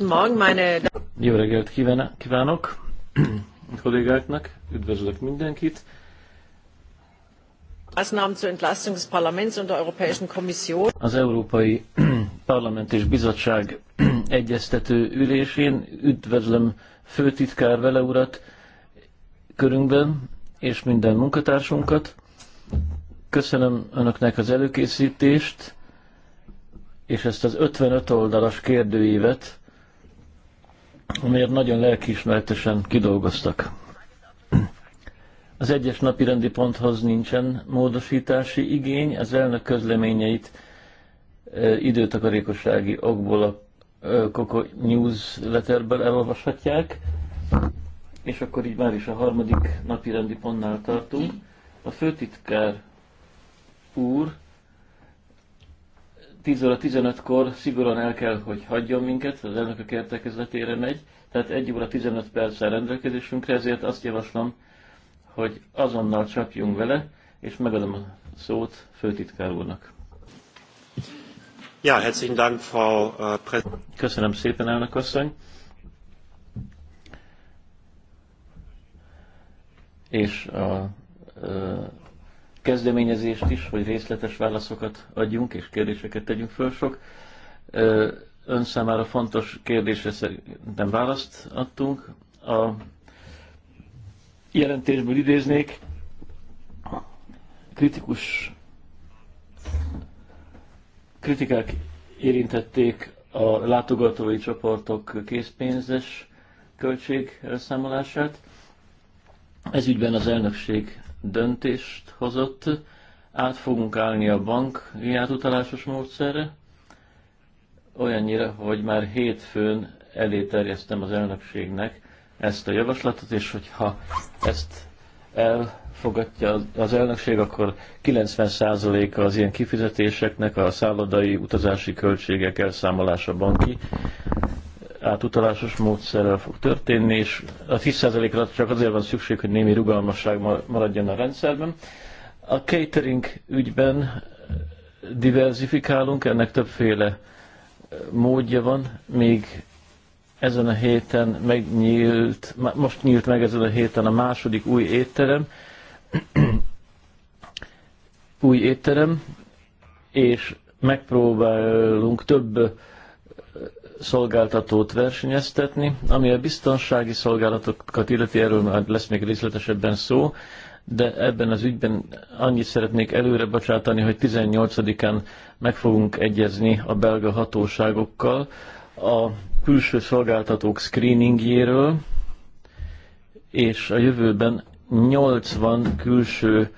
Guten Morgen, meine... Jó reggelt kívánok a kollégáknak, üdvözlök mindenkit. Az Európai Parlament és Bizottság egyeztető ülésén üdvözlöm főtitkár vele urat körünkben, és minden munkatársunkat. Köszönöm Önöknek az előkészítést, és ezt az 55 oldalas kérdőívet, amelyet nagyon lelkiismeretesen kidolgoztak. Az egyes napi rendi ponthoz nincsen módosítási igény, az elnök közleményeit időtakarékossági okból a Coco letterből elolvashatják, és akkor így már is a harmadik napi rendi pontnál tartunk. A főtitkár úr 10 óra 15-kor szigorúan el kell, hogy hagyjon minket, az elnökök értekezletére megy, tehát 1 óra 15 perccel rendelkezésünkre, ezért azt javaslom, hogy azonnal csapjunk vele, és megadom a szót főtitkár úrnak. Ja, herzlichen Dank, Frau äh, Köszönöm szépen, elnök asszony. És a kezdeményezést is, hogy részletes válaszokat adjunk és kérdéseket tegyünk föl sok. Ön számára fontos kérdésre szerintem választ adtunk. A jelentésből idéznék, kritikus kritikák érintették a látogatói csoportok készpénzes költség elszámolását. Ez ügyben az elnökség döntést hozott, át fogunk állni a bank átutalásos módszerre, olyannyira, hogy már hétfőn elé terjesztem az elnökségnek ezt a javaslatot, és hogyha ezt elfogadja az elnökség, akkor 90%-a az ilyen kifizetéseknek a szállodai utazási költségek elszámolása banki átutalásos módszerrel fog történni, és a 10%-ra csak azért van szükség, hogy némi rugalmasság maradjon a rendszerben. A catering ügyben eh, diversifikálunk, ennek többféle eh, módja van, még ezen a héten megnyílt, most nyílt meg ezen a héten a második új étterem, új étterem, és megpróbálunk több szolgáltatót versenyeztetni. Ami a biztonsági szolgálatokat illeti, erről már lesz még részletesebben szó, de ebben az ügyben annyit szeretnék előre bocsátani, hogy 18-án meg fogunk egyezni a belga hatóságokkal a külső szolgáltatók screeningjéről, és a jövőben 80 külső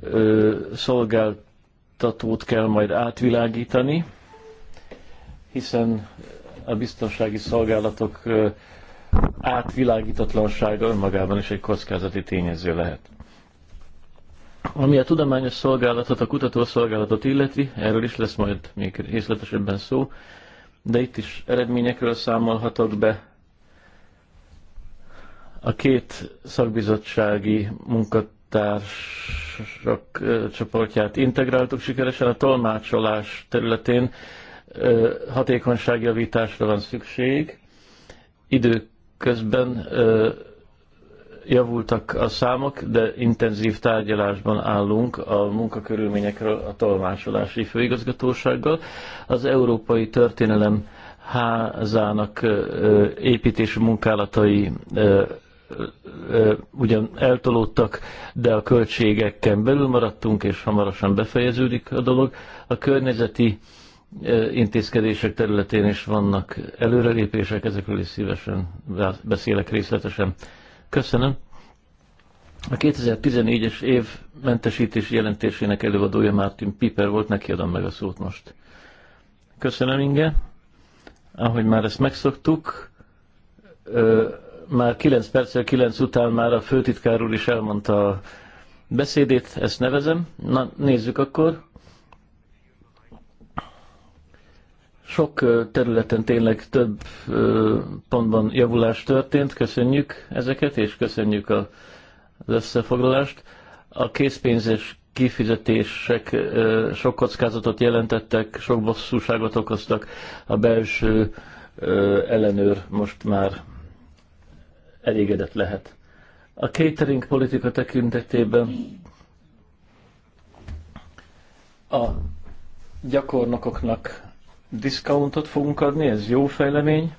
ö, szolgáltatót kell majd átvilágítani, hiszen a biztonsági szolgálatok átvilágítatlansága önmagában is egy kockázati tényező lehet. Ami a tudományos szolgálatot, a kutatószolgálatot illeti, erről is lesz majd még részletesebben szó, de itt is eredményekről számolhatok be. A két szakbizottsági munkatársak csoportját integráltuk sikeresen a tolmácsolás területén hatékonyságjavításra van szükség. Időközben javultak a számok, de intenzív tárgyalásban állunk a munkakörülményekről a tolmásolási főigazgatósággal. Az Európai Történelem házának építési munkálatai ugyan eltolódtak, de a költségeken belül maradtunk, és hamarosan befejeződik a dolog. A környezeti intézkedések területén is vannak előrelépések, ezekről is szívesen beszélek részletesen. Köszönöm. A 2014-es év mentesítési jelentésének előadója Martin Piper volt, neki adom meg a szót most. Köszönöm, Inge. Ahogy már ezt megszoktuk, már 9 perccel 9 után már a főtitkár úr is elmondta a beszédét, ezt nevezem. Na, nézzük akkor. Sok területen tényleg több pontban javulás történt, köszönjük ezeket, és köszönjük az összefoglalást. A készpénzes kifizetések sok kockázatot jelentettek, sok bosszúságot okoztak, a belső ellenőr most már elégedett lehet. A catering politika tekintetében a gyakornokoknak diszkontot fogunk adni, ez jó fejlemény.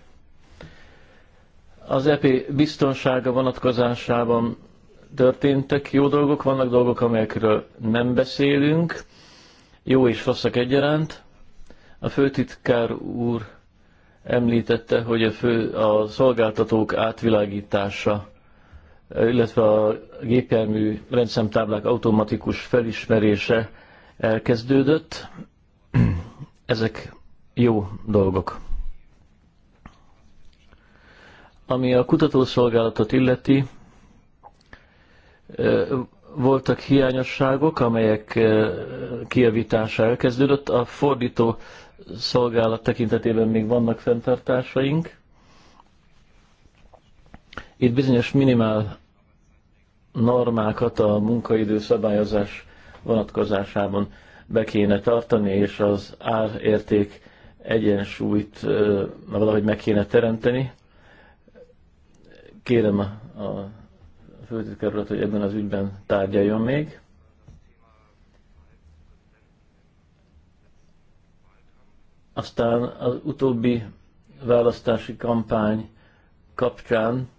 Az EP biztonsága vonatkozásában történtek jó dolgok, vannak dolgok, amelyekről nem beszélünk, jó és rosszak egyaránt. A főtitkár úr említette, hogy a, fő, a szolgáltatók átvilágítása, illetve a gépjármű rendszámtáblák automatikus felismerése elkezdődött. Ezek jó dolgok. Ami a kutatószolgálatot illeti, voltak hiányosságok, amelyek kijavítása elkezdődött. A fordító szolgálat tekintetében még vannak fenntartásaink. Itt bizonyos minimál normákat a munkaidő szabályozás vonatkozásában be kéne tartani, és az árérték egyensúlyt valahogy meg kéne teremteni. Kérem a, a főtitkár hogy ebben az ügyben tárgyaljon még. Aztán az utóbbi választási kampány kapcsán,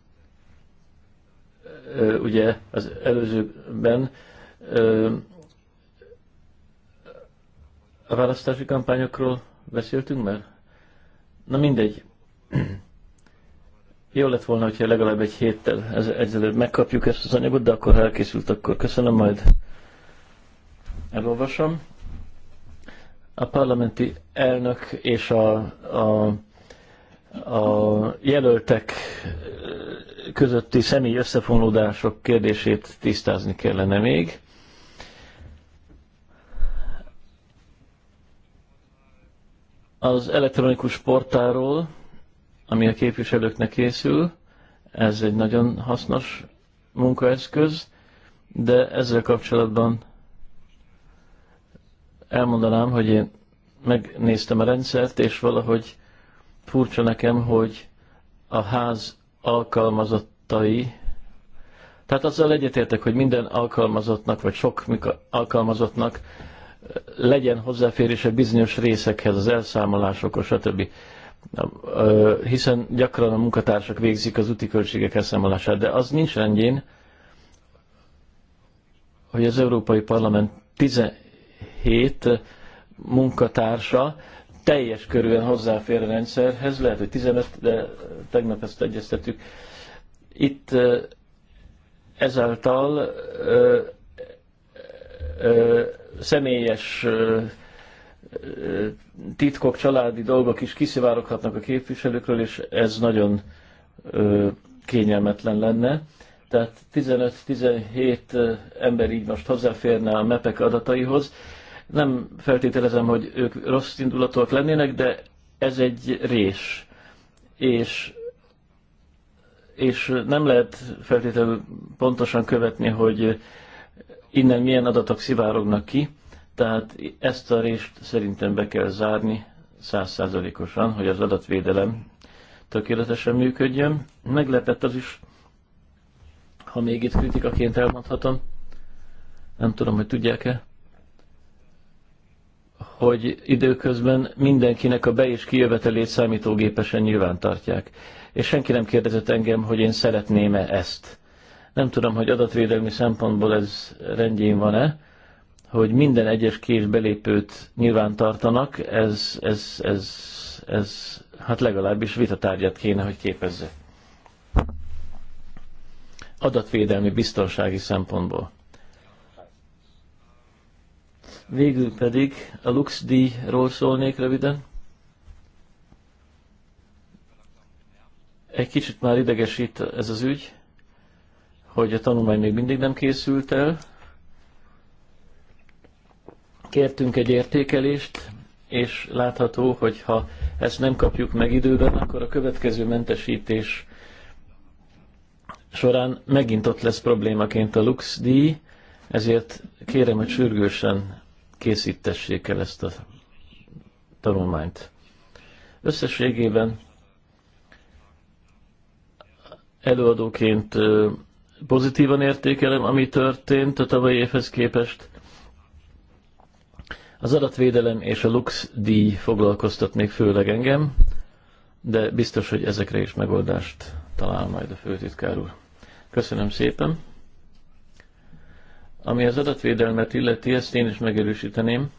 ugye az előzőben a választási kampányokról beszéltünk már? Na mindegy. Jó lett volna, hogyha legalább egy héttel ezelőtt megkapjuk ezt az anyagot, de akkor ha elkészült, akkor köszönöm, majd elolvasom. A parlamenti elnök és a, a, a jelöltek közötti személy összefonódások kérdését tisztázni kellene még. az elektronikus portáról, ami a képviselőknek készül, ez egy nagyon hasznos munkaeszköz, de ezzel kapcsolatban elmondanám, hogy én megnéztem a rendszert, és valahogy furcsa nekem, hogy a ház alkalmazottai, tehát azzal egyetértek, hogy minden alkalmazottnak, vagy sok alkalmazottnak legyen hozzáférése bizonyos részekhez, az elszámolásokhoz, stb. Hiszen gyakran a munkatársak végzik az úti költségek elszámolását, de az nincs rendjén, hogy az Európai Parlament 17 munkatársa teljes körűen hozzáfér a rendszerhez, lehet, hogy 15, de tegnap ezt egyeztettük. Itt ezáltal ö, ö, személyes titkok, családi dolgok is kiszivároghatnak a képviselőkről, és ez nagyon kényelmetlen lenne. Tehát 15-17 ember így most hozzáférne a MEPEK adataihoz. Nem feltételezem, hogy ők rossz indulatok lennének, de ez egy rés. És, és nem lehet feltétlenül pontosan követni, hogy innen milyen adatok szivárognak ki, tehát ezt a részt szerintem be kell zárni százszázalékosan, hogy az adatvédelem tökéletesen működjön. Meglepett az is, ha még itt kritikaként elmondhatom, nem tudom, hogy tudják-e, hogy időközben mindenkinek a be- és kijövetelét számítógépesen nyilván tartják. És senki nem kérdezett engem, hogy én szeretném-e ezt. Nem tudom, hogy adatvédelmi szempontból ez rendjén van-e, hogy minden egyes kés belépőt nyilván tartanak, ez, ez, ez, ez hát legalábbis vitatárgyat kéne, hogy képezze. Adatvédelmi biztonsági szempontból. Végül pedig a Lux díjról szólnék röviden. Egy kicsit már idegesít ez az ügy hogy a tanulmány még mindig nem készült el. Kértünk egy értékelést, és látható, hogy ha ezt nem kapjuk meg időben, akkor a következő mentesítés során megint ott lesz problémaként a Lux díj, ezért kérem, hogy sürgősen készítessék el ezt a tanulmányt. Összességében előadóként pozitívan értékelem, ami történt a tavalyi évhez képest. Az adatvédelem és a Lux díj foglalkoztat még főleg engem, de biztos, hogy ezekre is megoldást talál majd a főtitkár úr. Köszönöm szépen! Ami az adatvédelmet illeti, ezt én is megerősíteném.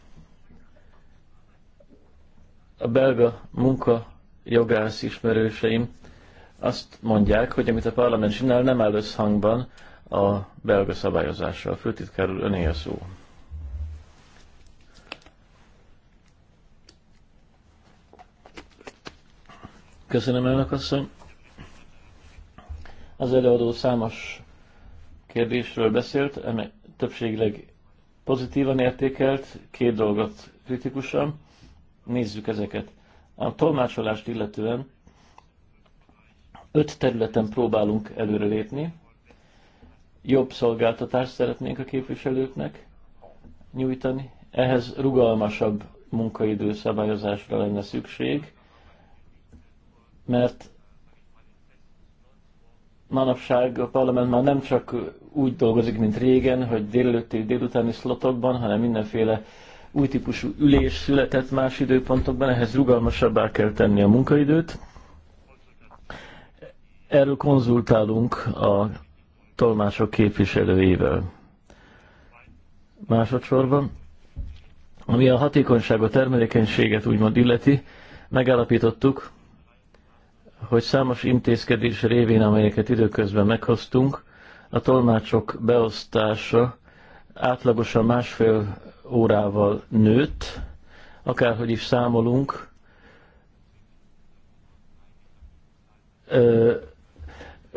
A belga jogász ismerőseim azt mondják, hogy amit a parlament csinál, nem áll összhangban a belga szabályozással. A főtitkár úr, öné a szó. Köszönöm, elnök asszony. Az előadó számos kérdésről beszélt, amely többségileg pozitívan értékelt, két dolgot kritikusan. Nézzük ezeket. A tolmácsolást illetően Öt területen próbálunk előrelépni. Jobb szolgáltatást szeretnénk a képviselőknek nyújtani. Ehhez rugalmasabb munkaidő szabályozásra lenne szükség, mert manapság a parlament már nem csak úgy dolgozik, mint régen, hogy délelőtti, délutáni szlotokban, hanem mindenféle új típusú ülés született más időpontokban, ehhez rugalmasabbá kell tenni a munkaidőt. Erről konzultálunk a tolmások képviselőivel. Másodszorban, ami a hatékonyságot, termelékenységet úgymond illeti, megállapítottuk, hogy számos intézkedés révén, amelyeket időközben meghoztunk, a tolmácsok beosztása átlagosan másfél órával nőtt, akárhogy is számolunk,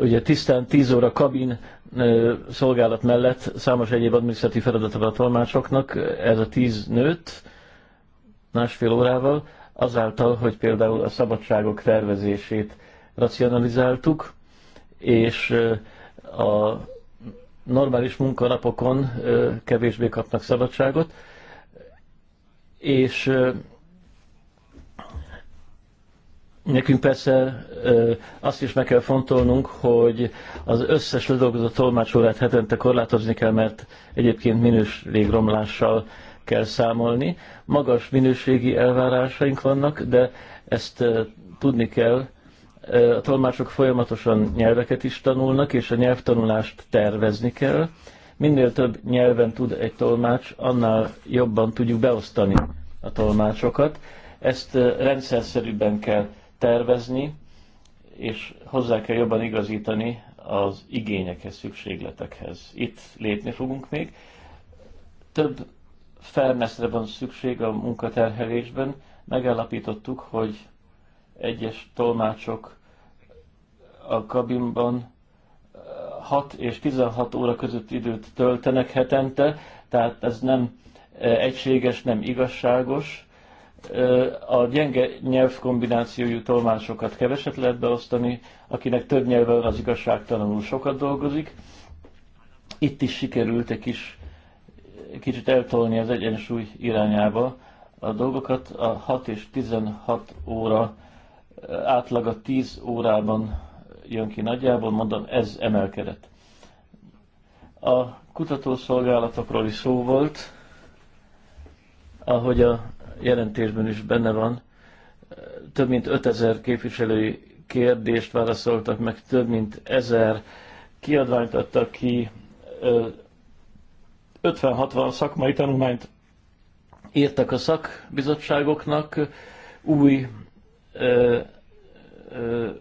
ugye tisztán 10 óra kabin szolgálat mellett számos egyéb adminisztratív feladata van a tolmácsoknak, ez a 10 nőtt másfél órával, azáltal, hogy például a szabadságok tervezését racionalizáltuk, és a normális munkanapokon kevésbé kapnak szabadságot, és Nekünk persze azt is meg kell fontolnunk, hogy az összes ledolgozott tolmácsolát hetente korlátozni kell, mert egyébként minőségromlással kell számolni. Magas minőségi elvárásaink vannak, de ezt tudni kell. A tolmácsok folyamatosan nyelveket is tanulnak, és a nyelvtanulást tervezni kell. Minél több nyelven tud egy tolmács, annál jobban tudjuk beosztani a tolmácsokat. Ezt rendszerszerűbben kell tervezni, és hozzá kell jobban igazítani az igényekhez, szükségletekhez. Itt lépni fogunk még. Több fairnessre van szükség a munkaterhelésben. Megállapítottuk, hogy egyes tolmácsok a kabinban 6 eh, és 16 óra között időt töltenek hetente, tehát ez nem eh, egységes, nem igazságos a gyenge nyelv kombinációjú tolmácsokat keveset lehet beosztani, akinek több nyelven az az tanul sokat dolgozik. Itt is sikerült egy kis, kicsit eltolni az egyensúly irányába a dolgokat. A 6 és 16 óra átlaga 10 órában jön ki nagyjából, mondom, ez emelkedett. A kutatószolgálatokról is szó volt, ahogy a jelentésben is benne van, több mint 5000 képviselői kérdést válaszoltak meg, több mint 1000 kiadványt adtak ki, 50-60 szakmai tanulmányt írtak a szakbizottságoknak, új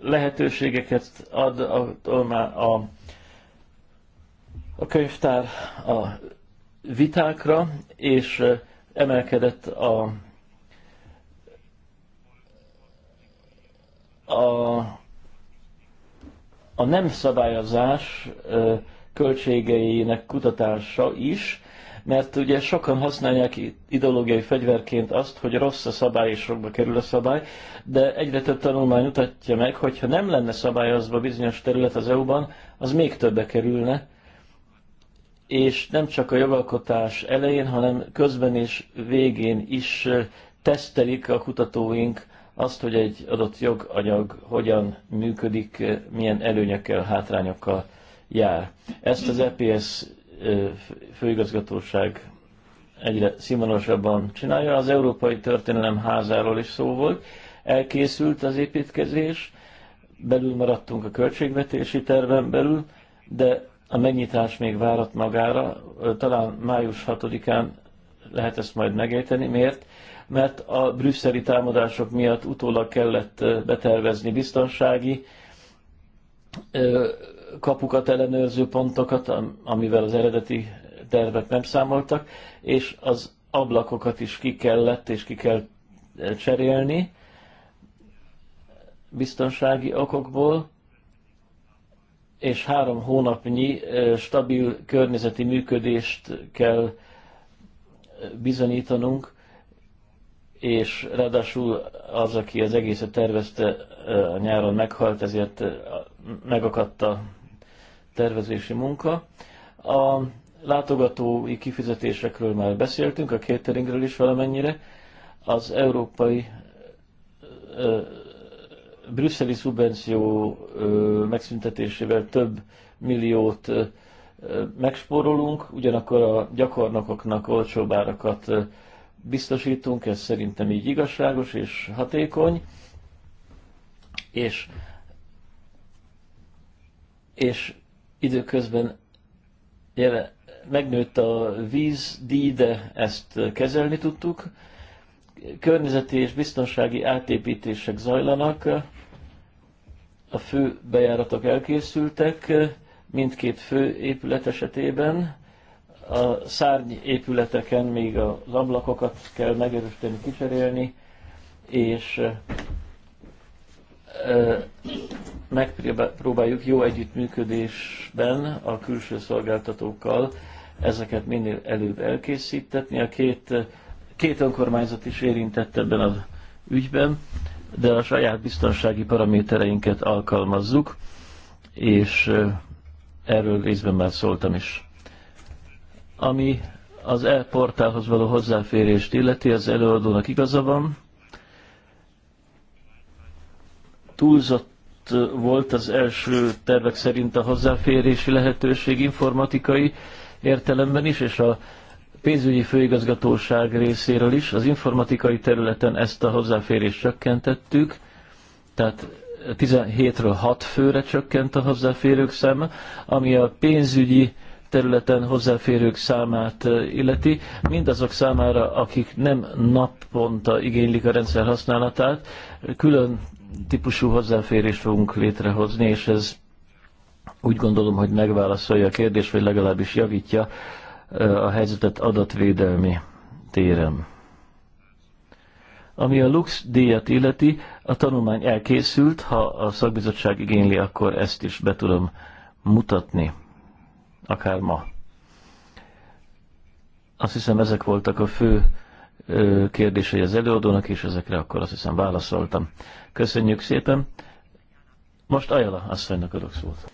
lehetőségeket ad a, a, a könyvtár a vitákra, és emelkedett a A, a nem szabályozás költségeinek kutatása is, mert ugye sokan használják ideológiai fegyverként azt, hogy rossz a szabály és sokba kerül a szabály, de egyre több tanulmány mutatja meg, hogy ha nem lenne szabályozva bizonyos terület az EU-ban, az még többe kerülne, és nem csak a jogalkotás elején, hanem közben és végén is tesztelik a kutatóink azt, hogy egy adott joganyag hogyan működik, milyen előnyökkel, hátrányokkal jár. Ezt az EPS főigazgatóság egyre színvonalasabban csinálja. Az Európai Történelem házáról is szó volt. Elkészült az építkezés, belül maradtunk a költségvetési terven belül, de a megnyitás még várat magára. Talán május 6-án lehet ezt majd megejteni. Miért? mert a brüsszeli támadások miatt utólag kellett betervezni biztonsági kapukat, ellenőrző pontokat, amivel az eredeti tervek nem számoltak, és az ablakokat is ki kellett és ki kell cserélni biztonsági okokból, és három hónapnyi stabil környezeti működést kell bizonyítanunk és ráadásul az, aki az egészet tervezte, a nyáron meghalt, ezért megakadt a tervezési munka. A látogatói kifizetésekről már beszéltünk, a cateringről is valamennyire. Az európai brüsszeli szubvenció megszüntetésével több milliót megspórolunk, ugyanakkor a gyakornokoknak olcsóbb árakat biztosítunk, ez szerintem így igazságos és hatékony, és, és időközben jele, megnőtt a díj, de ezt kezelni tudtuk. Környezeti és biztonsági átépítések zajlanak, a fő bejáratok elkészültek, mindkét fő épület esetében, a szárny épületeken még az ablakokat kell megerősíteni, kicserélni, és megpróbáljuk jó együttműködésben a külső szolgáltatókkal ezeket minél előbb elkészítetni. A két, két önkormányzat is érintett ebben az ügyben, de a saját biztonsági paramétereinket alkalmazzuk, és erről részben már szóltam is. Ami az e-portálhoz való hozzáférést illeti, az előadónak igaza van. Túlzott volt az első tervek szerint a hozzáférési lehetőség informatikai értelemben is, és a pénzügyi főigazgatóság részéről is. Az informatikai területen ezt a hozzáférést csökkentettük, tehát 17-ről 6 főre csökkent a hozzáférők száma, ami a pénzügyi területen hozzáférők számát illeti, mindazok számára, akik nem naponta igénylik a rendszer használatát, külön típusú hozzáférést fogunk létrehozni, és ez úgy gondolom, hogy megválaszolja a kérdést, vagy legalábbis javítja a helyzetet adatvédelmi téren. Ami a Lux díjat illeti, a tanulmány elkészült, ha a szakbizottság igényli, akkor ezt is be tudom mutatni akár ma. Azt hiszem ezek voltak a fő kérdései az előadónak, és ezekre akkor azt hiszem válaszoltam. Köszönjük szépen. Most Ajala asszonynak adok szót.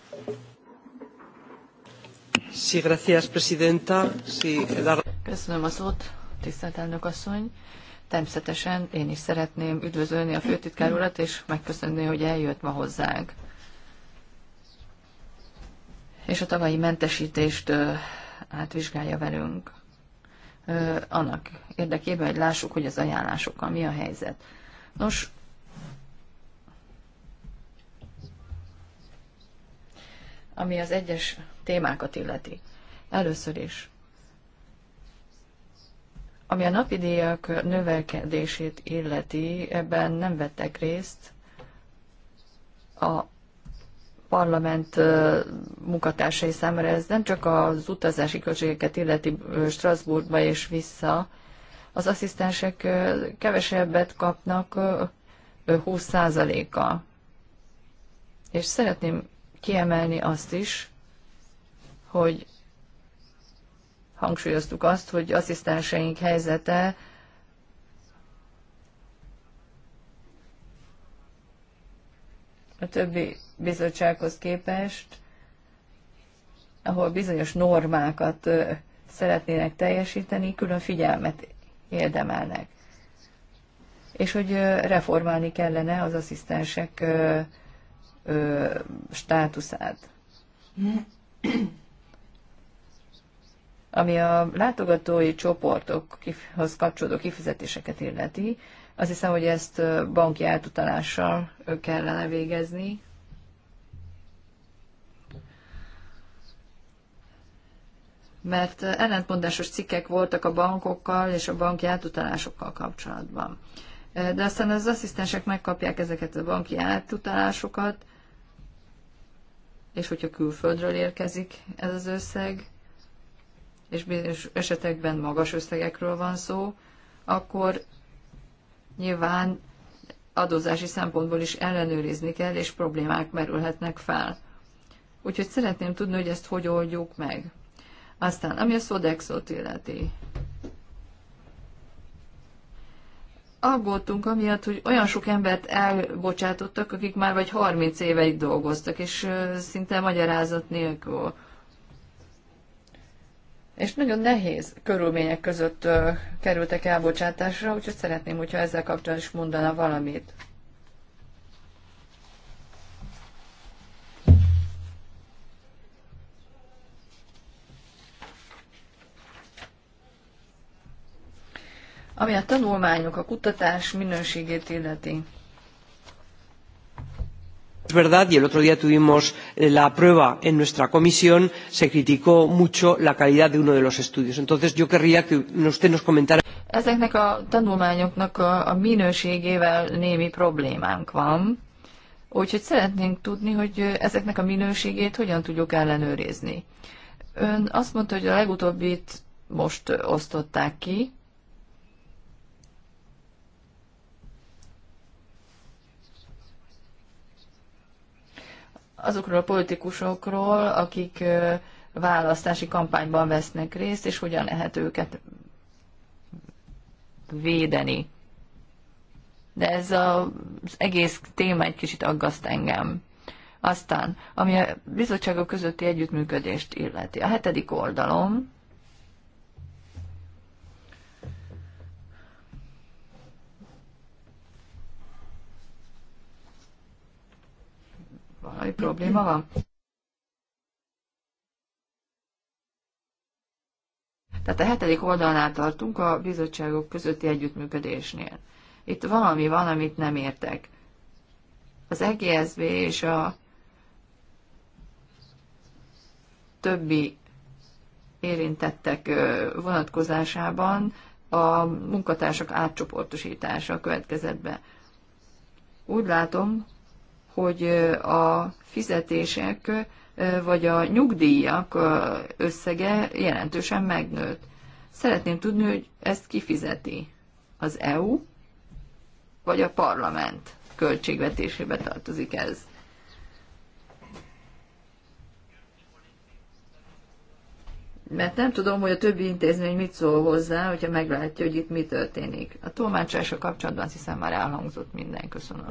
Sí, gracias, presidenta. Sí, la... Köszönöm a szót, tisztelt elnök asszony. Természetesen én is szeretném üdvözölni a főtitkár urat, és megköszönni, hogy eljött ma hozzánk és a tavalyi mentesítést átvizsgálja velünk annak érdekében, hogy lássuk, hogy az ajánlásokkal mi a helyzet. Nos, ami az egyes témákat illeti. Először is, ami a napi díjak növelkedését illeti, ebben nem vettek részt a parlament munkatársai számára ez nem csak az utazási költségeket illeti Strasbourgba és vissza, az asszisztensek kevesebbet kapnak 20%-kal. És szeretném kiemelni azt is, hogy hangsúlyoztuk azt, hogy asszisztenseink helyzete a többi bizottsághoz képest, ahol bizonyos normákat szeretnének teljesíteni, külön figyelmet érdemelnek. És hogy reformálni kellene az asszisztensek státuszát. Ami a látogatói csoportokhoz kapcsolódó kifizetéseket illeti, azt hiszem, hogy ezt banki átutalással kellene végezni. Mert ellentmondásos cikkek voltak a bankokkal és a banki átutalásokkal kapcsolatban. De aztán az asszisztensek megkapják ezeket a banki átutalásokat, és hogyha külföldről érkezik ez az összeg, és bizonyos esetekben magas összegekről van szó, akkor nyilván adózási szempontból is ellenőrizni kell, és problémák merülhetnek fel. Úgyhogy szeretném tudni, hogy ezt hogy oldjuk meg. Aztán, ami a Sodexot illeti. Aggódtunk amiatt, hogy olyan sok embert elbocsátottak, akik már vagy 30 éve itt dolgoztak, és szinte magyarázat nélkül és nagyon nehéz körülmények között kerültek elbocsátásra, úgyhogy szeretném, hogyha ezzel kapcsolatban is mondana valamit. Ami a tanulmányok, a kutatás minőségét illeti. Es verdad, y el otro día tuvimos eh, la prueba en nuestra comisión, se criticó mucho la calidad de uno de los estudios. Entonces yo querría que usted nos comentara. Ezeknek a tanulmányoknak a, a minőségével némi problémánk van, úgyhogy szeretnénk tudni, hogy ezeknek a minőségét hogyan tudjuk ellenőrizni. Ön azt mondta, hogy a legutóbbit most osztották ki, azokról a politikusokról, akik választási kampányban vesznek részt, és hogyan lehet őket védeni. De ez a, az egész téma egy kicsit aggaszt engem. Aztán, ami a bizottságok közötti együttműködést illeti. A hetedik oldalon valami probléma van? Tehát a hetedik oldalnál tartunk a bizottságok közötti együttműködésnél. Itt valami van, amit nem értek. Az EGSB és a többi érintettek vonatkozásában a munkatársak átcsoportosítása következett be. Úgy látom, hogy a fizetések vagy a nyugdíjak összege jelentősen megnőtt. Szeretném tudni, hogy ezt kifizeti az EU, vagy a parlament költségvetésébe tartozik ez. Mert nem tudom, hogy a többi intézmény mit szól hozzá, hogyha meglátja, hogy itt mi történik. A tolmácsása kapcsolatban azt hiszem már elhangzott minden. Köszönöm.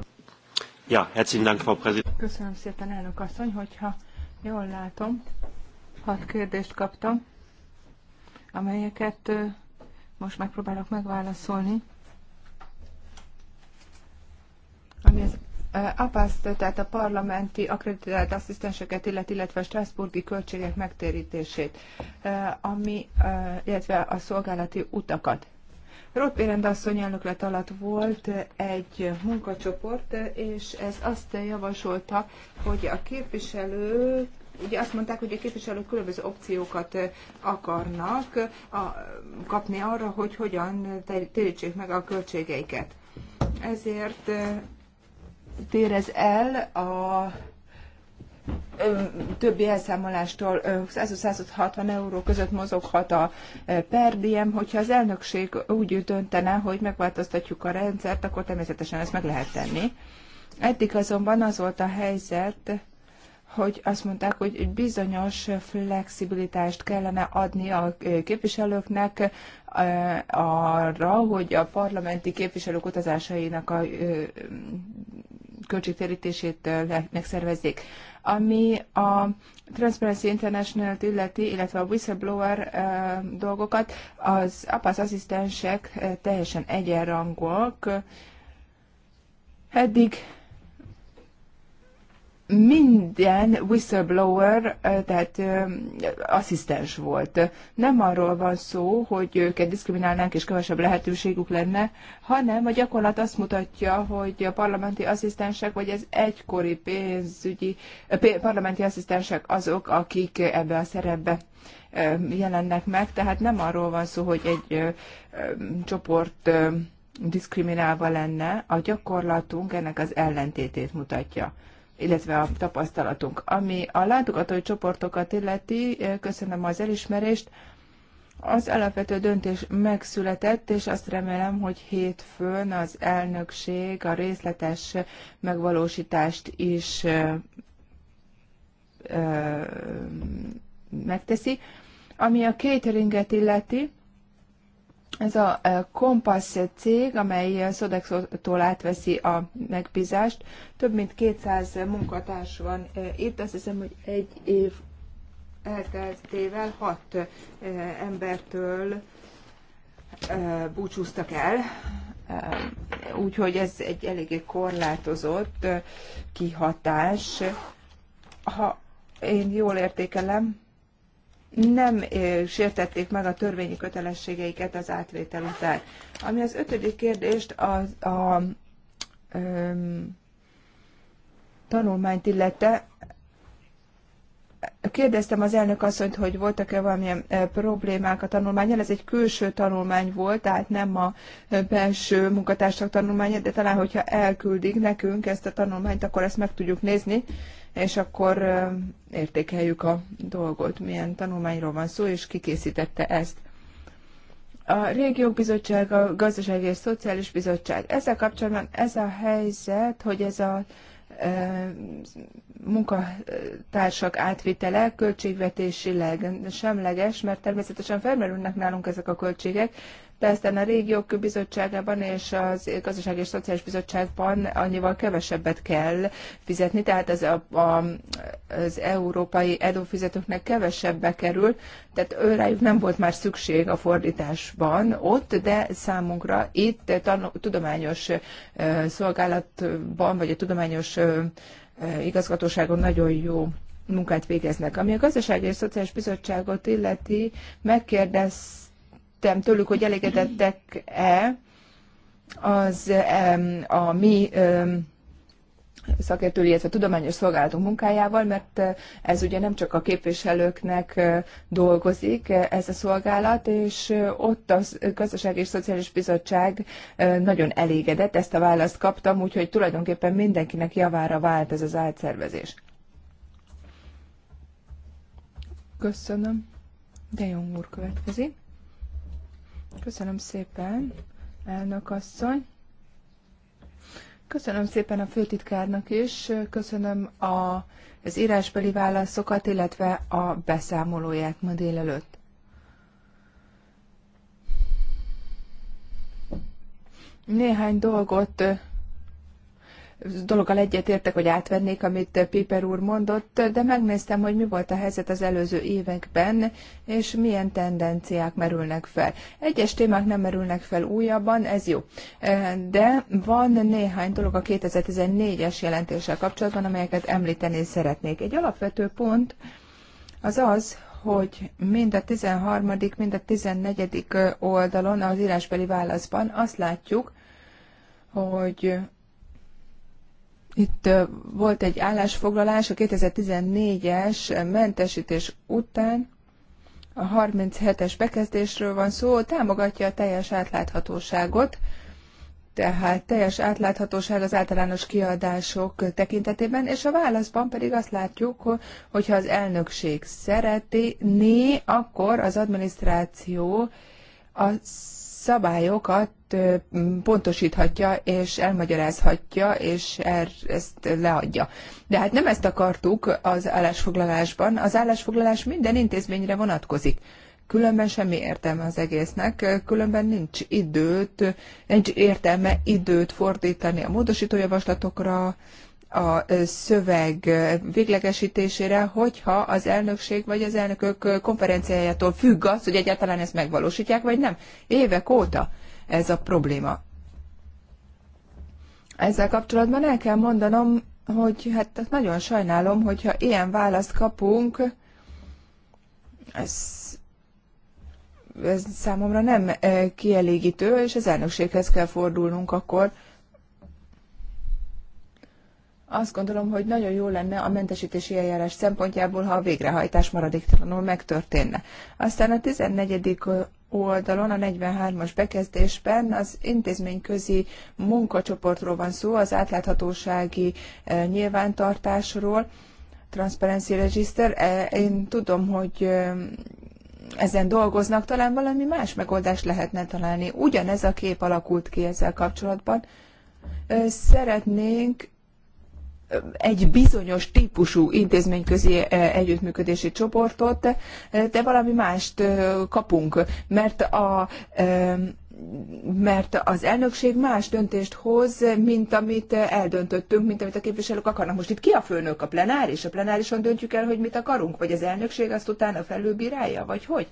Ja, herzlichen Dank, Frau Köszönöm szépen, elnök asszony, hogyha jól látom, hat kérdést kaptam, amelyeket most megpróbálok megválaszolni. Ami az APASZ, tehát a parlamenti akkreditált asszisztenseket illet, illetve a Strasburgi költségek megtérítését, ami, illetve a szolgálati utakat. Rothbérend asszony elnöklet alatt volt egy munkacsoport, és ez azt javasolta, hogy a képviselő, ugye azt mondták, hogy a képviselők különböző opciókat akarnak a, kapni arra, hogy hogyan térítsék meg a költségeiket. Ezért térez el a többi elszámolástól 160 euró között mozoghat a per diem, hogyha az elnökség úgy döntene, hogy megváltoztatjuk a rendszert, akkor természetesen ezt meg lehet tenni. Eddig azonban az volt a helyzet, hogy azt mondták, hogy bizonyos flexibilitást kellene adni a képviselőknek arra, hogy a parlamenti képviselők utazásainak a költségtérítését megszervezzék. Ami a Transparency International-t illeti, illetve a whistleblower dolgokat, az APASZ asszisztensek teljesen egyenrangúak. Eddig minden whistleblower, tehát asszisztens volt. Nem arról van szó, hogy őket diszkriminálnánk és kevesebb lehetőségük lenne, hanem a gyakorlat azt mutatja, hogy a parlamenti asszisztensek, vagy az egykori pénzügyi, parlamenti asszisztensek azok, akik ebbe a szerepbe jelennek meg. Tehát nem arról van szó, hogy egy csoport diszkriminálva lenne, a gyakorlatunk ennek az ellentétét mutatja illetve a tapasztalatunk. Ami a látogatói csoportokat illeti, eh, köszönöm az elismerést, az alapvető döntés megszületett, és azt remélem, hogy hétfőn az elnökség a részletes megvalósítást is ö, eh, ö, eh, megteszi. Ami a cateringet illeti, ez a Kompass e, cég, amely e, Sodexo-tól átveszi a megbízást, több mint 200 munkatárs van e, itt, azt hiszem, hogy egy év elteltével hat embertől búcsúztak el, úgyhogy ez egy eléggé korlátozott kihatás. Ha én jól értékelem, nem sértették meg a törvényi kötelességeiket az átvétel után. Ami az ötödik kérdést, a, a öm, tanulmányt illette, kérdeztem az elnök asszonyt, hogy voltak-e valamilyen problémák a tanulmányjal. Ez egy külső tanulmány volt, tehát nem a belső munkatársak tanulmánya, de talán, hogyha elküldik nekünk ezt a tanulmányt, akkor ezt meg tudjuk nézni és akkor értékeljük a dolgot, milyen tanulmányról van szó, és kikészítette ezt. A Régiók Bizottság, a Gazdasági és Szociális Bizottság. Ezzel kapcsolatban ez a helyzet, hogy ez a munkatársak átvitele költségvetésileg semleges, mert természetesen felmerülnek nálunk ezek a költségek, de aztán a régiók bizottságában és az gazdasági és szociális bizottságban annyival kevesebbet kell fizetni, tehát ez a, a, az európai adófizetőknek kevesebbe kerül, tehát rájuk nem volt már szükség a fordításban ott, de számunkra itt tanul, tudományos szolgálatban, vagy a tudományos igazgatóságon nagyon jó munkát végeznek. Ami a Gazdasági és Szociális Bizottságot illeti, megkérdez kérdeztem tőlük, hogy elégedettek-e az a mi szakértő, illetve tudományos szolgálatunk munkájával, mert eh, ez ugye nem csak a képviselőknek eh, dolgozik, eh, ez a szolgálat, és ott a Gazdasági és Szociális Bizottság nagyon elégedett, ezt a választ kaptam, úgyhogy tulajdonképpen mindenkinek javára vált ez az átszervezés. Köszönöm. De jó úr következik. Köszönöm szépen, elnök asszony. Köszönöm szépen a főtitkárnak is, köszönöm a, az írásbeli válaszokat, illetve a beszámolóját ma délelőtt. Néhány dolgot dologgal egyetértek, hogy átvennék, amit Piper úr mondott, de megnéztem, hogy mi volt a helyzet az előző években, és milyen tendenciák merülnek fel. Egyes témák nem merülnek fel újabban, ez jó. De van néhány dolog a 2014-es jelentéssel kapcsolatban, amelyeket említeni szeretnék. Egy alapvető pont az az, hogy mind a 13., mind a 14. oldalon az írásbeli válaszban azt látjuk, hogy itt volt egy állásfoglalás a 2014-es mentesítés után, a 37-es bekezdésről van szó, támogatja a teljes átláthatóságot, tehát teljes átláthatóság az általános kiadások tekintetében, és a válaszban pedig azt látjuk, hogyha az elnökség szeretné, akkor az adminisztráció az szabályokat pontosíthatja, és elmagyarázhatja, és er, ezt leadja. De hát nem ezt akartuk az állásfoglalásban. Az állásfoglalás minden intézményre vonatkozik. Különben semmi értelme az egésznek, különben nincs időt, nincs értelme időt fordítani a módosítójavaslatokra, javaslatokra, a szöveg véglegesítésére, hogyha az elnökség vagy az elnökök konferenciájától függ az, hogy egyáltalán ezt megvalósítják, vagy nem. Évek óta ez a probléma. Ezzel kapcsolatban el kell mondanom, hogy hát nagyon sajnálom, hogyha ilyen választ kapunk, ez, ez számomra nem kielégítő, és az elnökséghez kell fordulnunk akkor, azt gondolom, hogy nagyon jó lenne a mentesítési eljárás szempontjából, ha a végrehajtás maradéktalanul megtörténne. Aztán a 14. oldalon, a 43-as bekezdésben az intézményközi munkacsoportról van szó, az átláthatósági e, nyilvántartásról, Transparency Register. E, én tudom, hogy e, ezen dolgoznak, talán valami más megoldást lehetne találni. Ugyanez a kép alakult ki ezzel kapcsolatban. Szeretnénk egy bizonyos típusú intézményközi eh, együttműködési csoportot, eh, de valami mást eh, kapunk, mert a mert az elnökség más döntést hoz, mint amit eldöntöttünk, mint amit a képviselők akarnak. Most itt ki a főnök? A plenáris? A plenárison döntjük el, hogy mit akarunk? Vagy az elnökség azt utána felülbírálja? Vagy hogy?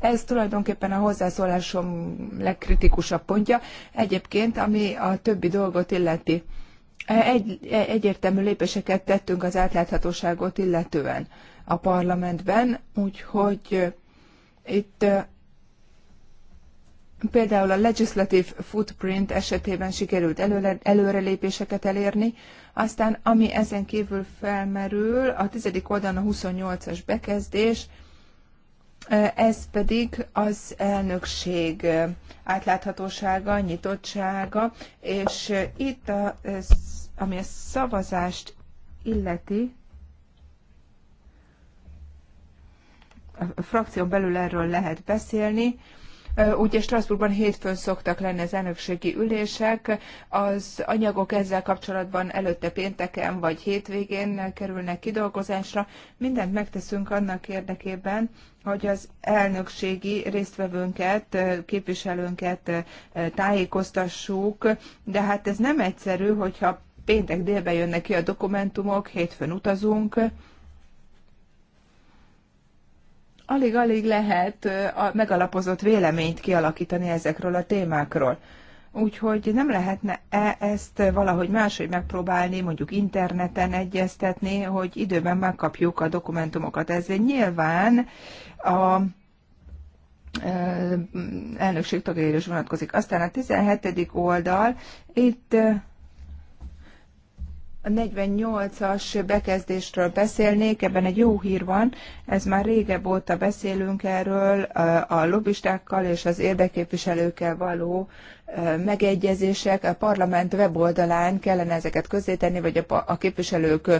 Ez tulajdonképpen a hozzászólásom legkritikusabb pontja. Egyébként, ami a többi dolgot illeti egy, egyértelmű lépéseket tettünk az átláthatóságot illetően a parlamentben, úgyhogy itt például a legislative footprint esetében sikerült előre, előrelépéseket elérni, aztán ami ezen kívül felmerül, a tizedik oldalon a 28-as bekezdés, ez pedig az elnökség átláthatósága, nyitottsága, és itt a ami a szavazást illeti, a frakción belül erről lehet beszélni, Ugye Strasbourgban hétfőn szoktak lenni az elnökségi ülések, az anyagok ezzel kapcsolatban előtte pénteken vagy hétvégén kerülnek kidolgozásra. Mindent megteszünk annak érdekében, hogy az elnökségi résztvevőnket, képviselőnket tájékoztassuk, de hát ez nem egyszerű, hogyha péntek délben jönnek ki a dokumentumok, hétfőn utazunk. Alig-alig lehet a megalapozott véleményt kialakítani ezekről a témákról. Úgyhogy nem lehetne -e ezt valahogy máshogy megpróbálni, mondjuk interneten egyeztetni, hogy időben megkapjuk a dokumentumokat. Ez nyilván a elnökség tagjaira is vonatkozik. Aztán a 17. oldal, itt a 48-as bekezdésről beszélnék, ebben egy jó hír van, ez már régebb óta beszélünk erről, a lobbistákkal és az érdeképviselőkkel való megegyezések, a parlament weboldalán kellene ezeket közzétenni, vagy a, a képviselők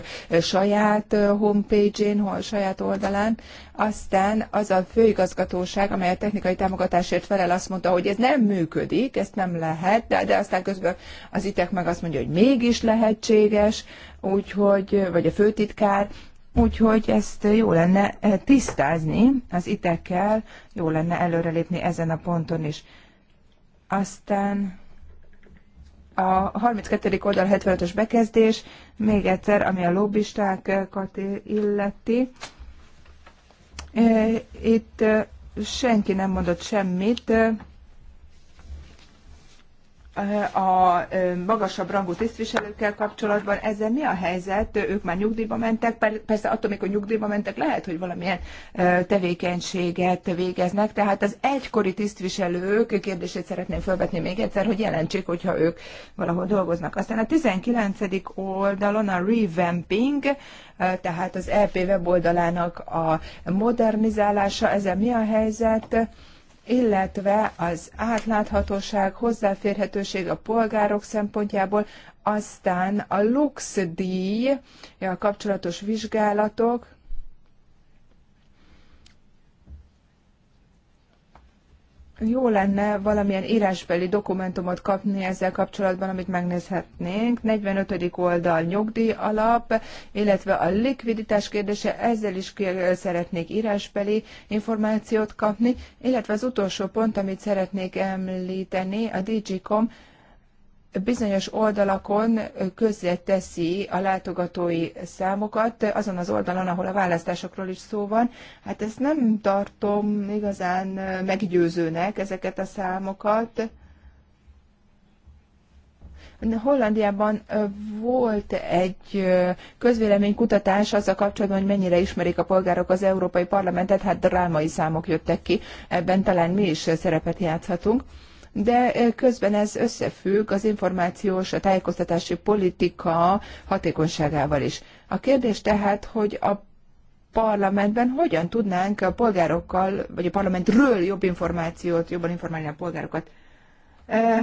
saját homepage-én, saját oldalán. Aztán az a főigazgatóság, amely a technikai támogatásért felel, azt mondta, hogy ez nem működik, ezt nem lehet, de, de aztán közben az ITEK meg azt mondja, hogy mégis lehetséges, helyettes, úgyhogy, vagy a főtitkár, úgyhogy ezt jó lenne eh, tisztázni az itekkel, jó lenne előrelépni ezen a ponton is. Aztán a 32. oldal 75-ös bekezdés, még egyszer, ami a lobbistákat eh, illeti. Eh, itt senki nem mondott semmit a magasabb rangú tisztviselőkkel kapcsolatban ezzel mi a helyzet? Ők már nyugdíjba mentek, persze attól még, hogy nyugdíjba mentek, lehet, hogy valamilyen tevékenységet végeznek, tehát az egykori tisztviselők kérdését szeretném felvetni még egyszer, hogy jelentsék, hogyha ők valahol dolgoznak. Aztán a 19. oldalon a revamping, tehát az LP e weboldalának a modernizálása, ezzel mi a helyzet? illetve az átláthatóság, hozzáférhetőség a polgárok szempontjából, aztán a LuxDíj, a kapcsolatos vizsgálatok, jó lenne valamilyen írásbeli dokumentumot kapni ezzel kapcsolatban, amit megnézhetnénk. 45. oldal nyugdíj alap, illetve a likviditás kérdése, ezzel is szeretnék írásbeli információt kapni, illetve az utolsó pont, amit szeretnék említeni, a DG.com bizonyos oldalakon közzé teszi a látogatói számokat, azon az oldalon, ahol a választásokról is szó van. Hát ezt nem tartom igazán meggyőzőnek, ezeket a számokat. Hollandiában volt egy közvéleménykutatás azzal kapcsolatban, hogy mennyire ismerik a polgárok az Európai Parlamentet, hát drámai számok jöttek ki, ebben talán mi is szerepet játszhatunk de közben ez összefügg az információs, a tájékoztatási politika hatékonyságával is. A kérdés tehát, hogy a parlamentben hogyan tudnánk a polgárokkal, vagy a parlamentről jobb információt, jobban informálni a polgárokat.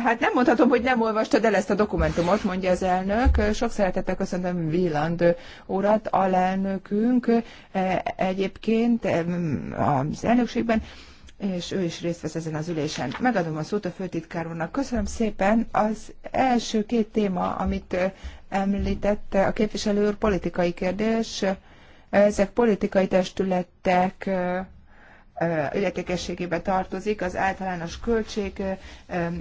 Hát nem mondhatom, hogy nem olvastad el ezt a dokumentumot, mondja az elnök. Sok szeretettel köszöntöm Villand urat, alelnökünk egyébként az elnökségben és ő is részt vesz ezen az ülésen. Megadom a szót a főtitkár úrnak. Köszönöm szépen. Az első két téma, amit említett a képviselő úr, politikai kérdés. Ezek politikai testületek illetékességébe tartozik az általános költség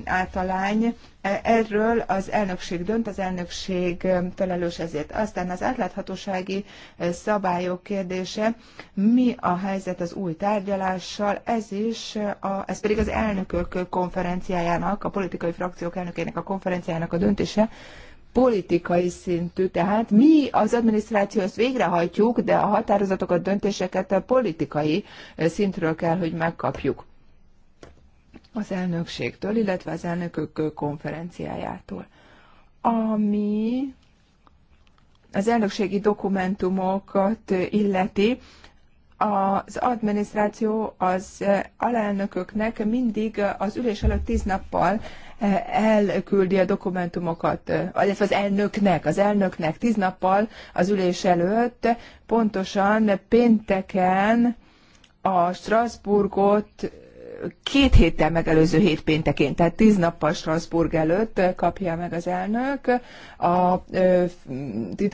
általány. Erről az elnökség dönt, az elnökség felelős ezért. Aztán az átláthatósági szabályok kérdése, mi a helyzet az új tárgyalással, ez is, a, ez pedig az elnökök konferenciájának, a politikai frakciók elnökének a konferenciájának a döntése, politikai szintű, tehát mi az adminisztráció ezt végrehajtjuk, de a határozatokat, döntéseket a politikai szintről kell, hogy megkapjuk az elnökségtől, illetve az elnökök konferenciájától. Ami az elnökségi dokumentumokat illeti, az adminisztráció az alelnököknek mindig az ülés előtt tíz nappal elküldi a dokumentumokat, illetve az elnöknek, az elnöknek tíz nappal az ülés előtt, pontosan pénteken a Strasbourgot két héttel megelőző hét péntekén, tehát tíz nappal Strasbourg előtt kapja meg az elnök a, a,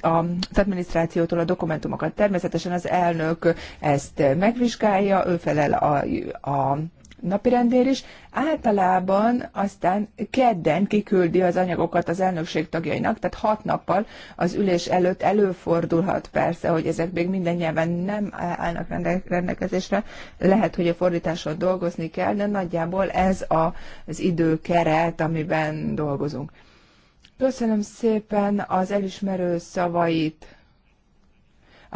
az adminisztrációtól a dokumentumokat. Természetesen az elnök ezt megvizsgálja, ő felel a, a napirendér is. Általában aztán kedden kiküldi az anyagokat az elnökség tagjainak, tehát hat nappal az ülés előtt előfordulhat persze, hogy ezek még minden nyelven nem állnak rendelkezésre. Lehet, hogy a fordításon dolgozni kell, de nagyjából ez a, az időkeret, amiben dolgozunk. Köszönöm szépen az elismerő szavait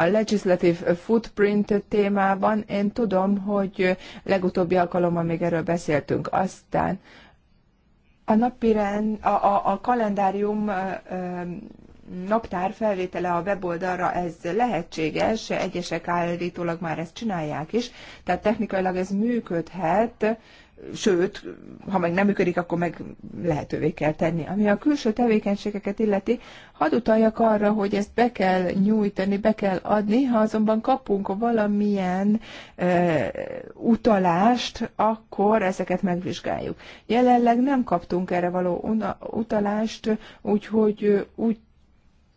a legislative footprint témában én tudom, hogy legutóbbi alkalommal még erről beszéltünk. Aztán a napiren, a, a, a kalendárium naptár felvétele a weboldalra, ez lehetséges, egyesek állítólag már ezt csinálják is, tehát technikailag ez működhet, sőt, ha meg nem működik, akkor meg lehetővé kell tenni. Ami a külső tevékenységeket illeti, hadd utaljak arra, hogy ezt be kell nyújtani, be kell adni, ha azonban kapunk valamilyen e, utalást, akkor ezeket megvizsgáljuk. Jelenleg nem kaptunk erre való utalást, úgyhogy úgy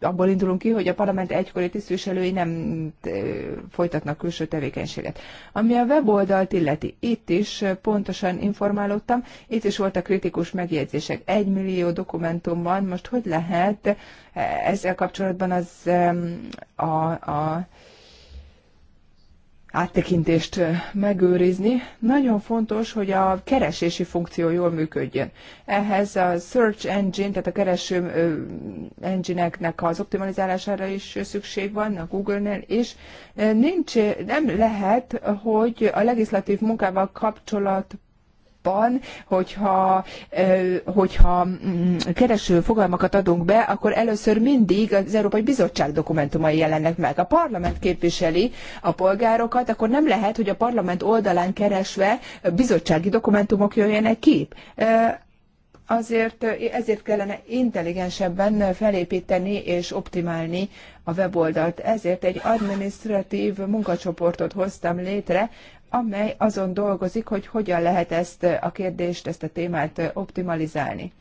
abból indulunk ki, hogy a parlament egykori tisztviselői nem folytatnak külső tevékenységet. Ami a weboldalt illeti, itt is pontosan informálódtam, itt is voltak kritikus megjegyzések. Egy millió dokumentum van, most hogy lehet ezzel kapcsolatban az a, a áttekintést megőrizni. Nagyon fontos, hogy a keresési funkció jól működjön. Ehhez a search engine, tehát a kereső engine-eknek az optimalizálására is szükség van, a Google-nél is. Nincs, nem lehet, hogy a legislatív munkával kapcsolatban abban, hogyha, hogyha mm, kereső fogalmakat adunk be, akkor először mindig az Európai Bizottság dokumentumai jelennek meg. A parlament képviseli a polgárokat, akkor nem lehet, hogy a parlament oldalán keresve bizottsági dokumentumok jöjjenek ki azért ezért kellene intelligensebben felépíteni és optimálni a weboldalt. Ezért egy administratív munkacsoportot hoztam létre, amely azon dolgozik, hogy hogyan lehet ezt a kérdést, ezt a témát optimalizálni.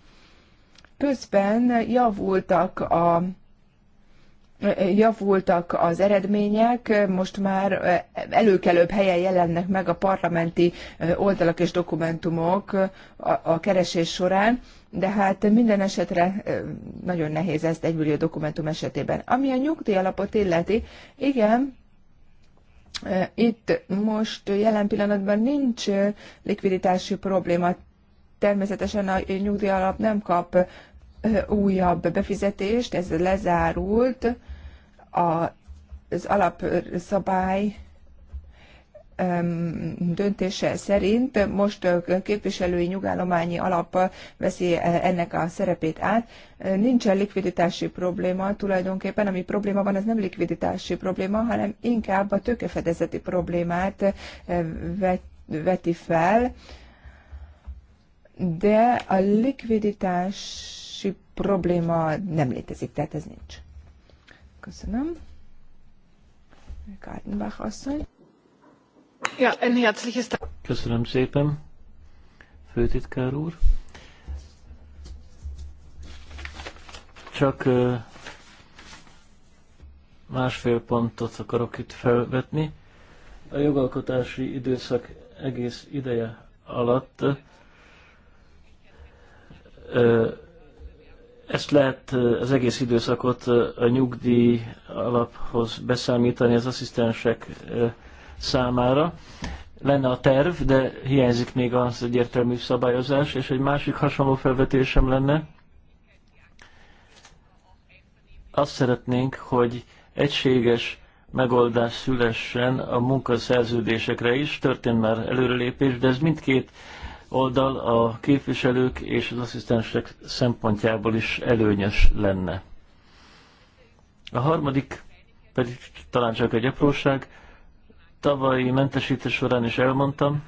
Közben javultak a javultak az eredmények, most már előkelőbb helyen jelennek meg a parlamenti oldalak és dokumentumok a keresés során, de hát minden esetre nagyon nehéz ezt egymillió dokumentum esetében. Ami a nyugdíjalapot illeti, igen, itt most jelen pillanatban nincs likviditási probléma. Természetesen a nyugdíjalap nem kap újabb befizetést, ez lezárult. A, az alapszabály döntése szerint most képviselői nyugállományi alap veszi e, ennek a szerepét át. Nincsen likviditási probléma tulajdonképpen, ami probléma van, az nem likviditási probléma, hanem inkább a tőkefedezeti problémát e, veti fel, de a likviditási probléma nem létezik, tehát ez nincs. Köszönöm. Gartenbach asszony. Ja, ein herzliches Köszönöm szépen, főtitkár úr. Csak másfél pontot akarok itt felvetni. A jogalkotási időszak egész ideje alatt ezt lehet az egész időszakot a nyugdíj alaphoz beszámítani az asszisztensek számára. Lenne a terv, de hiányzik még az egyértelmű szabályozás, és egy másik hasonló felvetésem lenne. Azt szeretnénk, hogy egységes megoldás szülessen a munkaszerződésekre is. Történt már előrelépés, de ez mindkét oldal a képviselők és az asszisztensek szempontjából is előnyös lenne. A harmadik pedig talán csak egy apróság, tavalyi mentesítés során is elmondtam,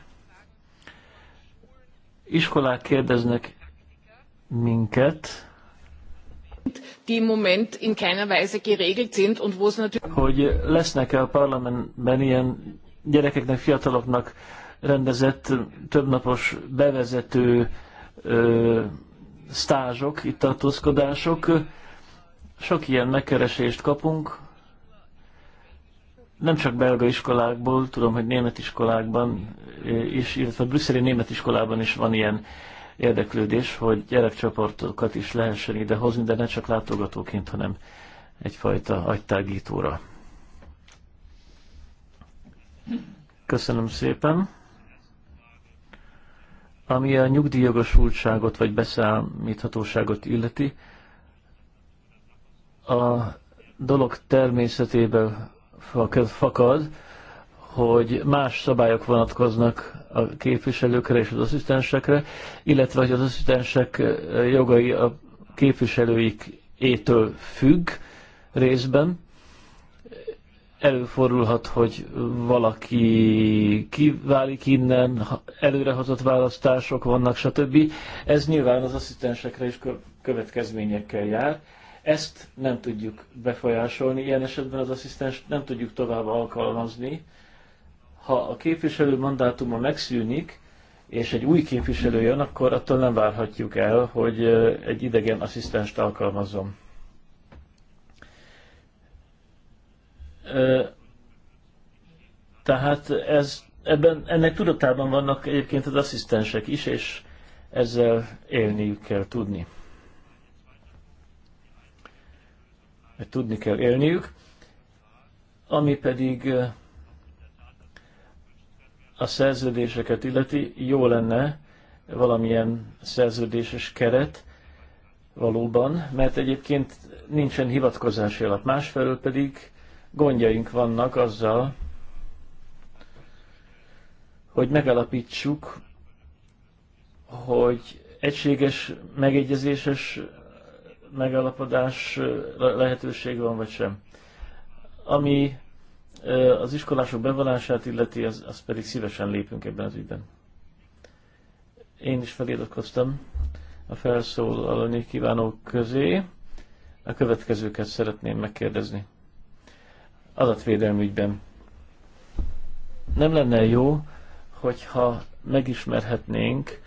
iskolák kérdeznek minket, die im Moment in keiner Weise geregelt sind und wo es natürlich... Hogy lesznek-e a parlamentben ilyen gyerekeknek, fiataloknak rendezett többnapos bevezető ö, stázsok, itt tartózkodások. Sok ilyen megkeresést kapunk, nem csak belga iskolákból, tudom, hogy német iskolákban is, illetve a brüsszeli német iskolában is van ilyen érdeklődés, hogy gyerekcsoportokat is lehessen idehozni, de ne csak látogatóként, hanem egyfajta agytágítóra. Köszönöm szépen. Ami a nyugdíjjogosultságot vagy beszámíthatóságot illeti, a dolog természetében fakad, hogy más szabályok vonatkoznak a képviselőkre és az asszisztensekre, illetve hogy az asszisztensek jogai a képviselőik étől függ részben. Előfordulhat, hogy valaki kiválik innen, előrehozott választások vannak, stb. Ez nyilván az asszisztensekre is következményekkel jár. Ezt nem tudjuk befolyásolni, ilyen esetben az asszisztens nem tudjuk tovább alkalmazni. Ha a képviselő mandátuma megszűnik, és egy új képviselő jön, akkor attól nem várhatjuk el, hogy egy idegen asszisztenst alkalmazom. Tehát ez, ebben, ennek tudatában vannak egyébként az asszisztensek is, és ezzel élniük kell tudni. mert tudni kell élniük, ami pedig a szerződéseket illeti, jó lenne valamilyen szerződéses keret valóban, mert egyébként nincsen hivatkozási alap. Másfelől pedig gondjaink vannak azzal, hogy megalapítsuk, hogy egységes, megegyezéses megállapodás lehetőség van, vagy sem. Ami az iskolások bevonását illeti, az, az pedig szívesen lépünk ebben az ügyben. Én is feliratkoztam a felszólalni kívánók közé. A következőket szeretném megkérdezni. Adatvédelmi ügyben. Nem lenne jó, hogyha megismerhetnénk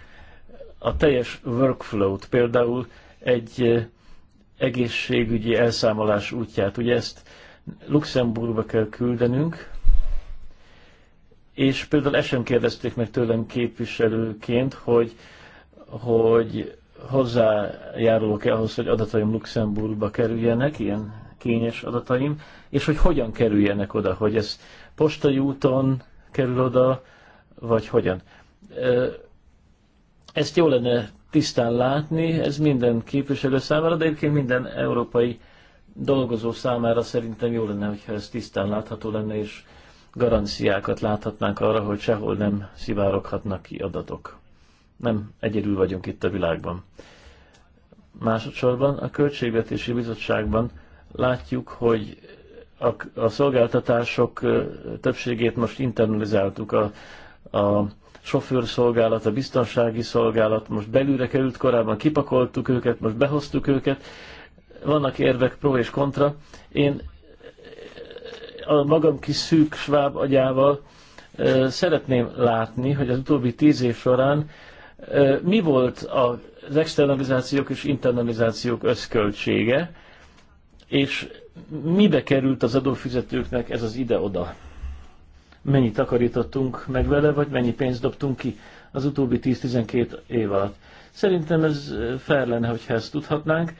a teljes workflow-t, például egy egészségügyi elszámolás útját. Ugye ezt Luxemburgba kell küldenünk, és például ezt sem kérdezték meg tőlem képviselőként, hogy, hogy hozzájárulok-e ahhoz, hogy adataim Luxemburgba kerüljenek, ilyen kényes adataim, és hogy hogyan kerüljenek oda, hogy ez postai úton kerül oda, vagy hogyan. Ezt jó lenne tisztán látni, ez minden képviselő számára, de egyébként minden európai dolgozó számára szerintem jó lenne, hogyha ez tisztán látható lenne, és garanciákat láthatnánk arra, hogy sehol nem szivároghatnak ki adatok. Nem egyedül vagyunk itt a világban. Másodszorban a Költségvetési Bizottságban látjuk, hogy a, a szolgáltatások többségét most internalizáltuk a, a sofőrszolgálat, a biztonsági szolgálat, most belülre került korábban, kipakoltuk őket, most behoztuk őket, vannak érvek pro és kontra. Én eh, a magam kis szűk sváb agyával eh, szeretném látni, hogy az utóbbi tíz év során eh, mi volt az externalizációk és internalizációk összköltsége, és mibe került az adófizetőknek ez az ide-oda mennyit takarítottunk meg vele, vagy mennyi pénzt dobtunk ki az utóbbi 10-12 év alatt. Szerintem ez fel lenne, hogyha ezt tudhatnánk,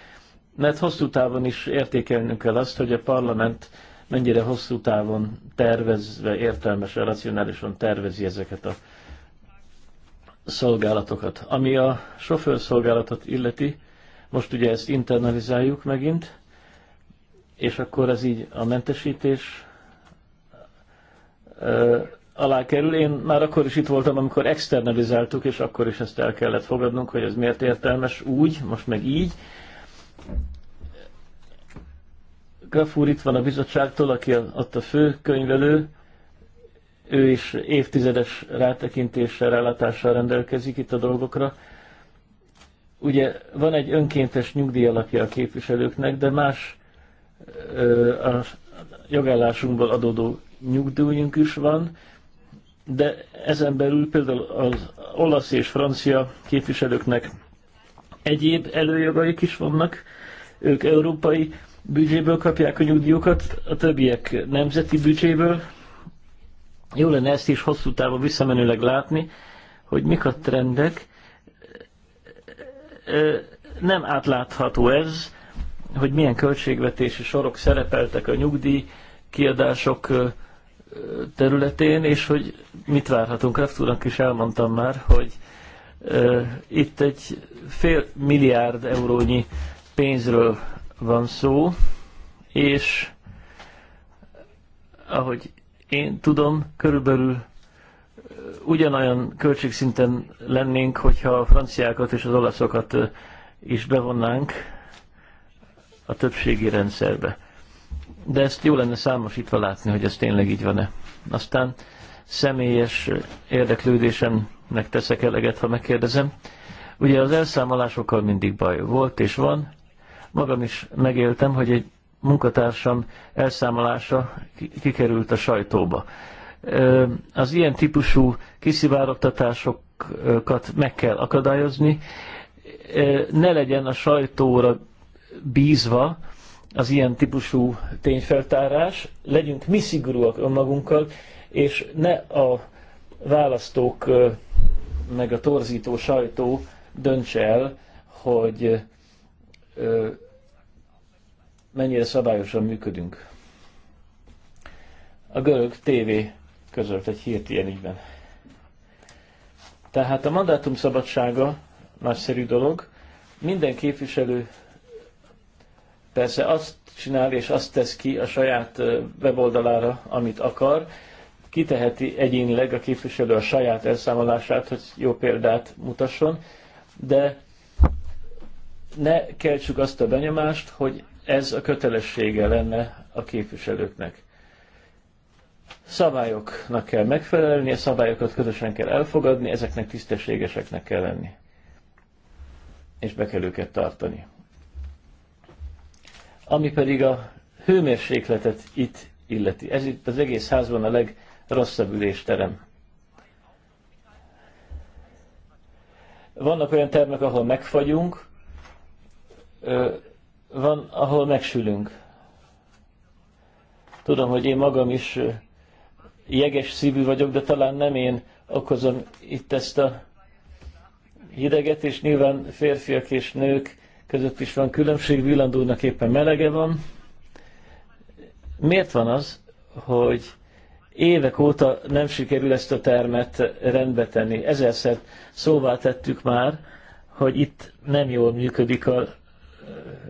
mert hosszú távon is értékelnünk kell azt, hogy a parlament mennyire hosszú távon tervezve, értelmesen, racionálisan tervezi ezeket a szolgálatokat. Ami a sofőrszolgálatot illeti, most ugye ezt internalizáljuk megint, és akkor ez így a mentesítés alá kerül. Én már akkor is itt voltam, amikor externalizáltuk, és akkor is ezt el kellett fogadnunk, hogy ez miért értelmes úgy, most meg így. Graf itt van a bizottságtól, aki ott a fő könyvelő, ő is évtizedes rátekintéssel, rálátással rendelkezik itt a dolgokra. Ugye van egy önkéntes nyugdíj alapja a képviselőknek, de más ö, a jogállásunkból adódó nyugdíjunk is van, de ezen belül például az olasz és francia képviselőknek egyéb előjogaik is vannak, ők európai büdzséből kapják a nyugdíjukat, a többiek nemzeti büdzséből. Jó lenne ezt is hosszú távon visszamenőleg látni, hogy mik a trendek. Nem átlátható ez, hogy milyen költségvetési sorok szerepeltek a nyugdíj kiadások területén, és hogy mit várhatunk. Kraft is elmondtam már, hogy itt egy fél milliárd eurónyi pénzről van szó, és ahogy én tudom, körülbelül ugyanolyan költségszinten lennénk, hogyha a franciákat és az olaszokat is bevonnánk a többségi rendszerbe de ezt jó lenne számosítva látni, hogy ez tényleg így van-e. Aztán személyes érdeklődésemnek teszek eleget, ha megkérdezem. Ugye az elszámolásokkal mindig baj volt és van. Magam is megéltem, hogy egy munkatársam elszámolása kikerült a sajtóba. Az ilyen típusú kiszivárogtatásokat meg kell akadályozni. Ne legyen a sajtóra bízva, az ilyen típusú tényfeltárás, legyünk mi szigorúak önmagunkkal, és ne a választók meg a torzító sajtó döntse el, hogy mennyire szabályosan működünk. A görög TV közölt egy hírt ilyen ügyben. Tehát a mandátum szabadsága nagyszerű dolog, minden képviselő persze azt csinál és azt tesz ki a saját weboldalára, amit akar, kiteheti egyénileg a képviselő a saját elszámolását, hogy jó példát mutasson, de ne keltsük azt a benyomást, hogy ez a kötelessége lenne a képviselőknek. Szabályoknak kell megfelelni, a szabályokat közösen kell elfogadni, ezeknek tisztességeseknek kell lenni. És be kell őket tartani. Ami pedig a hőmérsékletet itt illeti. Ez itt az egész házban a legrosszabb ülésterem. Vannak olyan termek, ahol megfagyunk, van, ahol megsülünk. Tudom, hogy én magam is jeges szívű vagyok, de talán nem én okozom itt ezt a hideget, és nyilván férfiak és nők között is van különbség, villandónak éppen melege van. Miért van az, hogy évek óta nem sikerül ezt a termet rendbe tenni? Ezerszer szóvá tettük már, hogy itt nem jól működik a eh,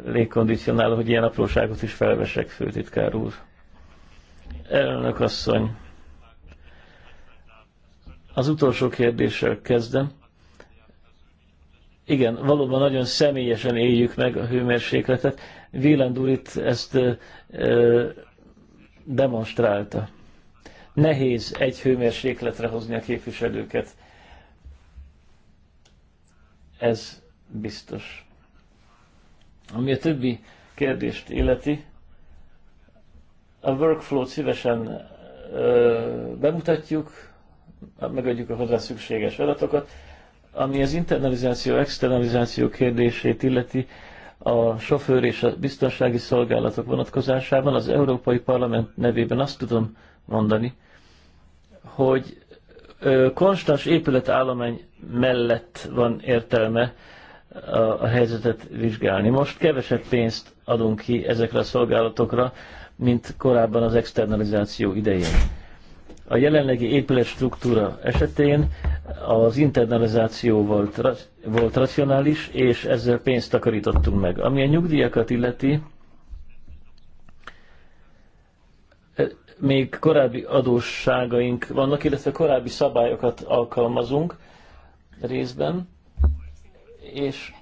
légkondicionáló, hogy ilyen apróságot is felvesek, főtitkár úr. Elnök asszony, az utolsó kérdéssel kezdem igen, valóban nagyon személyesen éljük meg a hőmérsékletet. Wieland úr itt ezt ö, ö, demonstrálta. Nehéz egy hőmérsékletre hozni a képviselőket. Ez biztos. Ami a többi kérdést illeti, a workflow-t szívesen ö, bemutatjuk, megadjuk a hozzá szükséges adatokat, ami az internalizáció, externalizáció kérdését illeti, a sofőr és a biztonsági szolgálatok vonatkozásában az Európai Parlament nevében azt tudom mondani, hogy konstans épületállomány mellett van értelme a, a helyzetet vizsgálni. Most kevesebb pénzt adunk ki ezekre a szolgálatokra, mint korábban az externalizáció idején a jelenlegi épületstruktúra esetén az internalizáció volt, volt racionális, és ezzel pénzt takarítottunk meg. Ami a nyugdíjakat illeti, e, még korábbi adósságaink vannak, illetve korábbi szabályokat alkalmazunk részben, és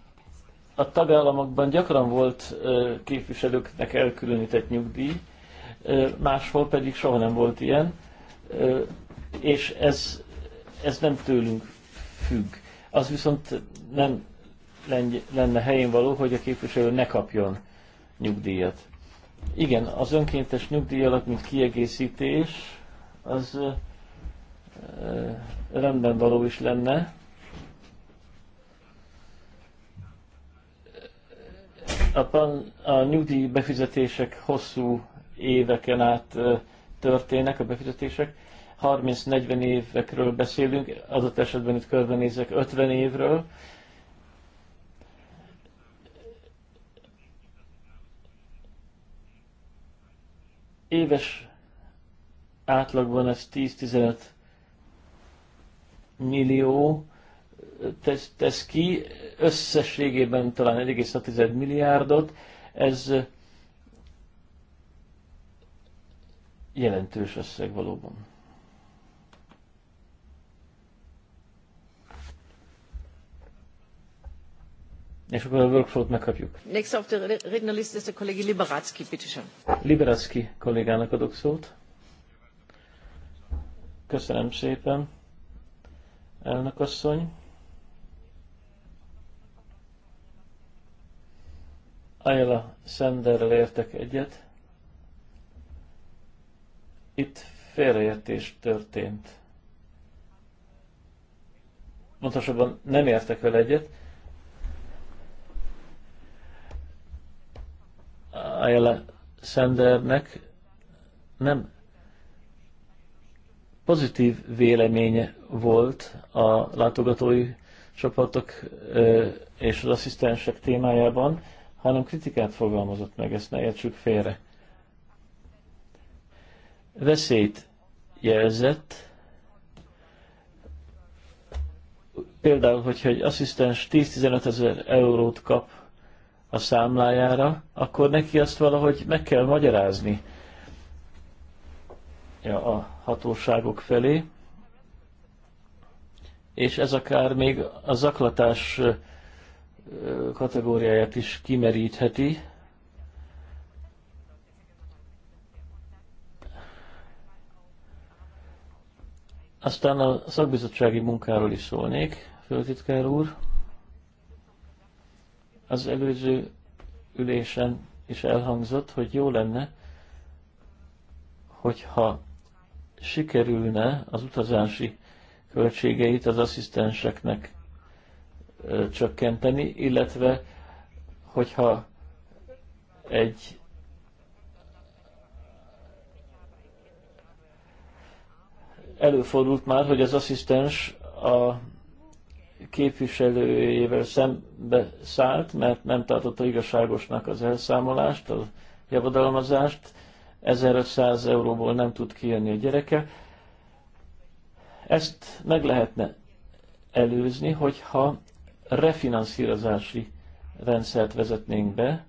a tagállamokban gyakran volt e, képviselőknek elkülönített nyugdíj, e, máshol pedig soha nem volt ilyen és ez, ez nem tőlünk függ. Az viszont nem lenne helyén való, hogy a képviselő ne kapjon nyugdíjat. Igen, az önkéntes nyugdíj alatt, mint kiegészítés, az rendben való is lenne. A, pan, a nyugdíj befizetések hosszú éveken át történnek a befizetések. 30-40 évekről beszélünk, adott esetben itt körbenézek 50 évről. Éves átlagban ez 10-15 millió tesz, tesz ki, összességében talán 1,6 milliárdot. Ez jelentős összeg valóban. És akkor a workflow-t megkapjuk. Next of the redner list is a kollégi Liberacki, bitte schön. Liberacki kollégának adok szót. Köszönöm szépen, elnök asszony. Ayala Senderrel értek egyet. Itt félreértés történt. Pontosabban nem értek vele egyet. Ayala Sandernek nem pozitív véleménye volt a látogatói csapatok és az asszisztensek témájában, hanem kritikát fogalmazott meg, ezt ne értsük félre veszélyt jelzett, például, hogyha egy asszisztens 10-15 ezer eurót kap a számlájára, akkor neki azt valahogy meg kell magyarázni a hatóságok felé, és ez akár még a zaklatás kategóriáját is kimerítheti, Aztán a szakbizottsági munkáról is szólnék, főtitkár úr. Az előző ülésen is elhangzott, hogy jó lenne, hogyha sikerülne az utazási költségeit az asszisztenseknek csökkenteni, illetve hogyha egy Előfordult már, hogy az asszisztens a képviselőjével szembe szállt, mert nem tartotta igazságosnak az elszámolást, a javadalmazást, 1500 euróból nem tud kijönni a gyereke. Ezt meg lehetne előzni, hogyha refinanszírozási rendszert vezetnénk be,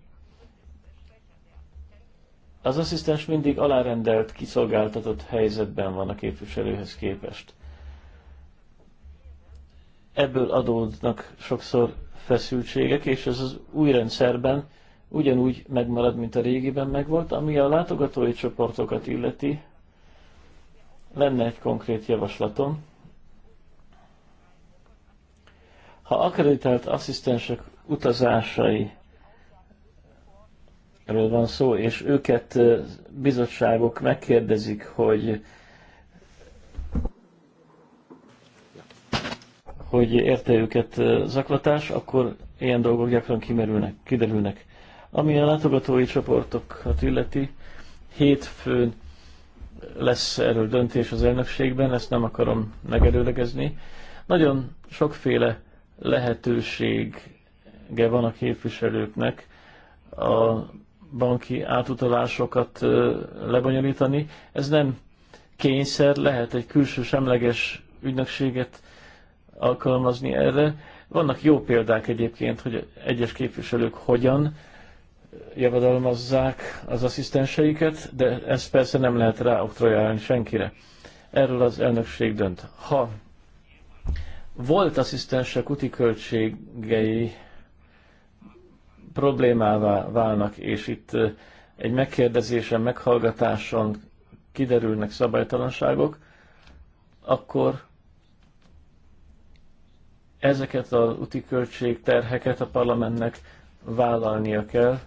az asszisztens mindig alárendelt, kiszolgáltatott helyzetben van a képviselőhez képest. Ebből adódnak sokszor feszültségek, és ez az új rendszerben ugyanúgy megmarad, mint a régiben megvolt. Ami a látogatói csoportokat illeti, lenne egy konkrét javaslatom. Ha akreditált asszisztensek utazásai Erről van szó, és őket bizottságok megkérdezik, hogy hogy érte őket zaklatás, akkor ilyen dolgok gyakran kimerülnek, kiderülnek. Ami a látogatói csoportokat illeti, hétfőn lesz erről döntés az elnökségben, ezt nem akarom megerőlegezni. Nagyon sokféle lehetősége van a képviselőknek a banki átutalásokat lebonyolítani. Ez nem kényszer, lehet egy külső semleges ügynökséget alkalmazni erre. Vannak jó példák egyébként, hogy egyes képviselők hogyan javadalmazzák az asszisztenseiket, de ezt persze nem lehet ráoktrojálni senkire. Erről az elnökség dönt. Ha volt asszisztense kuti költségei problémává válnak, és itt egy megkérdezésen, meghallgatáson kiderülnek szabálytalanságok, akkor ezeket az úti költségterheket a parlamentnek vállalnia kell.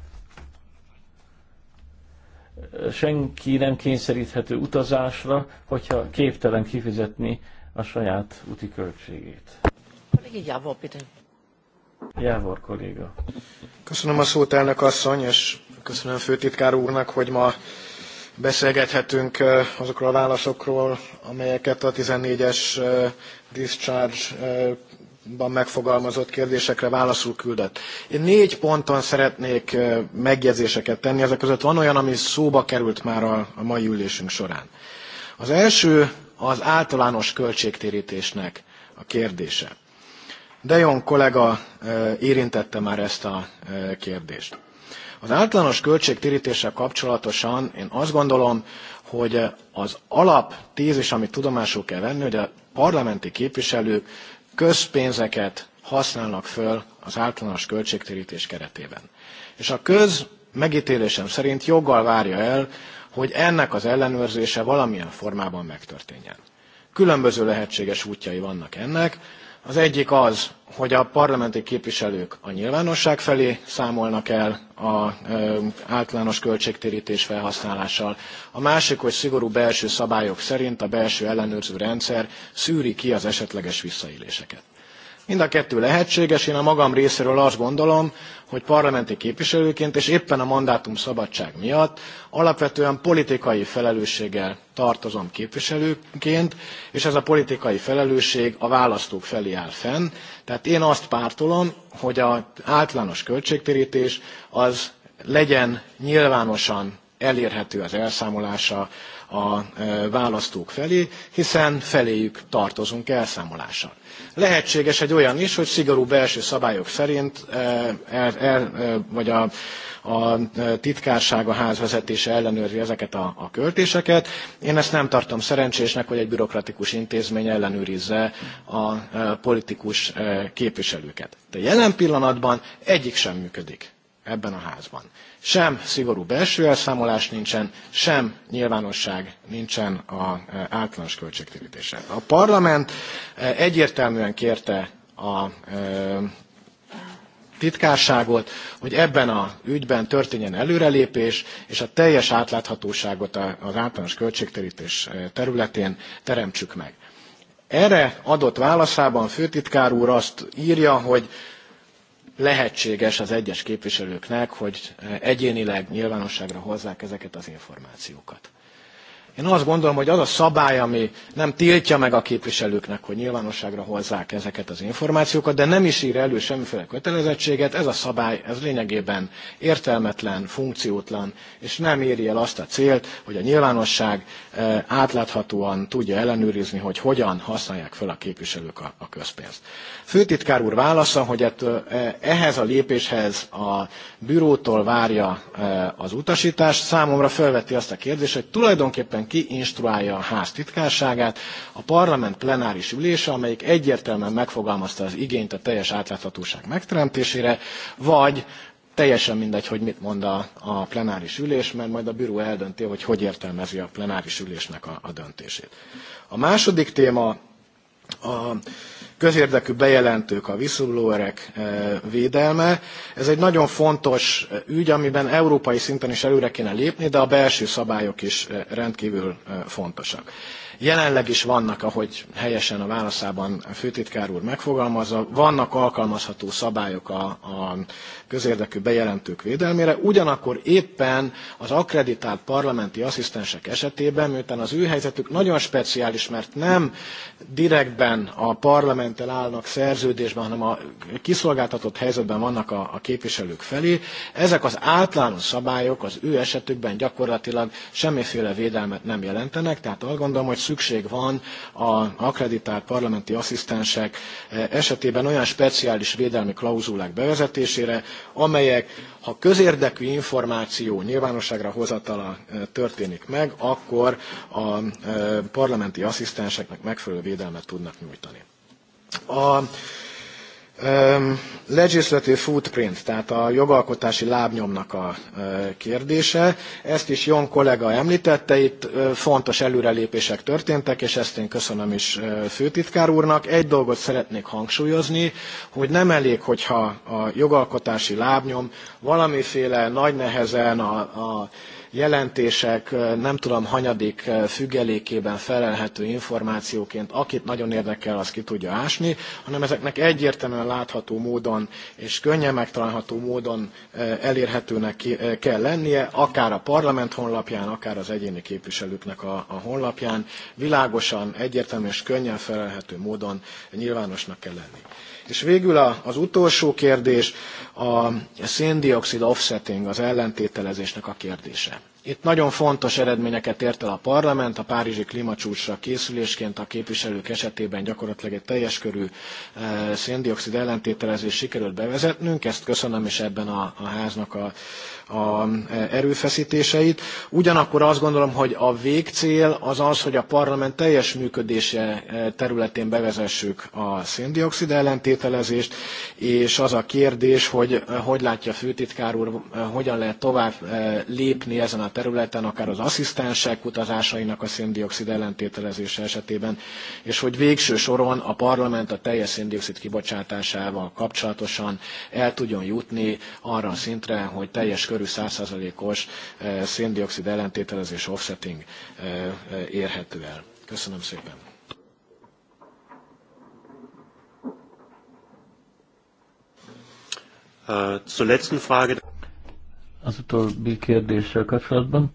Senki nem kényszeríthető utazásra, hogyha képtelen kifizetni a saját úti költségét. Kollégi Jávor kolléga. Köszönöm a szót, elnök asszony, és köszönöm főtitkár úrnak, hogy ma beszélgethetünk azokról a válaszokról, amelyeket a 14-es discharge-ban megfogalmazott kérdésekre válaszul küldött. Én négy ponton szeretnék megjegyzéseket tenni, ezek között van olyan, ami szóba került már a, mai ülésünk során. Az első az általános költségtérítésnek a kérdése. De Jong kollega érintette már ezt a kérdést. Az általános költségtérítéssel kapcsolatosan én azt gondolom, hogy az alap tézis, amit tudomásul kell venni, hogy a parlamenti képviselők közpénzeket használnak föl az általános költségtérítés keretében. És a köz megítélésem szerint joggal várja el, hogy ennek az ellenőrzése valamilyen formában megtörténjen. Különböző lehetséges útjai vannak ennek. Az egyik az, hogy a parlamenti képviselők a nyilvánosság felé számolnak el az általános költségtérítés felhasználással, a másik, hogy szigorú belső szabályok szerint a belső ellenőrző rendszer szűri ki az esetleges visszaéléseket. Mind a kettő lehetséges, én a magam részéről azt gondolom, hogy parlamenti képviselőként és éppen a mandátum szabadság miatt alapvetően politikai felelősséggel tartozom képviselőként, és ez a politikai felelősség a választók felé áll fenn. Tehát én azt pártolom, hogy az általános költségtérítés az legyen nyilvánosan elérhető az elszámolása a e, választók felé, hiszen feléjük tartozunk elszámolással. Lehetséges egy olyan is, hogy szigorú belső szabályok szerint e, el, el, e, vagy a, a titkárság, a házvezetése ellenőrzi ezeket a, a költéseket. Én ezt nem tartom szerencsésnek, hogy egy bürokratikus intézmény ellenőrizze a politikus képviselőket. De jelen pillanatban egyik sem működik ebben a házban. Sem szigorú belső elszámolás nincsen, sem nyilvánosság nincsen az e, általános költségtérítésre. A parlament e, egyértelműen kérte a e, titkárságot, hogy ebben a ügyben történjen előrelépés, és a teljes átláthatóságot az általános költségterítés területén teremtsük meg. Erre adott válaszában főtitkár úr azt írja, hogy lehetséges az egyes képviselőknek, hogy eh, egyénileg nyilvánosságra hozzák ezeket az információkat. Én azt gondolom, hogy az a szabály, ami nem tiltja meg a képviselőknek, hogy nyilvánosságra hozzák ezeket az információkat, de nem is ír elő semmiféle kötelezettséget, ez a szabály, ez lényegében értelmetlen, funkciótlan, és nem éri el azt a célt, hogy a nyilvánosság eh, átláthatóan tudja ellenőrizni, hogy hogyan használják fel a képviselők a, közpénzt. Főtitkár úr válasza, hogy eh, ehhez a lépéshez a bürótól várja eh, az utasítást, számomra felveti azt a kérdést, hogy tulajdonképpen ki instruálja a ház titkárságát, a parlament plenáris ülése, amelyik egyértelműen megfogalmazta az igényt a teljes átláthatóság megteremtésére, vagy teljesen mindegy, hogy mit mond a, a plenáris ülés, mert majd a bíró eldönti, hogy hogy értelmezi a plenáris ülésnek a, a döntését. A második téma a közérdekű bejelentők, a whistleblowerek eh, védelme. Ez egy nagyon fontos eh, ügy, amiben európai szinten is előre kéne lépni, de a belső szabályok is eh, rendkívül fontosak. Jelenleg is vannak, ahogy helyesen a válaszában a főtitkár úr megfogalmazza, vannak alkalmazható szabályok a, a közérdekű bejelentők védelmére, ugyanakkor éppen az akkreditált parlamenti asszisztensek esetében, miután az ő helyzetük nagyon speciális, mert nem direktben a parlamenttel állnak szerződésben, hanem a kiszolgáltatott helyzetben vannak a, a képviselők felé, ezek az általános szabályok az ő esetükben gyakorlatilag semmiféle védelmet nem jelentenek, tehát azt gondolom, hogy szükség van az akkreditált parlamenti asszisztensek eh, esetében olyan speciális védelmi klauzulák bevezetésére, amelyek, ha közérdekű információ nyilvánosságra hozatala történik meg, akkor a parlamenti asszisztenseknek megfelelő védelmet tudnak nyújtani. A Legislative footprint, tehát a jogalkotási lábnyomnak a kérdése. Ezt is Jon kollega említette, itt fontos előrelépések történtek, és ezt én köszönöm is főtitkár úrnak. Egy dolgot szeretnék hangsúlyozni, hogy nem elég, hogyha a jogalkotási lábnyom valamiféle nagy nehezen a, a jelentések nem tudom hanyadik függelékében felelhető információként, akit nagyon érdekel, az ki tudja ásni, hanem ezeknek egyértelműen látható módon és könnyen megtalálható módon elérhetőnek kell lennie, akár a parlament honlapján, akár az egyéni képviselőknek a, honlapján, világosan, egyértelműen és könnyen felelhető módon nyilvánosnak kell lenni. És végül az utolsó kérdés a széndiokszid offsetting, az ellentételezésnek a kérdése. Itt nagyon fontos eredményeket ért el a parlament, a Párizsi klímacsúcsra készülésként a képviselők esetében gyakorlatilag egy teljes körű e, széndiokszid ellentételezést sikerült bevezetnünk, ezt köszönöm is ebben a, a háznak a, a e, erőfeszítéseit. Ugyanakkor azt gondolom, hogy a végcél az az, hogy a parlament teljes működése e, területén bevezessük a széndiokszid ellentételezést, és az a kérdés, hogy hogy látja a főtitkár úr, hogyan lehet tovább lépni ezen a területen, akár az asszisztensek utazásainak a széndiokszid ellentételezése esetében, és hogy végső soron a parlament a teljes széndiokszid kibocsátásával kapcsolatosan el tudjon jutni arra a szintre, hogy teljes körű 100%-os eh, széndiokszid ellentételezés offsetting eh, eh, érhető el. Köszönöm szépen! Äh, zur letzten Frage. Az utóbbi kérdéssel kapcsolatban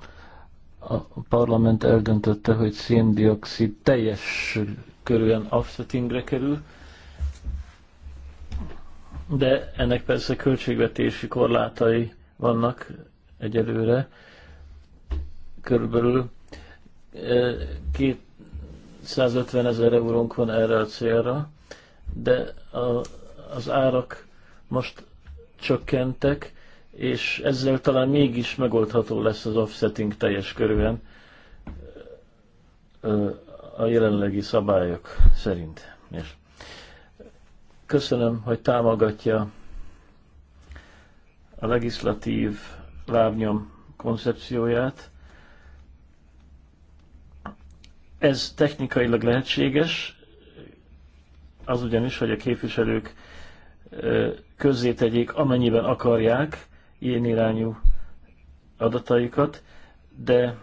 a parlament eldöntötte, hogy széndiokszid teljes körülön offsettingre kerül, de ennek persze költségvetési korlátai vannak egyelőre. Körülbelül 250 e, ezer eurónk van erre a célra, de a, az árak most csökkentek, és ezzel talán mégis megoldható lesz az offsetting teljes körülön a jelenlegi szabályok szerint. És köszönöm, hogy támogatja a legislatív lábnyom koncepcióját. Ez technikailag lehetséges, az ugyanis, hogy a képviselők közzétegyék, amennyiben akarják, ilyen irányú adataikat, de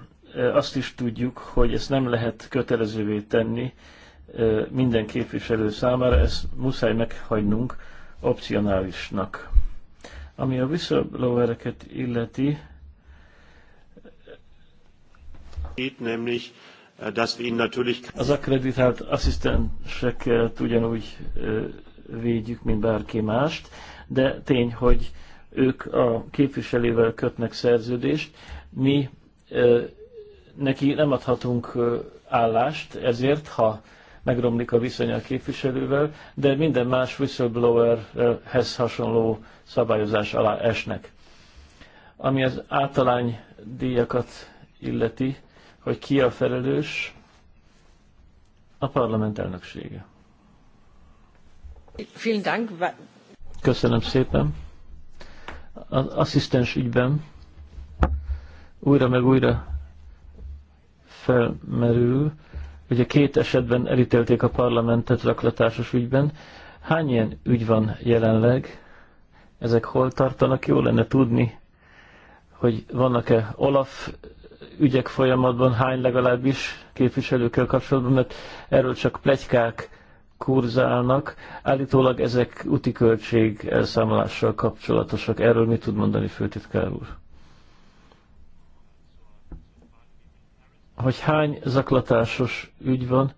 azt is tudjuk, hogy ezt nem lehet kötelezővé tenni minden képviselő számára, ezt muszáj meghagynunk opcionálisnak. Ami a whistleblowereket illeti, äh, az akreditált asszisztenseket ugyanúgy védjük, mint bárki mást, de tény, hogy ők a képviselővel kötnek szerződést, mi neki nem adhatunk állást, ezért, ha megromlik a viszony a képviselővel, de minden más whistleblowerhez hasonló szabályozás alá esnek. Ami az általány díjakat illeti, hogy ki a felelős, a parlament elnöksége. Köszönöm szépen az asszisztens ügyben újra meg újra felmerül, ugye két esetben elítélték a parlamentet raklatásos ügyben. Hány ilyen ügy van jelenleg? Ezek hol tartanak? Jó lenne tudni, hogy vannak-e Olaf ügyek folyamatban, hány legalábbis képviselőkkel kapcsolatban, mert erről csak plegykák kurzálnak. Állítólag ezek úti költség elszámolással kapcsolatosak. Erről mit tud mondani főtitkár úr? Hogy hány zaklatásos ügy van,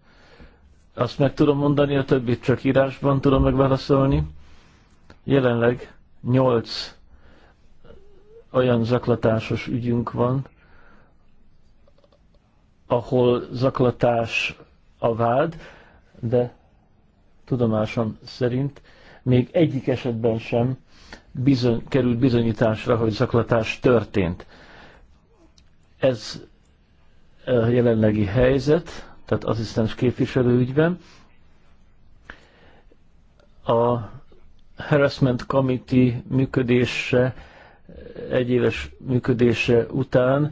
azt meg tudom mondani, a többit csak írásban tudom megválaszolni. Jelenleg 8 olyan zaklatásos ügyünk van, ahol zaklatás a vád, de tudomásom szerint még egyik esetben sem bizony, került bizonyításra, hogy zaklatás történt. Ez a jelenlegi helyzet, tehát asszisztens képviselő ügyben. A Harassment Committee működése, egyéves működése után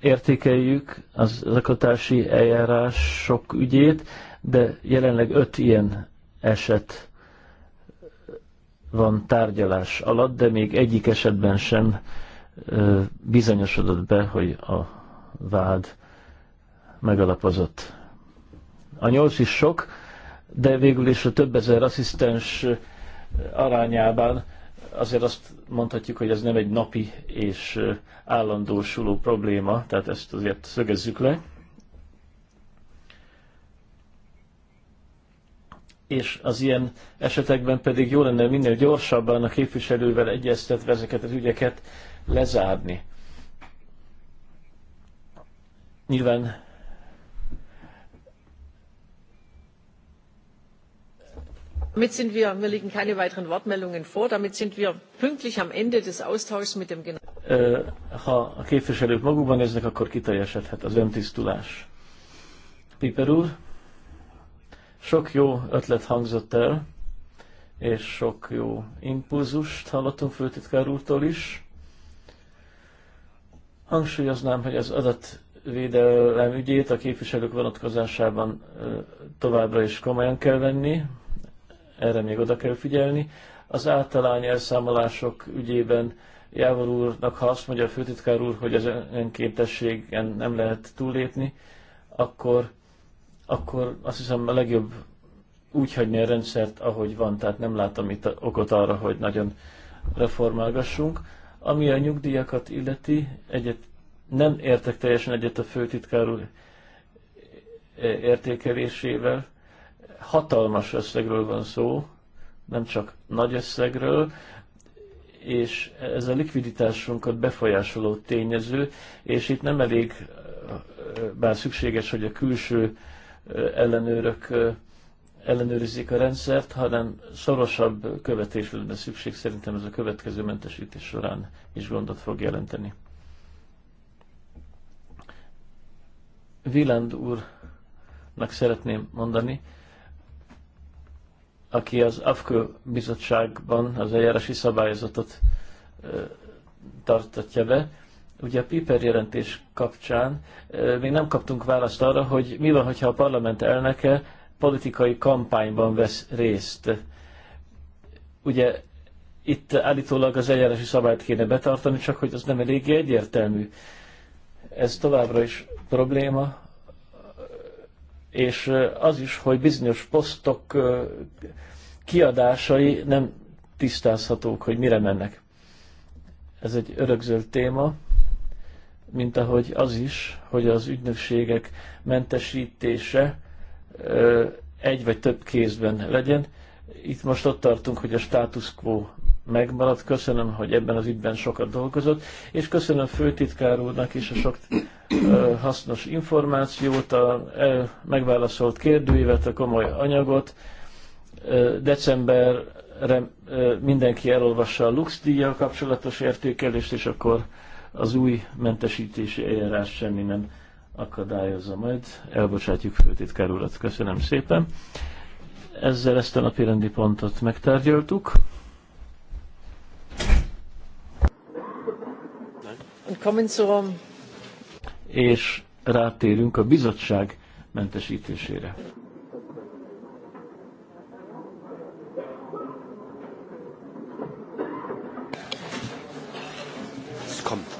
értékeljük az zaklatási eljárások ügyét, de jelenleg öt ilyen eset van tárgyalás alatt, de még egyik esetben sem bizonyosodott be, hogy a vád megalapozott. A nyolc is sok, de végül is a több ezer asszisztens arányában azért azt mondhatjuk, hogy ez nem egy napi és állandósuló probléma, tehát ezt azért szögezzük le. és az ilyen esetekben pedig jó lenne minél gyorsabban a képviselővel egyeztetve ezeket az ügyeket lezárni. Nyilván damit sind wir mir liegen keine weiteren wortmeldungen vor damit sind wir pünktlich am ende des austauschs mit dem ha a képviselők magukban néznek, akkor kiteljesedhet az öntisztulás. Piper úr? Sok jó ötlet hangzott el, és sok jó impulzust hallottunk főtitkár úrtól is. Hangsúlyoznám, hogy az adatvédelem ügyét a képviselők vonatkozásában továbbra is komolyan kell venni, erre még oda kell figyelni. Az általány elszámolások ügyében Jávor úrnak, ha azt mondja a főtitkár úr, hogy az önkéntességen nem lehet túllépni, akkor akkor azt hiszem a legjobb úgy hagyni a rendszert, ahogy van, tehát nem látom itt okot arra, hogy nagyon reformálgassunk. Ami a nyugdíjakat illeti, egyet nem értek teljesen egyet a főtitkár úr e, értékelésével. Hatalmas összegről van szó, nem csak nagy összegről, és ez a likviditásunkat befolyásoló tényező, és itt nem elég, e, bár szükséges, hogy a külső ellenőrök ellenőrizik a rendszert, hanem szorosabb követésre lenne szükség. Szerintem ez a következő mentesítés során is gondot fog jelenteni. Viland úrnak szeretném mondani, aki az AFKÖ bizottságban az eljárási szabályozatot tartatja be, Ugye a Piper jelentés kapcsán még nem kaptunk választ arra, hogy mi van, hogyha a parlament elnöke politikai kampányban vesz részt. Ugye itt állítólag az eljárási szabályt kéne betartani, csak hogy az nem eléggé egyértelmű. Ez továbbra is probléma, és az is, hogy bizonyos posztok kiadásai nem tisztázhatók, hogy mire mennek. Ez egy örökzöld téma mint ahogy az is, hogy az ügynökségek mentesítése egy vagy több kézben legyen. Itt most ott tartunk, hogy a status quo megmaradt. Köszönöm, hogy ebben az ügyben sokat dolgozott, és köszönöm főtitkár úrnak is a sok hasznos információt, a megválaszolt kérdőívet, a komoly anyagot. Decemberre mindenki elolvassa a Lux díjjal kapcsolatos értékelést, és akkor az új mentesítési eljárás semmi nem akadályozza majd. Elbocsátjuk főtitkár urat. Köszönöm szépen. Ezzel ezt a napi rendi pontot megtárgyaltuk. És rátérünk a bizottság mentesítésére. kommt.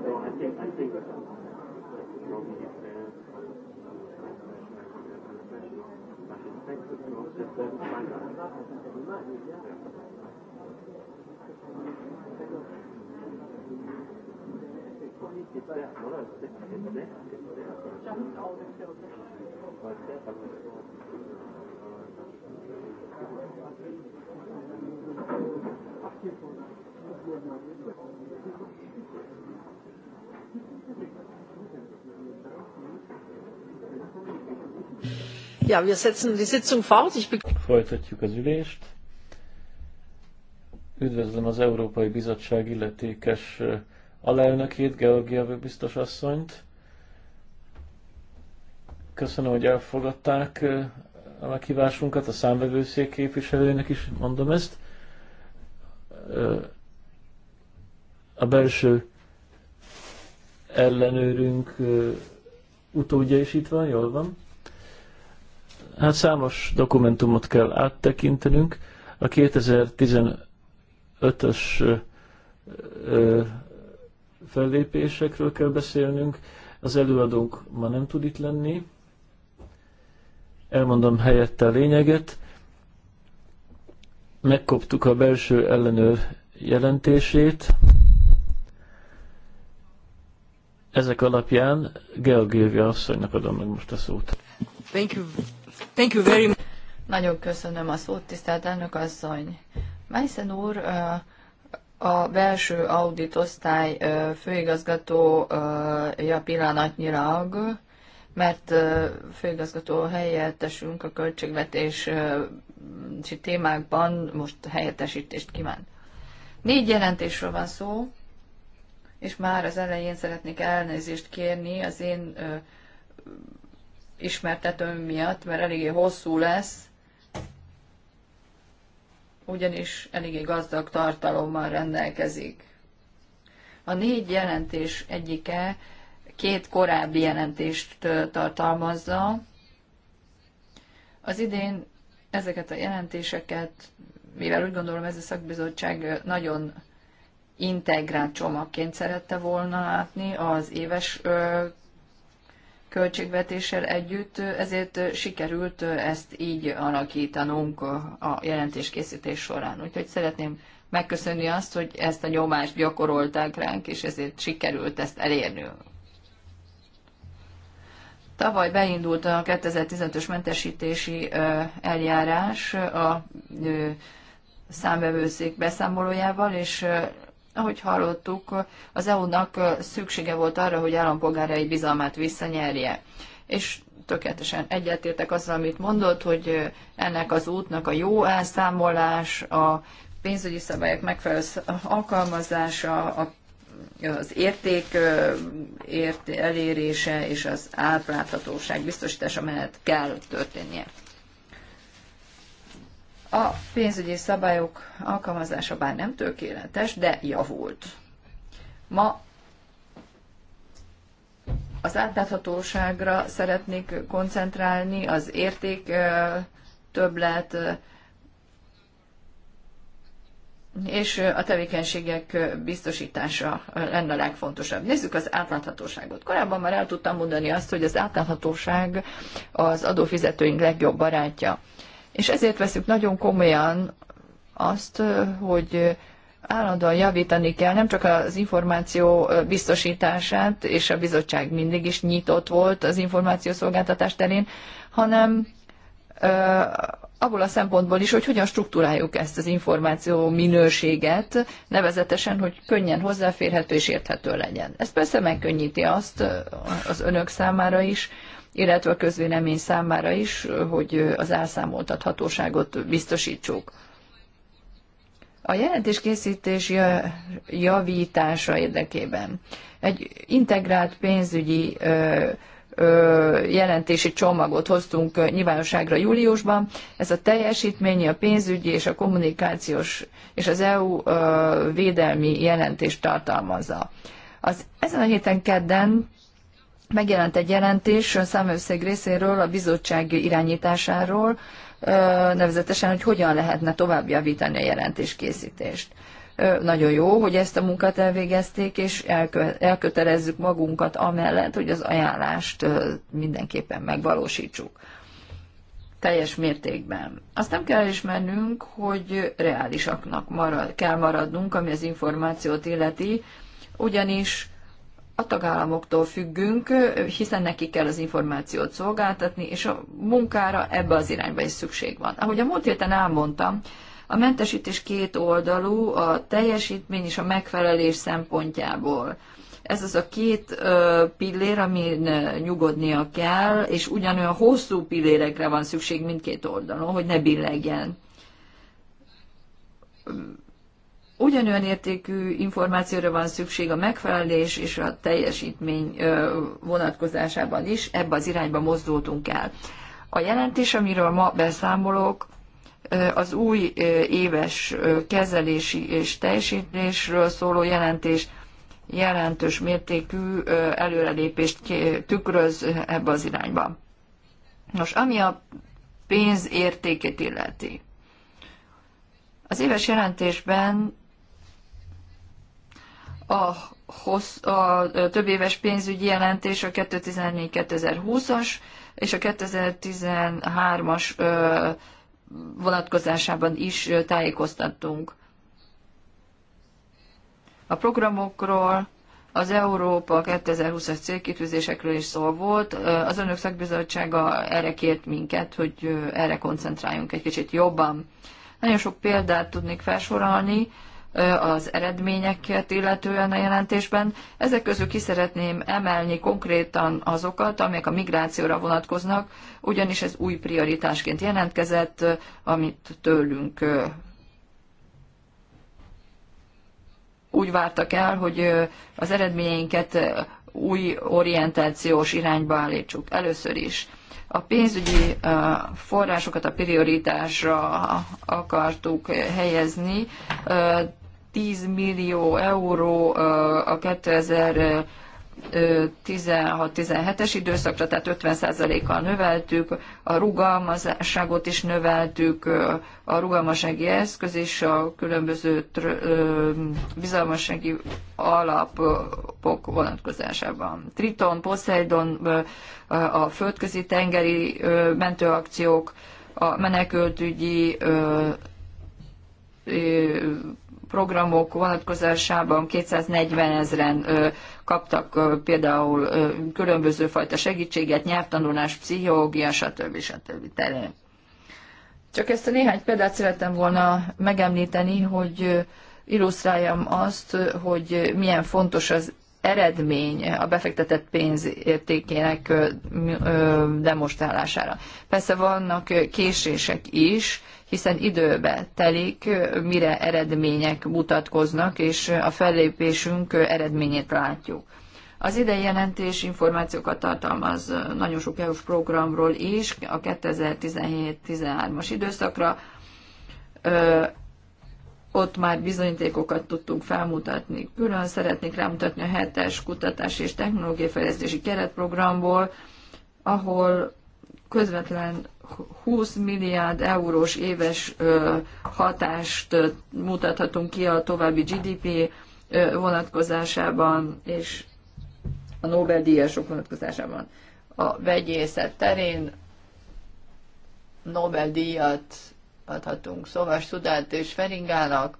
So I think I think that Romy is there. I suspect that Romy is there. It's there. No, no, it's there. It's there. It's there. Just all the children. But there, but Thank you. Ja, wir setzen die Sitzung fort. Ich Folytatjuk az ülést. Üdvözlöm az Európai Bizottság illetékes alelnökét, Georgia biztos asszonyt. Köszönöm, hogy elfogadták a meghívásunkat, a számvevőszék képviselőjének is mondom ezt. A belső ellenőrünk utódja is itt van, jól van. Hát számos dokumentumot kell áttekintenünk. A 2015-ös fellépésekről kell beszélnünk. Az előadónk ma nem tud itt lenni. Elmondom helyette a lényeget. Megkoptuk a belső ellenőr jelentését. Ezek alapján Georgieva asszonynak adom meg most a szót. Thank you. Thank you very much. Nagyon köszönöm a szót, tisztelt elnök asszony. Meissen úr, a belső auditosztály főigazgatója pillanatnyilag, mert főigazgató helyettesünk a költségvetési témákban most helyettesítést kíván. Négy jelentésről van szó, és már az elején szeretnék elnézést kérni az én ismertetőm miatt, mert eléggé hosszú lesz, ugyanis eléggé gazdag tartalommal rendelkezik. A négy jelentés egyike két korábbi jelentést tartalmazza. Az idén ezeket a jelentéseket, mivel úgy gondolom ez a szakbizottság nagyon integrált csomagként szerette volna látni az éves költségvetéssel együtt, ezért sikerült ezt így alakítanunk a jelentéskészítés során. Úgyhogy szeretném megköszönni azt, hogy ezt a nyomást gyakorolták ránk, és ezért sikerült ezt elérni. Tavaly beindult a 2015-ös mentesítési eljárás a számvevőszék beszámolójával, és ahogy hallottuk, az EU-nak szüksége volt arra, hogy állampolgárai bizalmát visszanyerje. És tökéletesen egyetértek azzal, amit mondott, hogy ennek az útnak a jó elszámolás, a pénzügyi szabályok megfelelő alkalmazása, a az érték ért, elérése és az átláthatóság biztosítása mellett kell történnie. A pénzügyi szabályok alkalmazása bár nem tökéletes, de javult. Ma az átláthatóságra szeretnék koncentrálni, az érték többlet és a tevékenységek biztosítása lenne a legfontosabb. Nézzük az átláthatóságot. Korábban már el tudtam mondani azt, hogy az átláthatóság az adófizetőink legjobb barátja és ezért veszük nagyon komolyan azt, hogy állandóan javítani kell nem csak az információ biztosítását, és a bizottság mindig is nyitott volt az információszolgáltatás terén, hanem abból a szempontból is, hogy hogyan struktúráljuk ezt az információ minőséget, nevezetesen, hogy könnyen hozzáférhető és érthető legyen. Ez persze megkönnyíti azt az önök számára is, illetve a közvélemény számára is, hogy az elszámoltathatóságot biztosítsuk. A jelentés készítés javítása érdekében egy integrált pénzügyi jelentési csomagot hoztunk nyilvánosságra júliusban. Ez a teljesítményi, a pénzügyi és a kommunikációs és az EU védelmi jelentést tartalmazza. Az, ezen a héten kedden megjelent egy jelentés a számőszeg részéről a bizottság irányításáról, nevezetesen, hogy hogyan lehetne tovább javítani a jelentéskészítést. Nagyon jó, hogy ezt a munkát elvégezték, és elkötelezzük magunkat amellett, hogy az ajánlást mindenképpen megvalósítsuk. Teljes mértékben. Azt nem kell ismernünk, hogy reálisaknak marad, kell maradnunk, ami az információt illeti, ugyanis a tagállamoktól függünk, hiszen nekik kell az információt szolgáltatni, és a munkára ebbe az irányba is szükség van. Ahogy a múlt héten elmondtam, a mentesítés két oldalú, a teljesítmény és a megfelelés szempontjából. Ez az a két pillér, amin nyugodnia kell, és ugyanolyan hosszú pillérekre van szükség mindkét oldalon, hogy ne billegjen ugyanolyan értékű információra van szükség a megfelelés és a teljesítmény vonatkozásában is, ebbe az irányba mozdultunk el. A jelentés, amiről ma beszámolok, az új éves kezelési és teljesítésről szóló jelentés jelentős mértékű előrelépést tükröz ebbe az irányba. Nos, ami a pénz értékét illeti. Az éves jelentésben a, hossz, a több éves pénzügyi jelentés a 2014-2020-as és a 2013-as vonatkozásában is tájékoztattunk. A programokról, az Európa 2020-as célkitűzésekről is szó volt. Az Önök Szakbizottsága erre kért minket, hogy erre koncentráljunk egy kicsit jobban. Nagyon sok példát tudnék felsorolni, az eredményeket illetően a jelentésben. Ezek közül ki szeretném emelni konkrétan azokat, amelyek a migrációra vonatkoznak, ugyanis ez új prioritásként jelentkezett, amit tőlünk úgy vártak el, hogy az eredményeinket új orientációs irányba állítsuk. Először is a pénzügyi forrásokat a prioritásra akartuk helyezni, 10 millió euró a 2016 17 es időszakra, tehát 50%-kal növeltük, a rugalmasságot is növeltük, a rugalmasági eszköz és a különböző bizalmasági alapok vonatkozásában. Triton, Poseidon, a földközi tengeri mentőakciók, a menekültügyi programok vonatkozásában 240 ezeren kaptak például különböző fajta segítséget, nyelvtanulás, pszichológia, stb. stb. terén. Csak ezt a néhány példát szerettem volna megemlíteni, hogy illusztráljam azt, hogy milyen fontos az eredmény a befektetett pénz értékének demonstrálására. Persze vannak késések is, hiszen időbe telik, mire eredmények mutatkoznak, és a fellépésünk eredményét látjuk. Az idei jelentés információkat tartalmaz nagyon sok eu programról is a 2017-13-as időszakra. Ö, ott már bizonyítékokat tudtunk felmutatni. Külön szeretnék rámutatni a hetes kutatás és technológiai fejlesztési keretprogramból, ahol közvetlen 20 milliárd eurós éves hatást mutathatunk ki a további GDP vonatkozásában, és a Nobel-díjasok vonatkozásában. A vegyészet terén Nobel-díjat adhatunk Szovas Szudát és Feringának,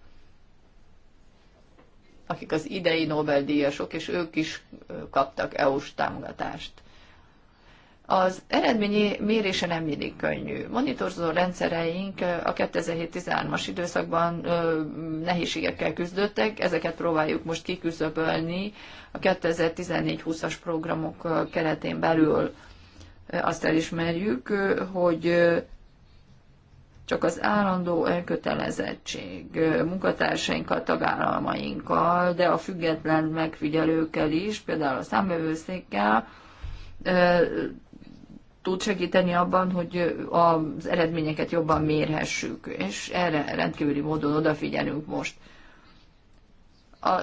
akik az idei Nobel-díjasok, és ők is kaptak EU-s támogatást. Az eredményi mérése nem mindig könnyű. Monitorozó rendszereink a 2007-13-as időszakban nehézségekkel küzdöttek, ezeket próbáljuk most kiküszöbölni a 2014-20-as programok keretén belül. Azt elismerjük, hogy csak az állandó elkötelezettség munkatársainkkal, tagállalmainkkal, de a független megfigyelőkkel is, például a számövőszékkel, tud segíteni abban, hogy az eredményeket jobban mérhessük, és erre rendkívüli módon odafigyelünk most. A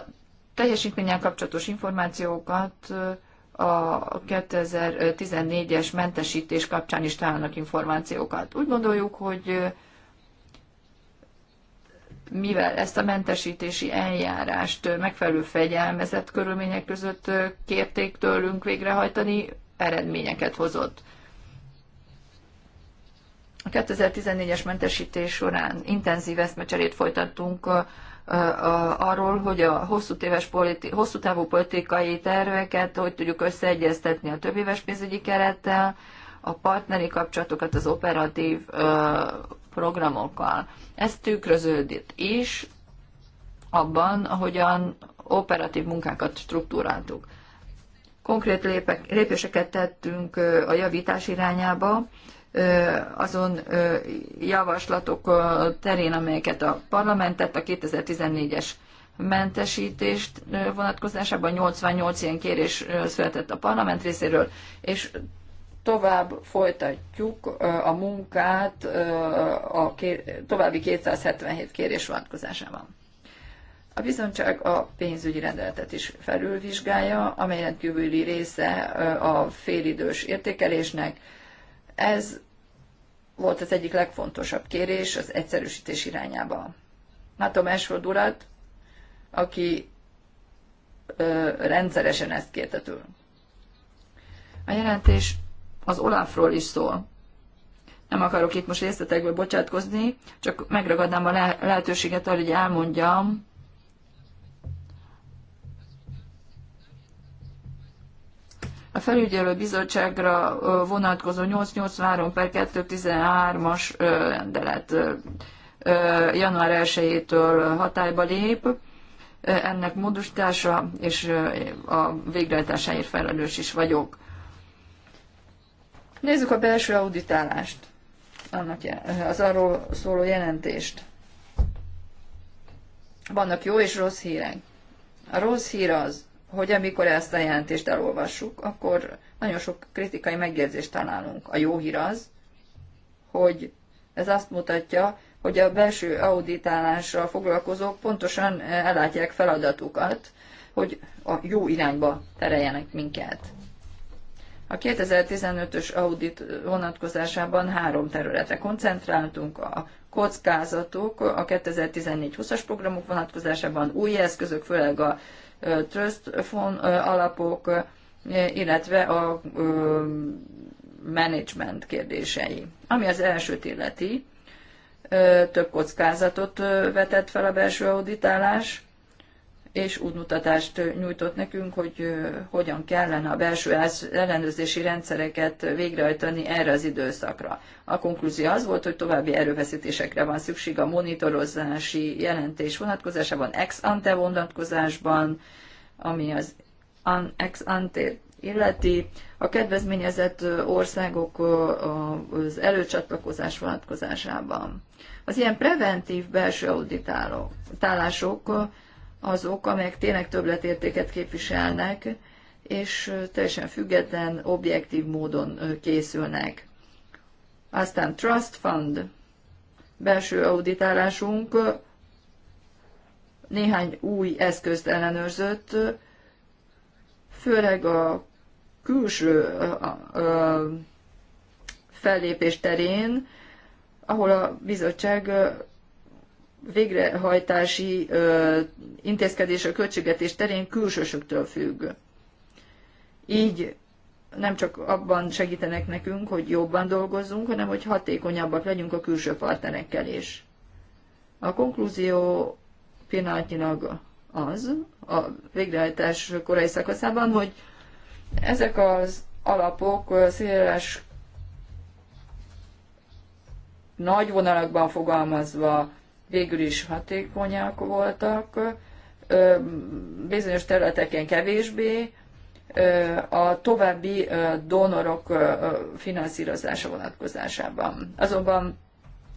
teljesítménnyel kapcsolatos információkat a 2014-es mentesítés kapcsán is találnak információkat. Úgy gondoljuk, hogy mivel ezt a mentesítési eljárást megfelelő fegyelmezett körülmények között kérték tőlünk végrehajtani, eredményeket hozott. A 2014-es mentesítés során intenzív eszmecserét folytattunk arról, hogy a hosszú, téves politi- hosszú távú politikai terveket hogy tudjuk összeegyeztetni a többéves pénzügyi kerettel, a partneri kapcsolatokat az operatív programokkal. Ez tükröződött is abban, ahogyan operatív munkákat struktúráltuk. Konkrét lépek, lépéseket tettünk a javítás irányába, azon javaslatok terén, amelyeket a parlamentet a 2014-es mentesítést vonatkozásában 88 ilyen kérés született a parlament részéről, és tovább folytatjuk a munkát a további 277 kérés vonatkozásában. A bizottság a pénzügyi rendeletet is felülvizsgálja, amely rendkívüli része a félidős értékelésnek. Ez volt az egyik legfontosabb kérés az egyszerűsítés irányába. Látom Ashford urat, aki ö, rendszeresen ezt kérte tőle. A jelentés az Olafról is szól. Nem akarok itt most részletekbe bocsátkozni, csak megragadnám a lehetőséget arra, hogy elmondjam, a felügyelő bizottságra vonatkozó 883 per 213-as rendelet január 1-től hatályba lép. Ennek módosítása és a végrehajtásáért felelős is vagyok. Nézzük a belső auditálást, annak az arról szóló jelentést. Vannak jó és rossz hírek. A rossz hír az, hogy amikor ezt a jelentést elolvassuk, akkor nagyon sok kritikai megjegyzést találunk. A jó hír az, hogy ez azt mutatja, hogy a belső auditálással foglalkozók pontosan ellátják feladatukat, hogy a jó irányba tereljenek minket. A 2015-ös audit vonatkozásában három területre koncentráltunk, a kockázatok, a 2014-20-as programok vonatkozásában új eszközök, főleg a trust fund alapok, illetve a management kérdései. Ami az elsőt illeti, több kockázatot vetett fel a belső auditálás, és útmutatást nyújtott nekünk, hogy hogyan kellene a belső ellenőrzési rendszereket végrehajtani erre az időszakra. A konklúzió az volt, hogy további erőfeszítésekre van szükség a monitorozási jelentés vonatkozásában, ex ante vonatkozásban, ami az ex ante illeti. A kedvezményezett országok az előcsatlakozás vonatkozásában. Az ilyen preventív belső auditálások azok, amelyek tényleg többletértéket képviselnek, és teljesen független, objektív módon készülnek. Aztán Trust Fund, belső auditálásunk néhány új eszközt ellenőrzött, főleg a külső fellépés terén, ahol a bizottság végrehajtási intézkedés a költségvetés terén külsősöktől függ. Így nem csak abban segítenek nekünk, hogy jobban dolgozzunk, hanem hogy hatékonyabbak legyünk a külső partnerekkel is. A konklúzió pillanatnyilag az, a végrehajtás korai szakaszában, hogy ezek az alapok széles nagy vonalakban fogalmazva végül is hatékonyak voltak, bizonyos területeken kevésbé, a további donorok finanszírozása vonatkozásában. Azonban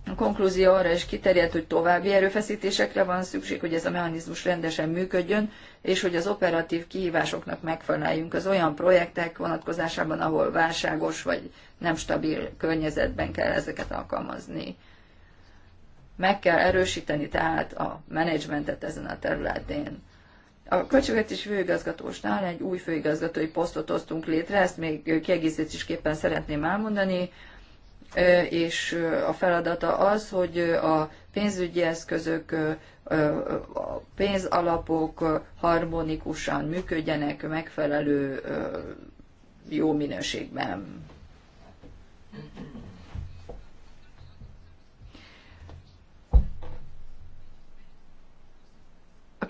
a konklúzió arra is kiterjedt, hogy további erőfeszítésekre van szükség, hogy ez a mechanizmus rendesen működjön, és hogy az operatív kihívásoknak megfeleljünk az olyan projektek vonatkozásában, ahol válságos vagy nem stabil környezetben kell ezeket alkalmazni meg kell erősíteni tehát a menedzsmentet ezen a területén. A költségvetés főigazgatósnál egy új főigazgatói posztot hoztunk létre, ezt még kiegészítésképpen szeretném elmondani, és a feladata az, hogy a pénzügyi eszközök, a pénzalapok harmonikusan működjenek megfelelő jó minőségben. Mm-hmm.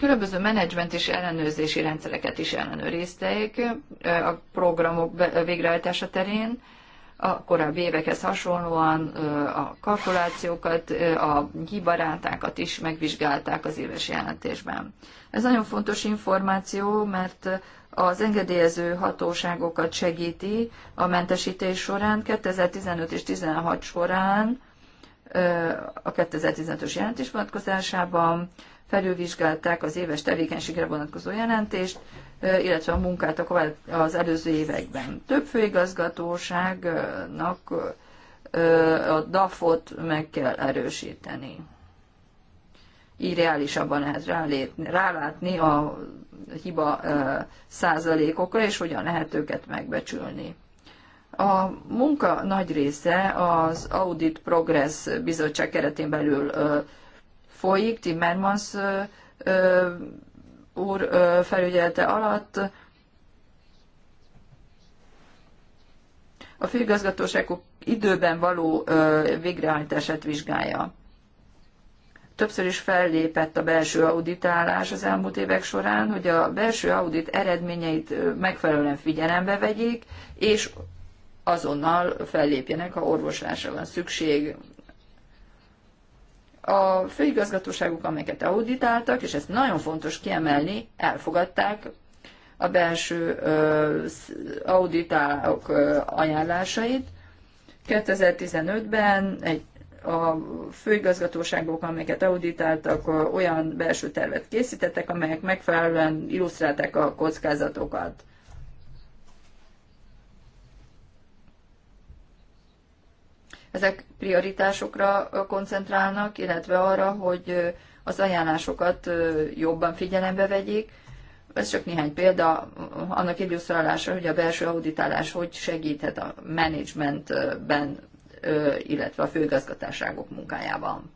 különböző menedzsment és ellenőrzési rendszereket is ellenőrizték a programok végrehajtása terén, a korábbi évekhez hasonlóan a kalkulációkat, a hibarátákat is megvizsgálták az éves jelentésben. Ez nagyon fontos információ, mert az engedélyező hatóságokat segíti a mentesítés során 2015 és 2016 során a 2015-ös jelentés vonatkozásában felülvizsgálták az éves tevékenységre vonatkozó jelentést, illetve a munkát az előző években. Több főigazgatóságnak a DAF-ot meg kell erősíteni. Így reálisabban lehet rálátni a hiba százalékokra, és hogyan lehet őket megbecsülni. A munka nagy része az Audit Progress Bizottság keretén belül folyik Timmermans úr felügyelete alatt. A főigazgatóság időben való végrehajtását vizsgálja. Többször is fellépett a belső auditálás az elmúlt évek során, hogy a belső audit eredményeit megfelelően figyelembe vegyék, és azonnal fellépjenek, ha orvoslásra van szükség, a főigazgatóságok, amelyeket auditáltak, és ezt nagyon fontos kiemelni, elfogadták a belső auditálók ajánlásait. 2015-ben egy a főigazgatóságok, amelyeket auditáltak, olyan belső tervet készítettek, amelyek megfelelően illusztrálták a kockázatokat. Ezek prioritásokra koncentrálnak, illetve arra, hogy az ajánlásokat jobban figyelembe vegyék. Ez csak néhány példa annak illusztrálása, hogy a belső auditálás hogy segíthet a menedzsmentben, illetve a főgazgatáságok munkájában.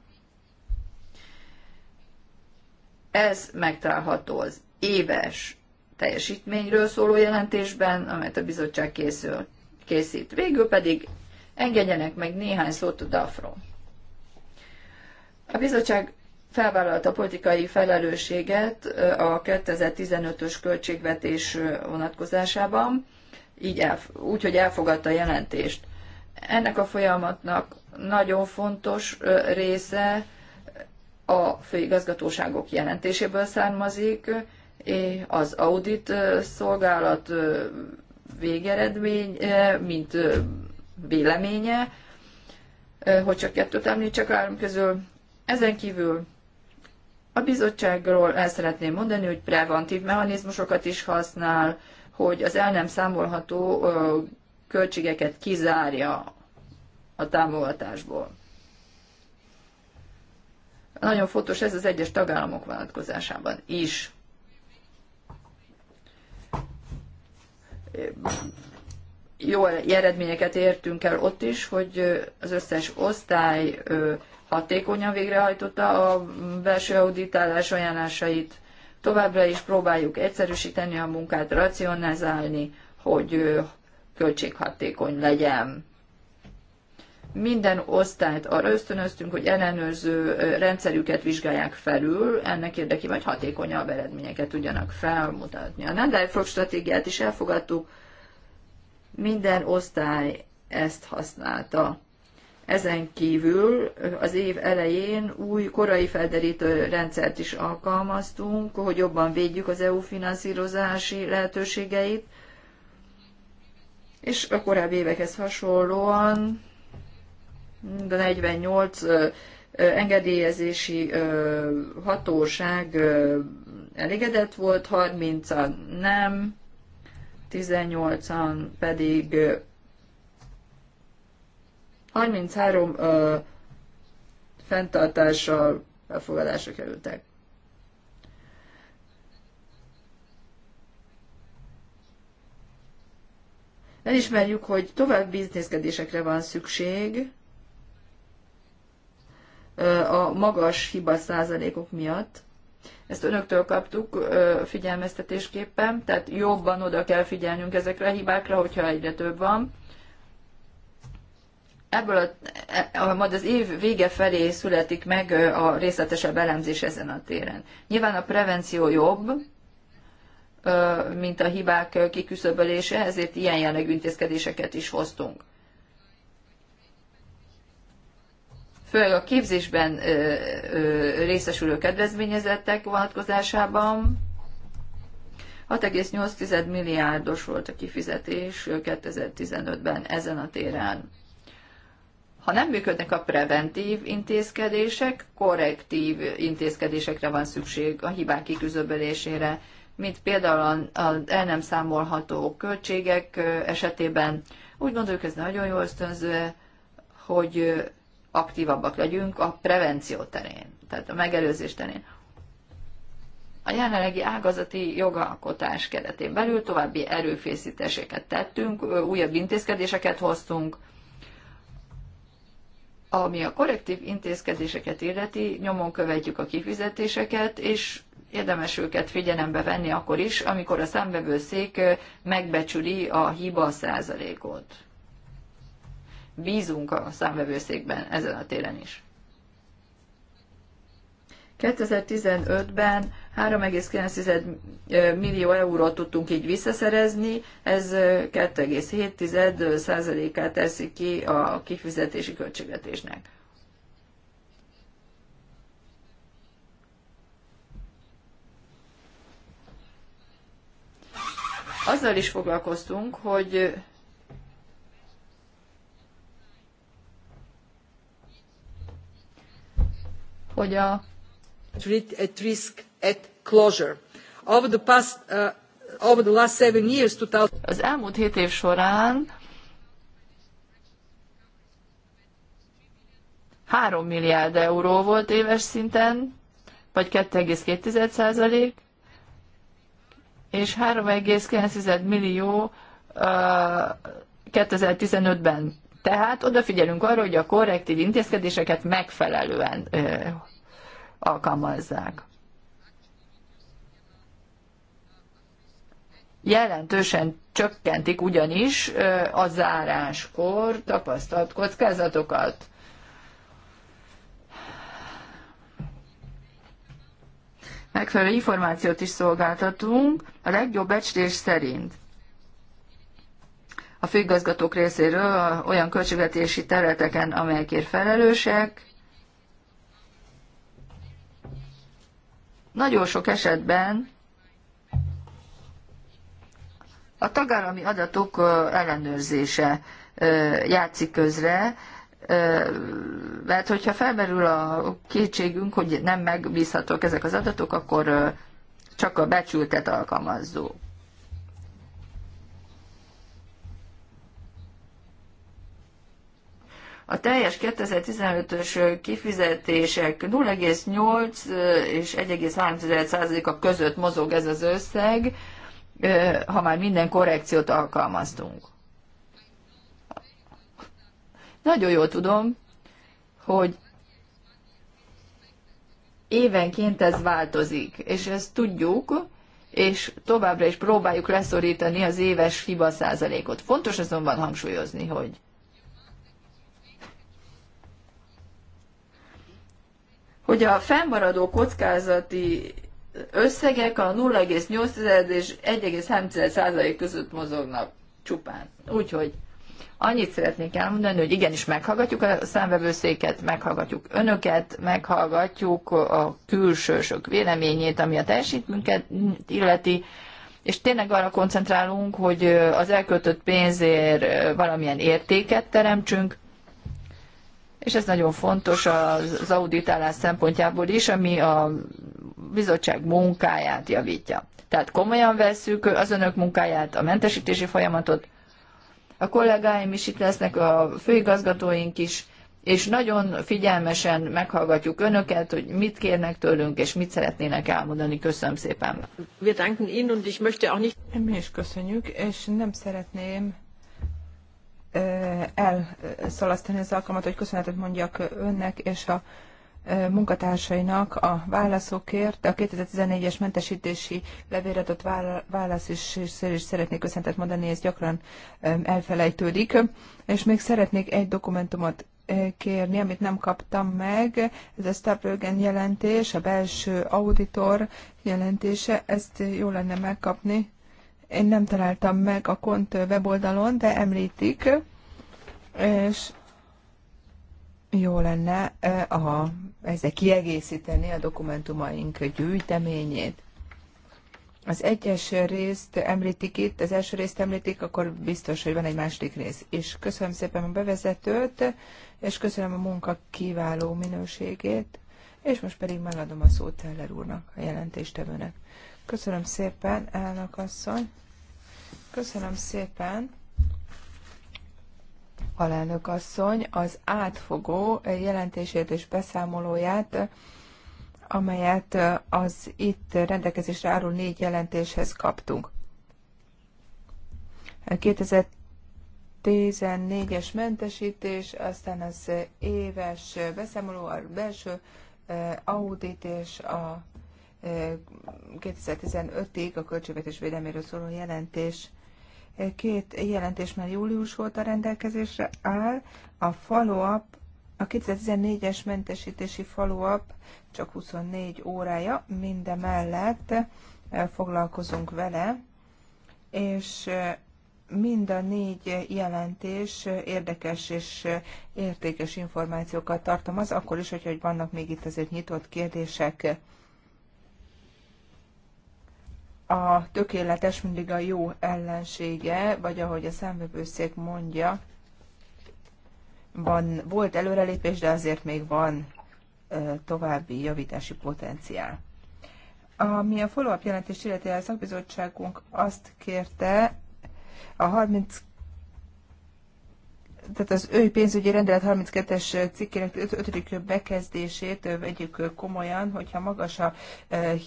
Ez megtalálható az éves teljesítményről szóló jelentésben, amelyet a bizottság készül, készít. Végül pedig Engedjenek meg néhány szót a DAF-ról. A bizottság felvállalta a politikai felelősséget a 2015-ös költségvetés vonatkozásában, így el, úgy, hogy elfogadta a jelentést. Ennek a folyamatnak nagyon fontos része a főigazgatóságok jelentéséből származik, az audit szolgálat végeredmény, mint véleménye, hogy csak kettőt említsek három közül. Ezen kívül a bizottságról el szeretném mondani, hogy preventív mechanizmusokat is használ, hogy az el nem számolható költségeket kizárja a támogatásból. Nagyon fontos ez az egyes tagállamok vonatkozásában is jó eredményeket értünk el ott is, hogy az összes osztály hatékonyan végrehajtotta a belső auditálás ajánlásait. Továbbra is próbáljuk egyszerűsíteni a munkát, racionalizálni, hogy költséghatékony legyen. Minden osztályt arra ösztönöztünk, hogy ellenőrző rendszerüket vizsgálják felül, ennek érdekében, hogy hatékonyabb eredményeket tudjanak felmutatni. A Nandai Frog stratégiát is elfogadtuk, minden osztály ezt használta. Ezen kívül az év elején új korai felderítő rendszert is alkalmaztunk, hogy jobban védjük az EU finanszírozási lehetőségeit, és a korábbi évekhez hasonlóan de 48 engedélyezési hatóság elégedett volt, 30 nem, 18-an pedig 33 ö, fenntartással elfogadásra kerültek. Elismerjük, hogy tovább bizniszkedésekre van szükség a magas hiba százalékok miatt, ezt önöktől kaptuk figyelmeztetésképpen, tehát jobban oda kell figyelnünk ezekre a hibákra, hogyha egyre több van. Ebből a, e, a, majd az év vége felé születik meg a részletesebb elemzés ezen a téren. Nyilván a prevenció jobb, mint a hibák kiküszöbölése, ezért ilyen jellegű intézkedéseket is hoztunk. főleg a képzésben részesülő kedvezményezettek vonatkozásában 6,8 milliárdos volt a kifizetés 2015-ben ezen a téren. Ha nem működnek a preventív intézkedések, korrektív intézkedésekre van szükség a hibák kiküzöbölésére, mint például az el nem számolható költségek esetében. Úgy gondoljuk, ez nagyon jó ösztönző, hogy aktívabbak legyünk a prevenció terén, tehát a megelőzés terén. A jelenlegi ágazati jogalkotás keretén belül további erőfészítéseket tettünk, újabb intézkedéseket hoztunk, ami a korrektív intézkedéseket illeti, nyomon követjük a kifizetéseket, és érdemes őket figyelembe venni akkor is, amikor a számbevőszék megbecsüli a hiba százalékot bízunk a számvevőszékben ezen a téren is. 2015-ben 3,9 millió eurót tudtunk így visszaszerezni, ez 2,7%-át teszi ki a kifizetési költségvetésnek. Azzal is foglalkoztunk, hogy hogy a treat at risk at closure. Over the past, uh, over the last seven years, 2000... Az elmúlt hét év során 3 milliárd euró volt éves szinten, vagy 2,2 százalék, és 3,9 millió uh, 2015-ben tehát odafigyelünk arra, hogy a korrektív intézkedéseket megfelelően ö, alkalmazzák. Jelentősen csökkentik ugyanis ö, a záráskor tapasztalt kockázatokat. Megfelelő információt is szolgáltatunk a legjobb becslés szerint a főigazgatók részéről olyan költségvetési területeken, amelyekért felelősek. Nagyon sok esetben a tagállami adatok ellenőrzése játszik közre, mert hogyha felmerül a kétségünk, hogy nem megbízhatók ezek az adatok, akkor csak a becsültet alkalmazzuk. A teljes 2015-ös kifizetések 0,8 és 1,3%-a között mozog ez az összeg, ha már minden korrekciót alkalmaztunk. Nagyon jól tudom, hogy évenként ez változik, és ezt tudjuk, és továbbra is próbáljuk leszorítani az éves hiba százalékot. Fontos azonban hangsúlyozni, hogy hogy a fennmaradó kockázati összegek a 0,8 és 1,3 között mozognak csupán. Úgyhogy annyit szeretnék elmondani, hogy igenis meghallgatjuk a számvevőszéket, meghallgatjuk önöket, meghallgatjuk a külsősök véleményét, ami a teljesítményünket illeti, és tényleg arra koncentrálunk, hogy az elköltött pénzért valamilyen értéket teremtsünk, és ez nagyon fontos az auditálás szempontjából is, ami a bizottság munkáját javítja. Tehát komolyan vesszük az önök munkáját, a mentesítési folyamatot, a kollégáim is itt lesznek, a főigazgatóink is, és nagyon figyelmesen meghallgatjuk önöket, hogy mit kérnek tőlünk, és mit szeretnének elmondani. Köszönöm szépen. Wir danken Ihnen, und ich möchte auch nicht... Mi is köszönjük, és nem szeretném elszalasztani az alkalmat, hogy köszönetet mondjak önnek és a munkatársainak a válaszokért. A 2014-es mentesítési levéletot válasz is, is szeretnék köszöntet mondani, ez gyakran elfelejtődik. És még szeretnék egy dokumentumot kérni, amit nem kaptam meg. Ez a Stavrögen jelentés, a belső auditor jelentése, ezt jó lenne megkapni. Én nem találtam meg a kont weboldalon, de említik, és jó lenne e, a, ezzel kiegészíteni a dokumentumaink gyűjteményét. Az egyes részt említik itt, az első részt említik, akkor biztos, hogy van egy második rész. És köszönöm szépen a bevezetőt, és köszönöm a munka kiváló minőségét, és most pedig megadom a szót Teller úrnak, a jelentéstevőnek. Köszönöm szépen, elnök asszony. Köszönöm szépen, alelnök asszony, az átfogó jelentését és beszámolóját, amelyet az itt rendelkezésre álló négy jelentéshez kaptunk. 2014-es mentesítés, aztán az éves beszámoló, a belső eh, audit és a 2015-ig a költségvetés védelméről szóló jelentés. E, két jelentés már július volt a rendelkezésre áll. A follow up a 2014-es mentesítési follow up csak 24 órája, mindemellett e, foglalkozunk vele, és e, mind a négy jelentés érdekes és értékes információkat tartalmaz, akkor is, hogy vannak még itt azért nyitott kérdések a tökéletes mindig a jó ellensége, vagy ahogy a szemvevőszék mondja, van, volt előrelépés, de azért még van további javítási potenciál. Ami a follow-up jelentést illeti, a szakbizottságunk azt kérte, a 30 tehát az ő pénzügyi rendelet 32-es cikkének 5. bekezdését vegyük komolyan, hogyha magas a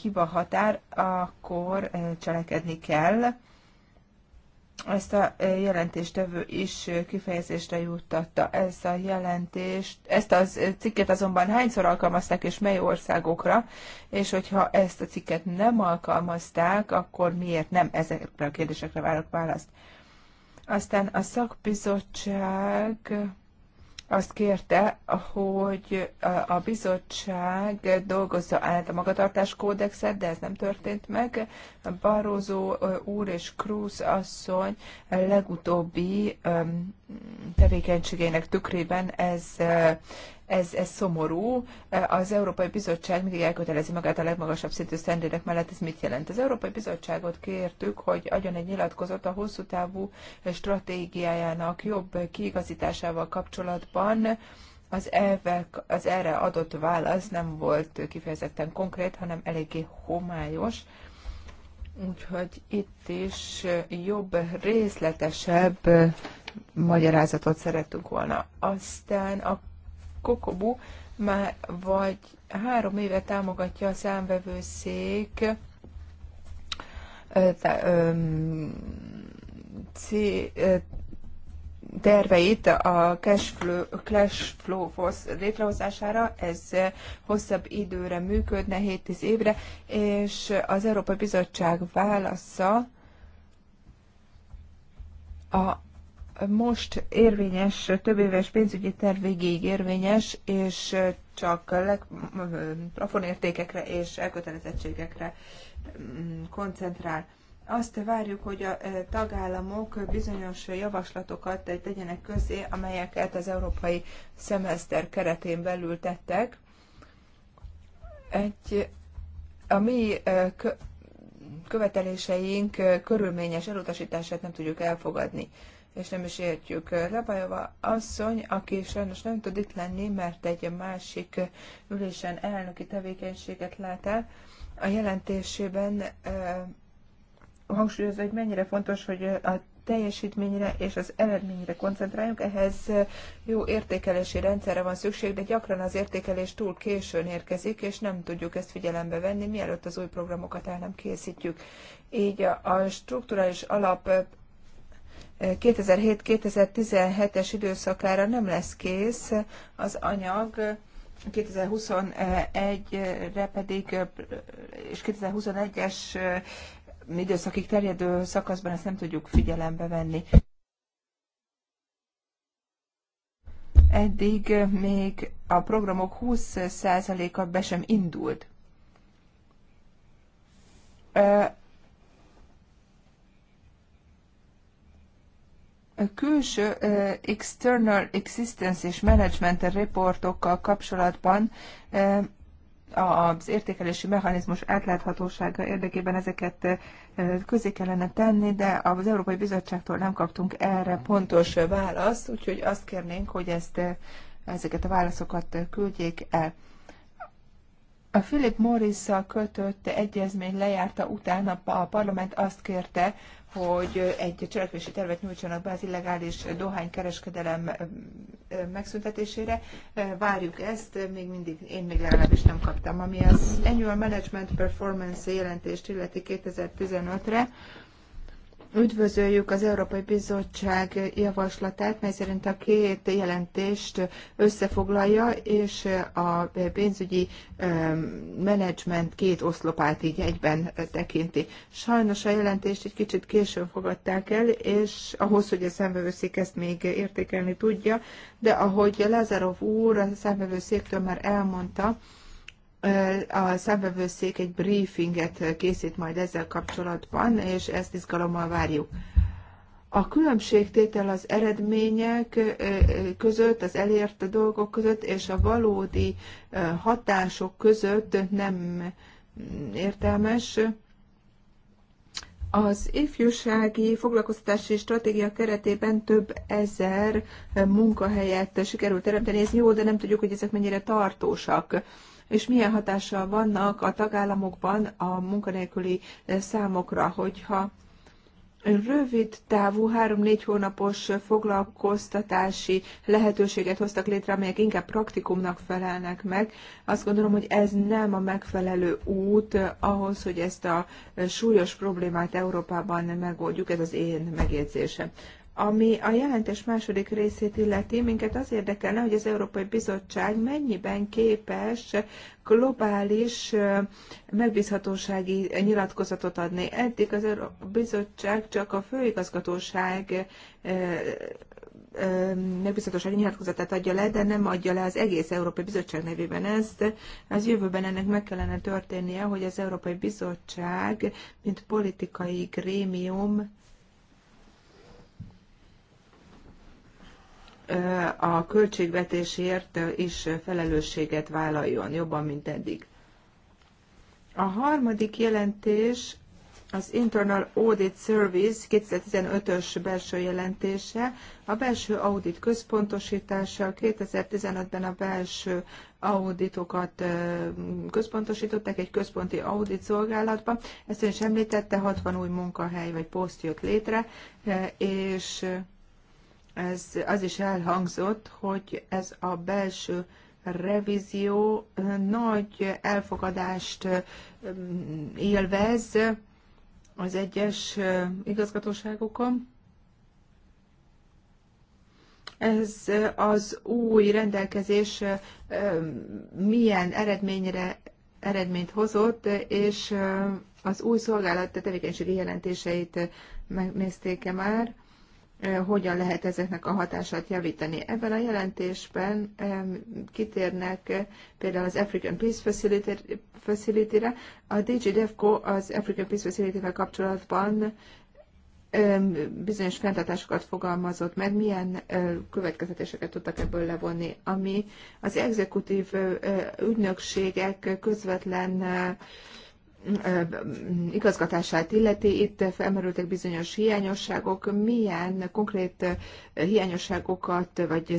hiba határ, akkor cselekedni kell. Ezt a jelentéstevő is kifejezésre juttatta. Ezt a jelentést, ezt a cikket azonban hányszor alkalmazták, és mely országokra, és hogyha ezt a cikket nem alkalmazták, akkor miért nem ezekre a kérdésekre várok választ. Aztán a szakbizottság azt kérte, hogy a bizottság dolgozza át a magatartás kódexet, de ez nem történt meg. Barózó úr és Krúz asszony legutóbbi tevékenységének tükrében ez ez, ez szomorú. Az Európai Bizottság mindig elkötelezi magát a legmagasabb szintű szendélyek mellett. Ez mit jelent? Az Európai Bizottságot kértük, hogy adjon egy nyilatkozat a hosszú távú stratégiájának jobb kiigazításával kapcsolatban. Az, elvek, az erre adott válasz nem volt kifejezetten konkrét, hanem eléggé homályos. Úgyhogy itt is jobb, részletesebb magyarázatot szerettünk volna. Aztán a Kokobu már vagy három éve támogatja a számvevőszék terveit a cash flow, cash létrehozására, ez hosszabb időre működne, 7-10 évre, és az Európai Bizottság válasza a most érvényes, több éves pénzügyi terv végéig érvényes, és csak plafonértékekre és elkötelezettségekre mm, koncentrál. Azt várjuk, hogy a tagállamok bizonyos javaslatokat tegyenek közé, amelyeket az európai szemeszter keretén belül tettek. Egy, a mi követeléseink körülményes elutasítását nem tudjuk elfogadni és nem is értjük. Rabajova asszony, aki sajnos nem tud itt lenni, mert egy másik ülésen elnöki tevékenységet lát el, a jelentésében hangsúlyozza, hogy mennyire fontos, hogy a teljesítményre és az eredményre koncentráljunk, ehhez jó értékelési rendszerre van szükség, de gyakran az értékelés túl későn érkezik, és nem tudjuk ezt figyelembe venni, mielőtt az új programokat el nem készítjük. Így a, a strukturális alap 2007-2017-es időszakára nem lesz kész az anyag, 2021-re pedig, és 2021-es időszakig terjedő szakaszban ezt nem tudjuk figyelembe venni. Eddig még a programok 20%-a be sem indult külső External Existence és Management reportokkal kapcsolatban az értékelési mechanizmus átláthatósága érdekében ezeket közé kellene tenni, de az Európai Bizottságtól nem kaptunk erre pontos választ, úgyhogy azt kérnénk, hogy ezt, ezeket a válaszokat küldjék el. A Philip morris kötött egyezmény lejárta után a parlament azt kérte, hogy egy cselekvési tervet nyújtsanak be az illegális dohánykereskedelem megszüntetésére. Várjuk ezt, még mindig, én még legalábbis nem kaptam. Ami az Annual Management Performance jelentést illeti 2015-re, Üdvözöljük az Európai Bizottság javaslatát, mely szerint a két jelentést összefoglalja, és a pénzügyi menedzsment két oszlopát így egyben tekinti. Sajnos a jelentést egy kicsit későn fogadták el, és ahhoz, hogy a szembevőszék ezt még értékelni tudja, de ahogy Lázarov úr a szembevőszéktől már elmondta, a számbevőszék egy briefinget készít majd ezzel kapcsolatban, és ezt izgalommal várjuk. A különbségtétel az eredmények között, az elért dolgok között és a valódi hatások között nem értelmes. Az ifjúsági foglalkoztatási stratégia keretében több ezer munkahelyet sikerült teremteni. Ez jó, de nem tudjuk, hogy ezek mennyire tartósak és milyen hatással vannak a tagállamokban a munkanélküli eh, számokra, hogyha rövid távú, három-négy hónapos foglalkoztatási lehetőséget hoztak létre, amelyek inkább praktikumnak felelnek meg. Azt gondolom, hogy ez nem a megfelelő út eh, ahhoz, hogy ezt a eh, súlyos problémát Európában megoldjuk, ez az én megjegyzésem. Ami a jelentés második részét illeti, minket az érdekelne, hogy az Európai Bizottság mennyiben képes globális megbízhatósági nyilatkozatot adni. Eddig az Európai Bizottság csak a főigazgatóság megbízhatósági nyilatkozatát adja le, de nem adja le az egész Európai Bizottság nevében ezt. Az jövőben ennek meg kellene történnie, hogy az Európai Bizottság, mint politikai grémium, a költségvetésért is felelősséget vállaljon, jobban, mint eddig. A harmadik jelentés az Internal Audit Service 2015-ös belső jelentése, a belső audit központosítása, 2015-ben a belső auditokat központosították egy központi audit szolgálatba. Ezt ön is említette, 60 új munkahely vagy poszt jött létre, és ez az is elhangzott, hogy ez a belső revízió nagy elfogadást élvez az egyes igazgatóságokon. Ez az új rendelkezés milyen eredményre eredményt hozott, és az új szolgálat tevékenységi jelentéseit megnézték-e már? Eh, hogyan lehet ezeknek a hatását javítani. Ebben a jelentésben kitérnek eh, például az African Peace Facility-re. A DG DEFCO az African Peace Facility-vel kapcsolatban bizonyos fenntartásokat fogalmazott meg, milyen eh, következtetéseket tudtak ebből levonni, ami az exekutív ügynökségek közvetlen igazgatását illeti, itt felmerültek bizonyos hiányosságok. Milyen konkrét hiányosságokat vagy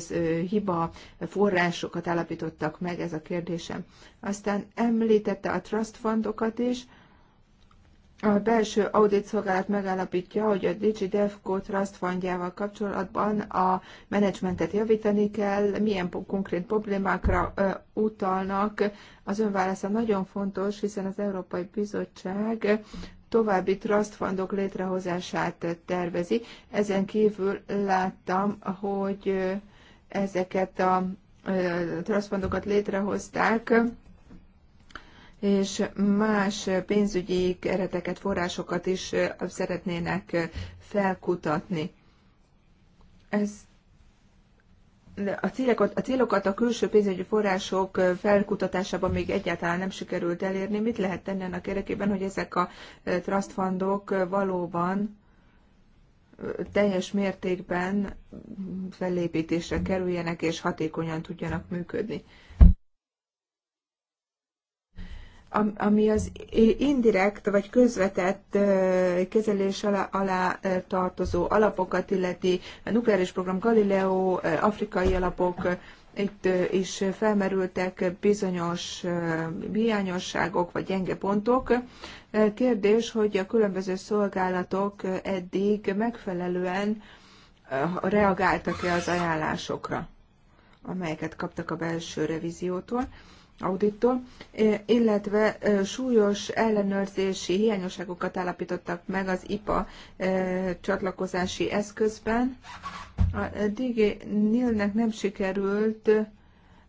hiba forrásokat állapítottak meg ez a kérdésem? Aztán említette a trust fundokat is, a belső audit szolgálat megállapítja, hogy a DigiDevCo Trust fundjával kapcsolatban a menedzsmentet javítani kell, milyen konkrét problémákra utalnak. Az önválasza nagyon fontos, hiszen az Európai Bizottság további trust fundok létrehozását tervezi. Ezen kívül láttam, hogy ezeket a trust fundokat létrehozták, és más pénzügyi kereteket, forrásokat is szeretnének felkutatni. Ez a célokat, a célokat a külső pénzügyi források felkutatásában még egyáltalán nem sikerült elérni. Mit lehet tenni ennek érdekében, hogy ezek a trust fundok valóban teljes mértékben fellépítésre kerüljenek és hatékonyan tudjanak működni? ami az indirekt vagy közvetett kezelés alá, alá tartozó alapokat illeti, a nukleáris program Galileo, afrikai alapok, itt is felmerültek bizonyos hiányosságok vagy gyenge pontok. Kérdés, hogy a különböző szolgálatok eddig megfelelően reagáltak-e az ajánlásokra, amelyeket kaptak a belső revíziótól audittól, e, illetve e, súlyos ellenőrzési hiányosságokat állapítottak meg az IPA e, csatlakozási eszközben. A DG Nilnek nem sikerült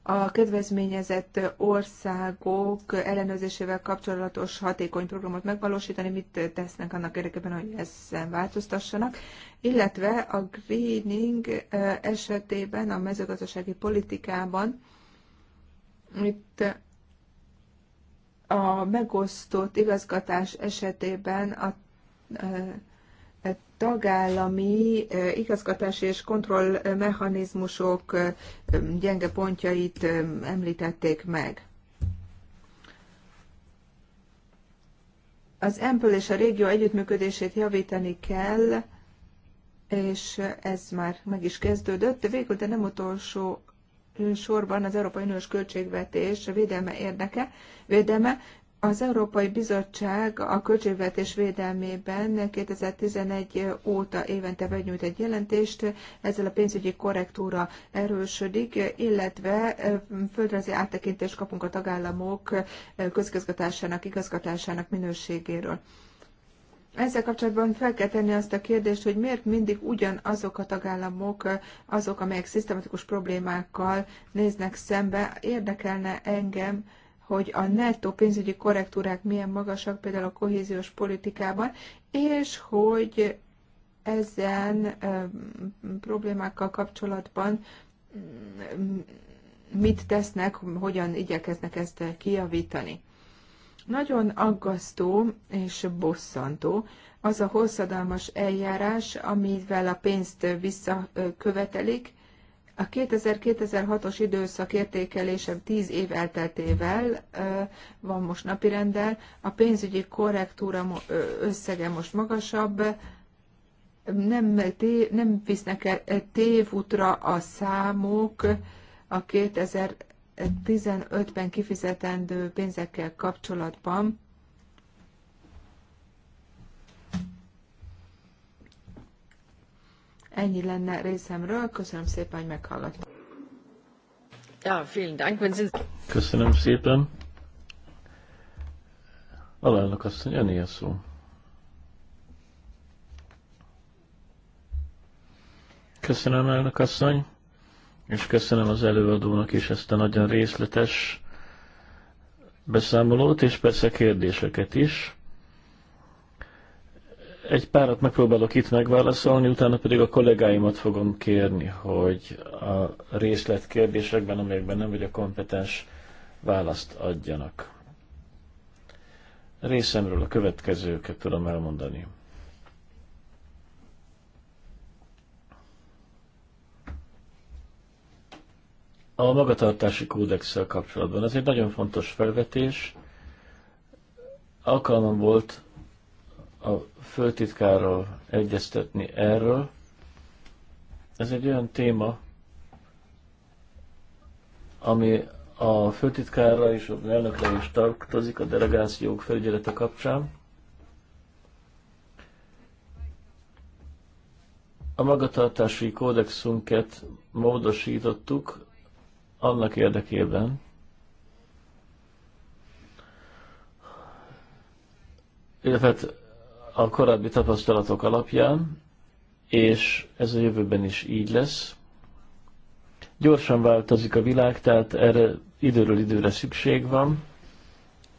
a kedvezményezett országok ellenőrzésével kapcsolatos hatékony programot megvalósítani, mit tesznek annak érdekében, hogy ezen változtassanak, illetve a greening esetében a mezőgazdasági politikában itt a megosztott igazgatás esetében a e, e, tagállami e, igazgatási és kontrollmechanizmusok gyenge pontjait említették meg. Az EMPL és a régió együttműködését javítani kell, és ez már meg is kezdődött. Végül, de nem utolsó sorban az Európai Uniós költségvetés védelme érdeke, védelme, az Európai Bizottság a költségvetés védelmében 2011 óta évente megnyújt egy jelentést, ezzel a pénzügyi korrektúra erősödik, illetve földrajzi áttekintést kapunk a tagállamok közigazgatásának, igazgatásának minőségéről. Ezzel kapcsolatban fel kell tenni azt a kérdést, hogy miért mindig ugyanazok a tagállamok, azok, amelyek szisztematikus problémákkal néznek szembe. Érdekelne engem, hogy a nettó pénzügyi korrektúrák milyen magasak, például a kohéziós politikában, és hogy ezen problémákkal kapcsolatban mit tesznek, hogyan igyekeznek ezt kiavítani? Nagyon aggasztó és bosszantó az a hosszadalmas eljárás, amivel a pénzt visszakövetelik. A 2000-2006-os időszak értékelése 10 év elteltével van most napirendel. A pénzügyi korrektúra összege most magasabb, nem, té, nem visznek el tévútra a számok a 2000 2015-ben kifizetendő pénzekkel kapcsolatban Ennyi lenne részemről. Köszönöm szépen, hogy meghallgattam. Ja, vielen Dank. Köszönöm szépen. Alelnök asszony, öné a szó. Köszönöm, elnök asszony és köszönöm az előadónak is ezt a nagyon részletes beszámolót, és persze kérdéseket is. Egy párat megpróbálok itt megválaszolni, utána pedig a kollégáimat fogom kérni, hogy a részletkérdésekben, amelyekben nem vagy a kompetens választ adjanak. Részemről a következőket tudom elmondani. a magatartási kódexsel kapcsolatban. Ez egy nagyon fontos felvetés. Alkalmam volt a főtitkárral egyeztetni erről. Ez egy olyan téma, ami a főtitkárra és a elnökre is tartozik a delegációk felügyelete kapcsán. A magatartási kódexunket módosítottuk annak érdekében, illetve hát a korábbi tapasztalatok alapján, és ez a jövőben is így lesz. Gyorsan változik a világ, tehát erre időről időre szükség van,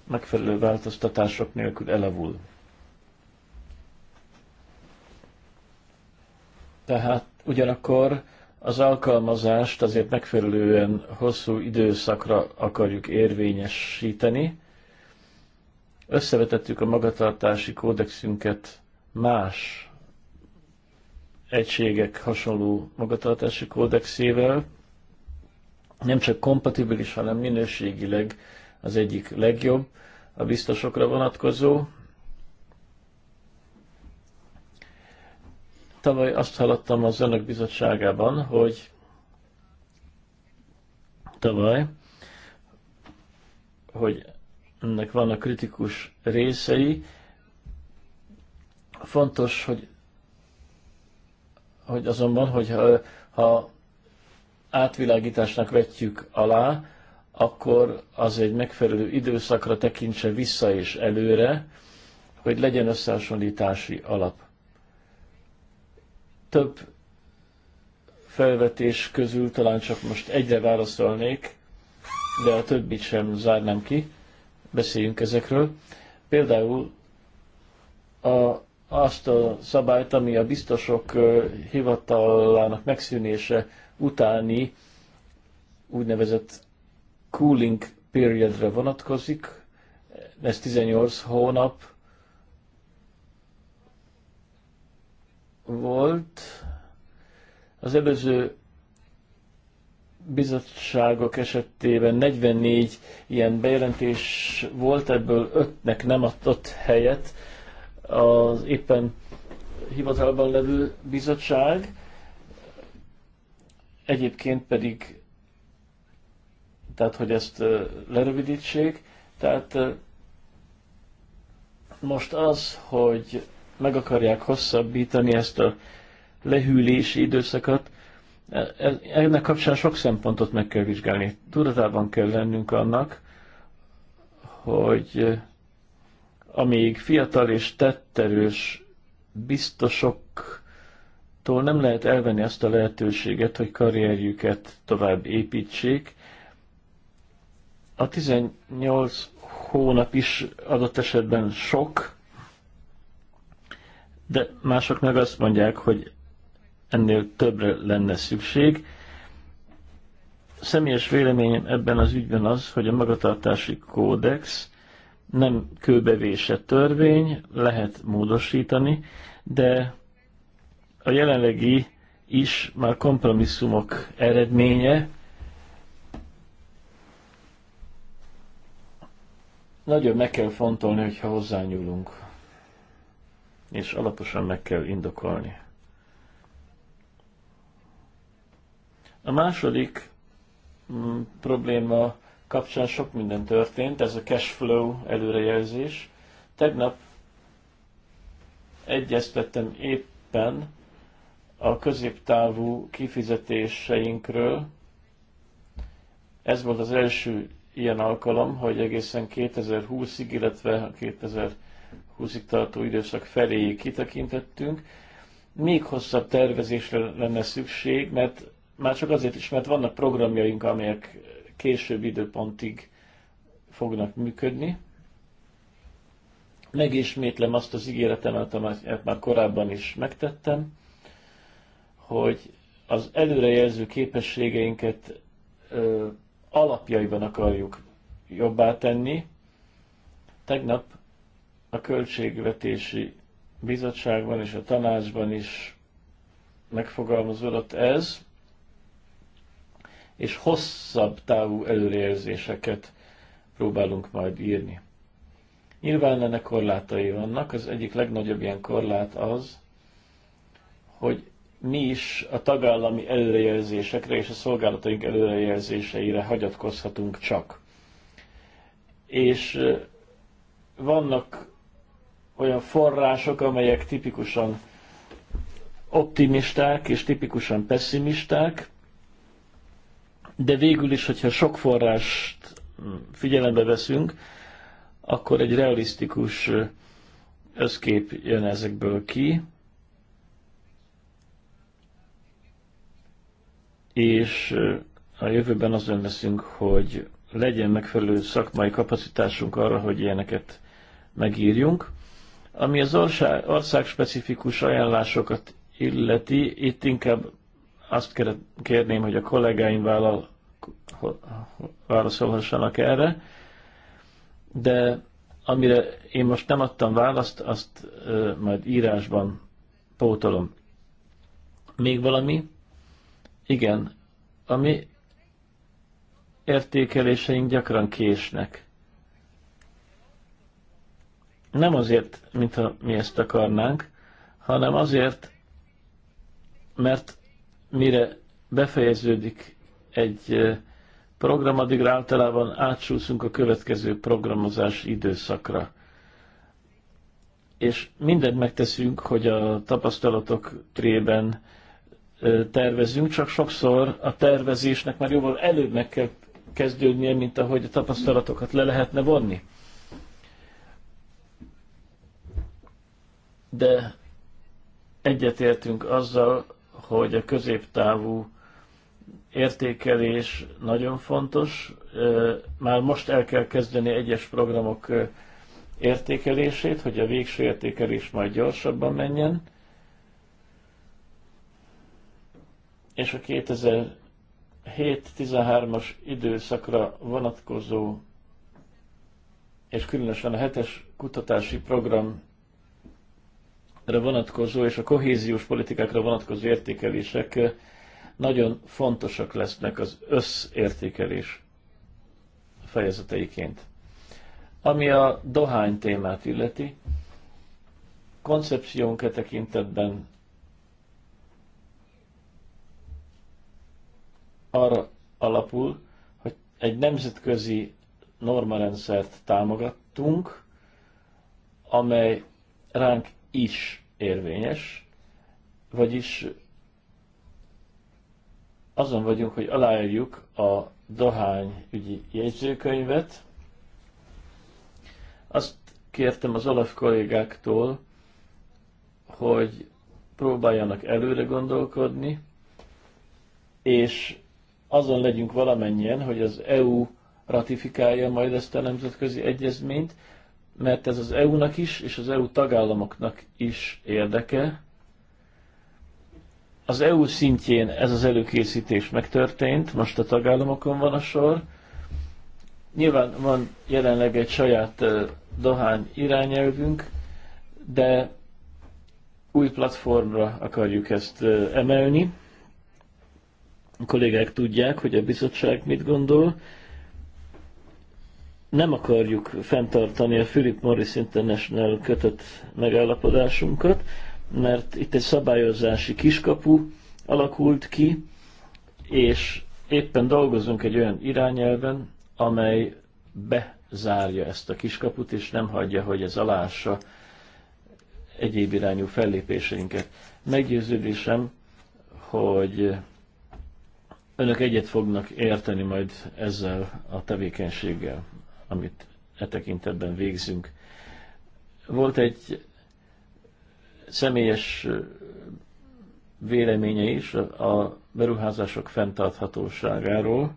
megfelelő változtatások nélkül elavul. Tehát ugyanakkor az alkalmazást azért megfelelően hosszú időszakra akarjuk érvényesíteni. Összevetettük a magatartási kódexünket más egységek hasonló magatartási kódexével, nem csak kompatibilis, hanem minőségileg az egyik legjobb a biztosokra vonatkozó, Tavaly azt hallottam az önök bizottságában, hogy tavaly, hogy ennek vannak kritikus részei. Fontos, hogy, hogy azonban, hogy ha, ha átvilágításnak vetjük alá, akkor az egy megfelelő időszakra tekintse vissza és előre, hogy legyen összehasonlítási alap több felvetés közül talán csak most egyre válaszolnék, de a többit sem zárnám ki. Beszéljünk ezekről. Például a, azt a szabályt, ami a biztosok hivatalának megszűnése utáni úgynevezett cooling periodre vonatkozik. Ez 18 hónap, volt. Az előző bizottságok esetében 44 ilyen bejelentés volt, ebből 5-nek nem adott helyet az éppen hivatalban levő bizottság, egyébként pedig, tehát hogy ezt lerövidítsék, tehát most az, hogy meg akarják hosszabbítani ezt a lehűlési időszakot, e, e, ennek kapcsán sok szempontot meg kell vizsgálni. Tudatában kell lennünk annak, hogy e, amíg fiatal és tetterős biztosoktól nem lehet elvenni azt a lehetőséget, hogy karrierjüket tovább építsék, a 18 hónap is adott esetben sok, de mások meg azt mondják, hogy ennél többre lenne szükség. Személyes véleményem ebben az ügyben az, hogy a magatartási kódex nem kőbevése törvény, lehet módosítani, de a jelenlegi is már kompromisszumok eredménye. Nagyon meg kell fontolni, hogyha hozzányúlunk és alaposan meg kell indokolni. A második mm, probléma kapcsán sok minden történt, ez a cash flow előrejelzés. Tegnap egyeztettem éppen a középtávú kifizetéseinkről. Ez volt az első ilyen alkalom, hogy egészen 2020-ig, illetve 2020 20 tartó időszak feléig kitekintettünk, még hosszabb tervezésre lenne szükség, mert már csak azért is, mert vannak programjaink, amelyek később időpontig fognak működni. Megismétlem azt az ígéretemet, amit már korábban is megtettem, hogy az előrejelző képességeinket ö, alapjaiban akarjuk jobbá tenni. Tegnap a költségvetési bizottságban és a tanácsban is megfogalmazódott ez, és hosszabb távú előrejelzéseket próbálunk majd írni. Nyilván ennek korlátai vannak, az egyik legnagyobb ilyen korlát az, hogy mi is a tagállami előrejelzésekre és a szolgálataink előrejelzéseire hagyatkozhatunk csak. És vannak olyan források, amelyek tipikusan optimisták és tipikusan pessimisták, de végül is, hogyha sok forrást figyelembe veszünk, akkor egy realisztikus összkép jön ezekből ki, és a jövőben azon leszünk, hogy legyen megfelelő szakmai kapacitásunk arra, hogy ilyeneket megírjunk. Ami az ország, ország specifikus ajánlásokat illeti, itt inkább azt kérném, hogy a kollégáim vállal, válaszolhassanak erre, de amire én most nem adtam választ, azt ö, majd írásban pótolom. Még valami? Igen, ami értékeléseink gyakran késnek. Nem azért, mintha mi ezt akarnánk, hanem azért, mert mire befejeződik egy program, addigra általában átsúszunk a következő programozás időszakra. És mindent megteszünk, hogy a tapasztalatok trében tervezünk, csak sokszor a tervezésnek már jóval előbb meg kell kezdődnie, mint ahogy a tapasztalatokat le lehetne vonni. de egyetértünk azzal, hogy a középtávú értékelés nagyon fontos. Már most el kell kezdeni egyes programok értékelését, hogy a végső értékelés majd gyorsabban menjen. És a 2007-13-as időszakra vonatkozó, és különösen a hetes kutatási program vonatkozó és a kohéziós politikákra vonatkozó értékelések eh, nagyon fontosak lesznek az összértékelés fejezeteiként. Ami a dohány témát illeti, koncepciónk e tekintetben arra alapul, hogy egy nemzetközi normarendszert támogattunk, amely ránk is érvényes, vagyis azon vagyunk, hogy aláírjuk a Dohány ügyi jegyzőkönyvet. Azt kértem az Olaf kollégáktól, hogy próbáljanak előre gondolkodni, és azon legyünk valamennyien, hogy az EU ratifikálja majd ezt a nemzetközi egyezményt, mert ez az EU-nak is, és az EU tagállamoknak is érdeke. Az EU szintjén ez az előkészítés megtörtént, most a tagállamokon van a sor. Nyilván van jelenleg egy saját dohány irányelvünk, de új platformra akarjuk ezt emelni. A kollégák tudják, hogy a bizottság mit gondol, nem akarjuk fenntartani a Philip Morris International kötött megállapodásunkat, mert itt egy szabályozási kiskapu alakult ki, és éppen dolgozunk egy olyan irányelven, amely bezárja ezt a kiskaput, és nem hagyja, hogy ez alássa egyéb irányú fellépéseinket. Meggyőződésem, hogy önök egyet fognak érteni majd ezzel a tevékenységgel amit e tekintetben végzünk. Volt egy személyes véleménye is a beruházások fenntarthatóságáról.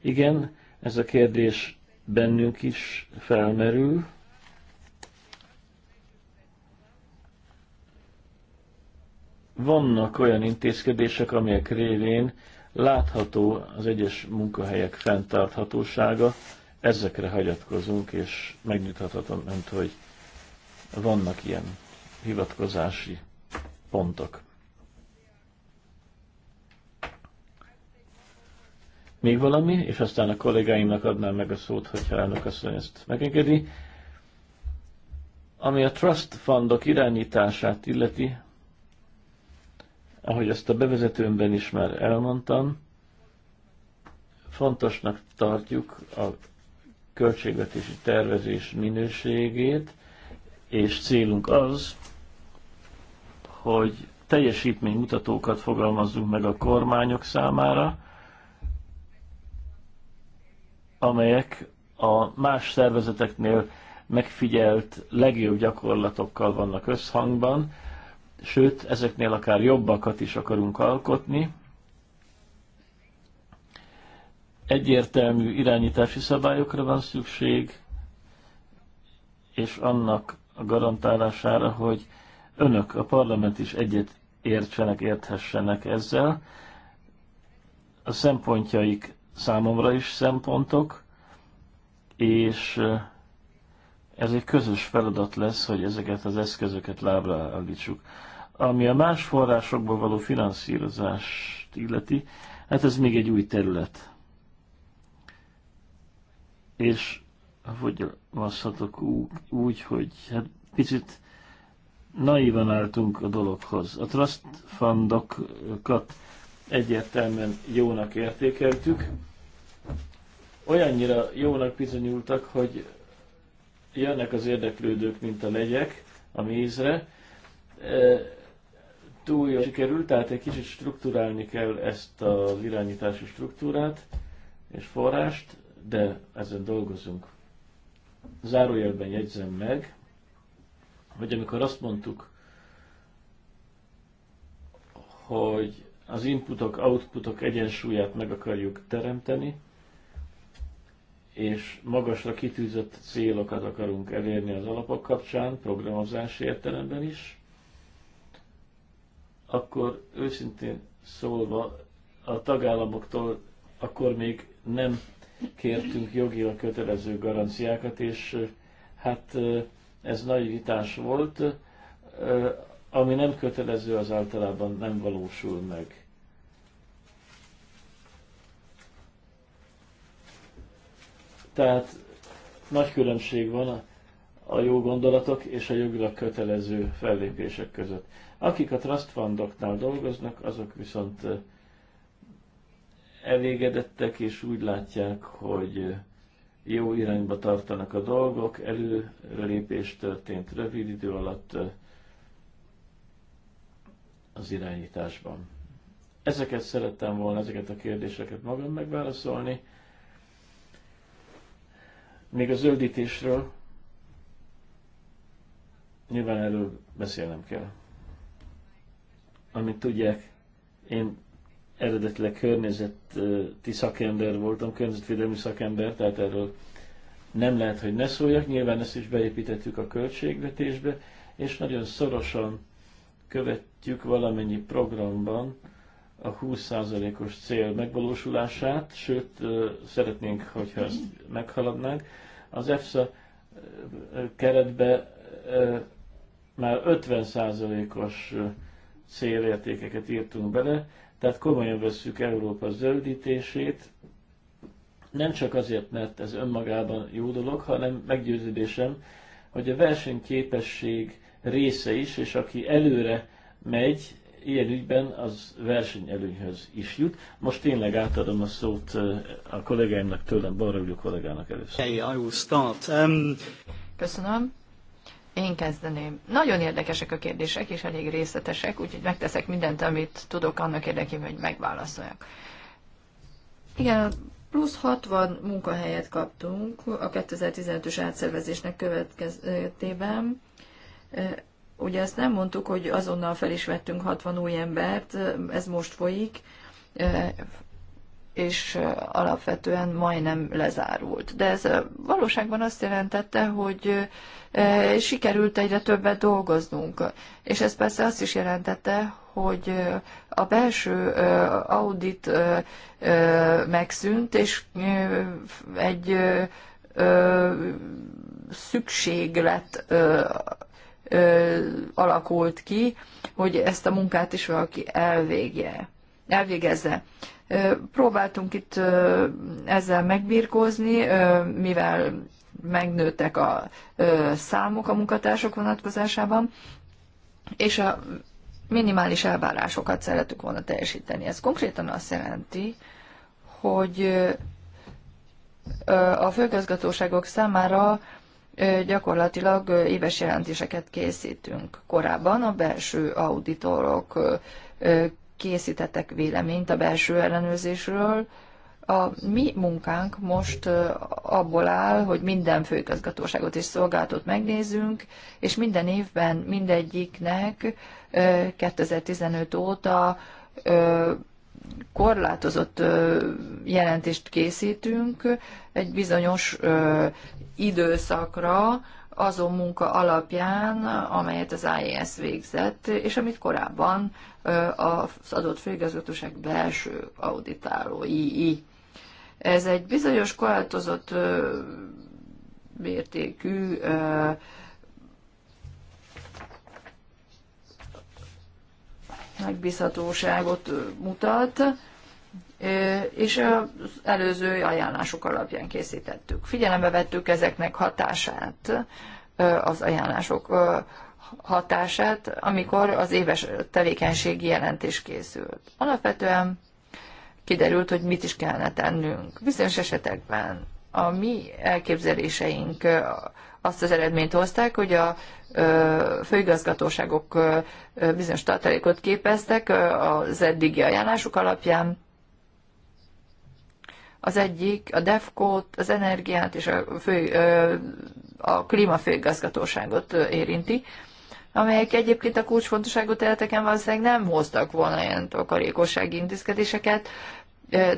Igen, ez a kérdés bennünk is felmerül. Vannak olyan intézkedések, amelyek révén látható az egyes munkahelyek fenntarthatósága, ezekre hagyatkozunk, és megnyithatatom önt, hogy vannak ilyen hivatkozási pontok. Még valami, és aztán a kollégáimnak adnám meg a szót, hogyha elnök asszony ezt megengedi. Ami a trust fundok irányítását illeti, ahogy ezt a bevezetőmben is már elmondtam, fontosnak tartjuk a költségvetési tervezés minőségét, és célunk az, hogy teljesítménymutatókat fogalmazzunk meg a kormányok számára, amelyek a más szervezeteknél megfigyelt legjobb gyakorlatokkal vannak összhangban, sőt, ezeknél akár jobbakat is akarunk alkotni, egyértelmű irányítási szabályokra van szükség, és annak a garantálására, hogy önök, a parlament is egyet értsenek, érthessenek ezzel. A szempontjaik számomra is szempontok, és ez egy közös feladat lesz, hogy ezeket az eszközöket lábra állítsuk. Ami a más forrásokból való finanszírozást illeti, hát ez még egy új terület és vasszatok úgy, hogy hát picit naivan álltunk a dologhoz. A trust fundokat egyértelműen jónak értékeltük, olyannyira jónak bizonyultak, hogy jönnek az érdeklődők, mint a legyek a mézre. E, túl jól sikerült, tehát egy kicsit strukturálni kell ezt az irányítási struktúrát és forrást, de ezen dolgozunk. Zárójelben jegyzem meg, hogy amikor azt mondtuk, hogy az inputok, outputok egyensúlyát meg akarjuk teremteni, és magasra kitűzött célokat akarunk elérni az alapok kapcsán, programozási értelemben is, akkor őszintén szólva a tagállamoktól akkor még nem kértünk jogilag kötelező garanciákat, és hát ez nagy vitás volt. Ami nem kötelező, az általában nem valósul meg. Tehát nagy különbség van a, jó gondolatok és a jogilag kötelező fellépések között. Akik a trust fundoknál dolgoznak, azok viszont elégedettek, és úgy látják, hogy jó irányba tartanak a dolgok, előrelépés történt rövid idő alatt az irányításban. Ezeket szerettem volna, ezeket a kérdéseket magam megválaszolni. Még a zöldítésről nyilván erről beszélnem kell. amit tudják, én eredetileg környezeti szakember voltam, környezetvédelmi szakember, tehát erről nem lehet, hogy ne szóljak. Nyilván ezt is beépítettük a költségvetésbe, és nagyon szorosan követjük valamennyi programban a 20%-os cél megvalósulását, sőt, szeretnénk, hogyha ezt meghaladnánk. Az EFSA keretbe már 50%-os célértékeket írtunk bele, tehát komolyan vesszük Európa zöldítését, nem csak azért, mert ez önmagában jó dolog, hanem meggyőződésem, hogy a versenyképesség része is, és aki előre megy ilyen ügyben, az versenyelőnyhöz is jut. Most tényleg átadom a szót a kollégáimnak tőlem, balra ülő kollégának először. Hey, I will start. Um... Köszönöm. Én kezdeném. Nagyon érdekesek a kérdések, és elég részletesek, úgyhogy megteszek mindent, amit tudok annak érdekében, hogy megválaszoljak. Igen, plusz 60 munkahelyet kaptunk a 2015-ös átszervezésnek következtében. E, ugye ezt nem mondtuk, hogy azonnal fel is vettünk 60 új embert, ez most folyik, e, és alapvetően majdnem lezárult. De ez valóságban azt jelentette, hogy sikerült egyre többet dolgoznunk. És ez persze azt is jelentette, hogy a belső audit megszűnt, és egy szükséglet alakult ki, hogy ezt a munkát is valaki elvégje elvégezze. Próbáltunk itt ezzel megbírkozni, mivel megnőttek a számok a munkatársok vonatkozásában, és a minimális elvárásokat szeretük volna teljesíteni. Ez konkrétan azt jelenti, hogy a főközgatóságok számára gyakorlatilag éves jelentéseket készítünk. Korábban a belső auditorok készítettek véleményt a belső ellenőrzésről. A mi munkánk most abból áll, hogy minden főigazgatóságot és szolgálatot megnézzünk, és minden évben mindegyiknek 2015 óta korlátozott jelentést készítünk egy bizonyos időszakra, azon munka alapján, amelyet az IES végzett, és amit korábban az adott főigazgatóság belső auditálói. Ez egy bizonyos korlátozott mértékű megbízhatóságot mutat, és az előző ajánlások alapján készítettük. Figyelembe vettük ezeknek hatását, az ajánlások hatását, amikor az éves tevékenységi jelentés készült. Alapvetően kiderült, hogy mit is kellene tennünk. Bizonyos esetekben a mi elképzeléseink azt az eredményt hozták, hogy a főigazgatóságok bizonyos tartalékot képeztek az eddigi ajánlások alapján, az egyik a DEFCO-t, az energiát és a, fő, a klímafőgazgatóságot érinti, amelyek egyébként a kulcsfontosságú területeken valószínűleg nem hoztak volna ilyen takarékossági intézkedéseket,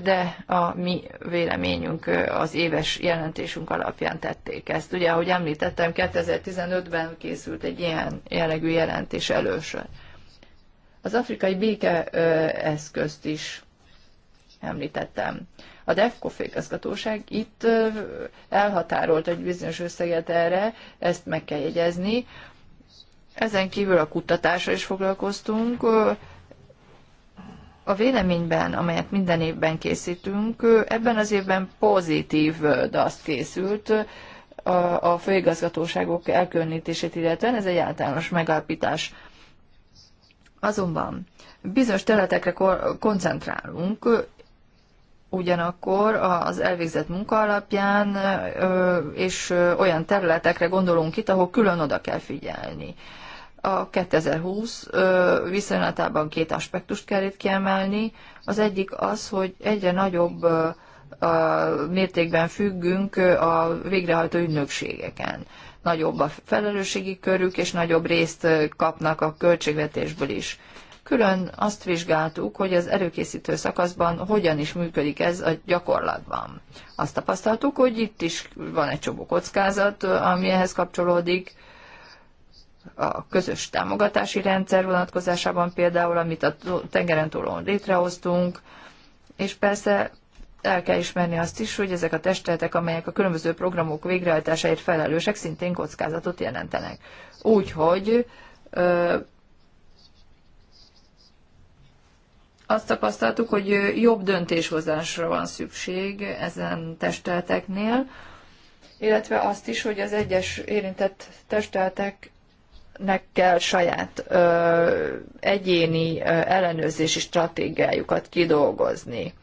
de a mi véleményünk az éves jelentésünk alapján tették ezt. Ugye, ahogy említettem, 2015-ben készült egy ilyen jellegű jelentés először. Az afrikai békeeszközt eszközt is említettem. A DEFCO főigazgatóság itt elhatárolt egy bizonyos összeget erre, ezt meg kell jegyezni. Ezen kívül a kutatásra is foglalkoztunk. A véleményben, amelyet minden évben készítünk, ebben az évben pozitív DASZ készült, a, a főigazgatóságok elkülönítését illetően, ez egy általános megállapítás. Azonban bizonyos területekre koncentrálunk, ugyanakkor az elvégzett munka alapján, és olyan területekre gondolunk itt, ahol külön oda kell figyelni. A 2020 viszonylatában két aspektust kell itt kiemelni. Az egyik az, hogy egyre nagyobb mértékben függünk a végrehajtó ügynökségeken. Nagyobb a felelősségi körük, és nagyobb részt kapnak a költségvetésből is Külön azt vizsgáltuk, hogy az előkészítő szakaszban hogyan is működik ez a gyakorlatban. Azt tapasztaltuk, hogy itt is van egy csomó kockázat, ami ehhez kapcsolódik, a közös támogatási rendszer vonatkozásában például, amit a tengeren túlon létrehoztunk, és persze el kell ismerni azt is, hogy ezek a testületek, amelyek a különböző programok végrehajtásáért felelősek, szintén kockázatot jelentenek. Úgyhogy azt tapasztaltuk, hogy jobb döntéshozásra van szükség ezen testeleteknél, illetve azt is, hogy az egyes érintett testeleteknek kell saját ö, egyéni ö, ellenőrzési stratégiájukat kidolgozni.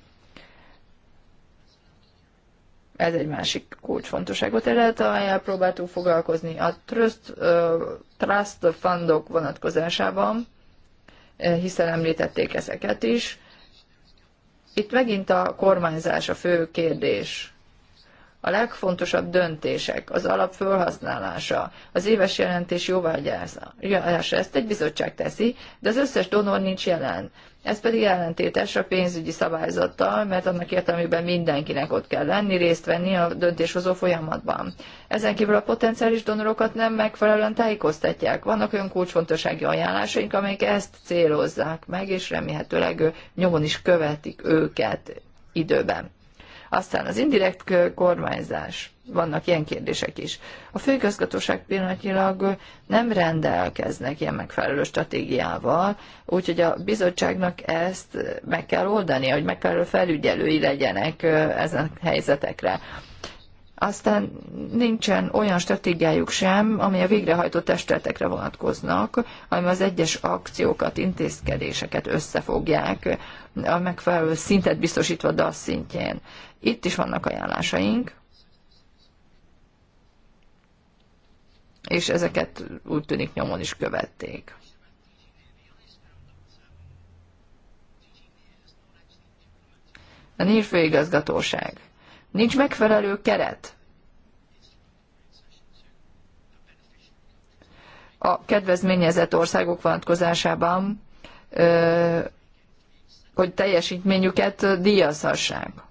Ez egy másik kulcsfontosságot terület, amelyel próbáltunk foglalkozni a trust, ö, trust fundok vonatkozásában hiszen említették ezeket is. Itt megint a kormányzás a fő kérdés. A legfontosabb döntések, az alap felhasználása, az éves jelentés jóvágyása. Ezt egy bizottság teszi, de az összes donor nincs jelen. Ez pedig ellentétes a pénzügyi szabályzattal, mert annak értelmében mindenkinek ott kell lenni, részt venni a döntéshozó folyamatban. Ezen kívül a potenciális donorokat nem megfelelően tájékoztatják. Vannak olyan kulcsfontossági ajánlásaink, amelyek ezt célozzák meg, és remélhetőleg nyomon is követik őket időben. Aztán az indirekt kormányzás, vannak ilyen kérdések is. A főigazgatóság pillanatilag nem rendelkeznek ilyen megfelelő stratégiával, úgyhogy a bizottságnak ezt meg kell oldani, hogy megfelelő felügyelői legyenek ezen helyzetekre. Aztán nincsen olyan stratégiájuk sem, ami a végrehajtó testületekre vonatkoznak, ami az egyes akciókat, intézkedéseket összefogják, a megfelelő szintet biztosítva DASZ szintjén. Itt is vannak ajánlásaink, és ezeket úgy tűnik nyomon is követték. A NIR főigazgatóság. Nincs megfelelő keret. A kedvezményezett országok vonatkozásában, hogy teljesítményüket díjazhassák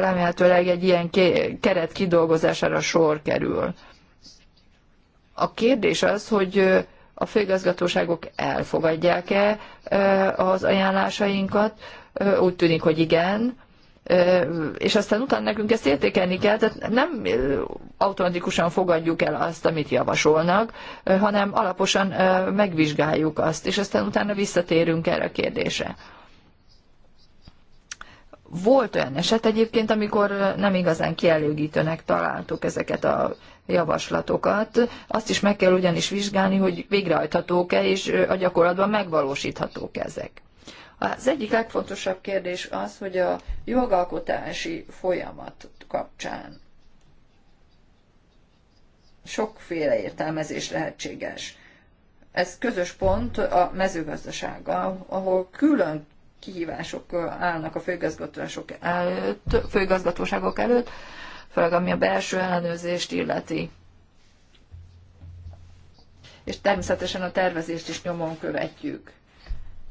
remélhetőleg egy ilyen keret kidolgozására sor kerül. A kérdés az, hogy a főigazgatóságok elfogadják-e az ajánlásainkat, úgy tűnik, hogy igen, és aztán utána nekünk ezt értékelni kell, tehát nem automatikusan fogadjuk el azt, amit javasolnak, hanem alaposan megvizsgáljuk azt, és aztán utána visszatérünk erre a kérdésre. Volt olyan eset egyébként, amikor nem igazán kielégítőnek találtuk ezeket a javaslatokat. Azt is meg kell ugyanis vizsgálni, hogy végrehajthatók-e és a gyakorlatban megvalósíthatók ezek. Az egyik legfontosabb kérdés az, hogy a jogalkotási folyamat kapcsán sokféle értelmezés lehetséges. Ez közös pont a mezőgazdasággal, ahol külön kihívások állnak a főigazgatások előtt, főigazgatóságok előtt, főleg ami a belső ellenőrzést illeti. És természetesen a tervezést is nyomon követjük.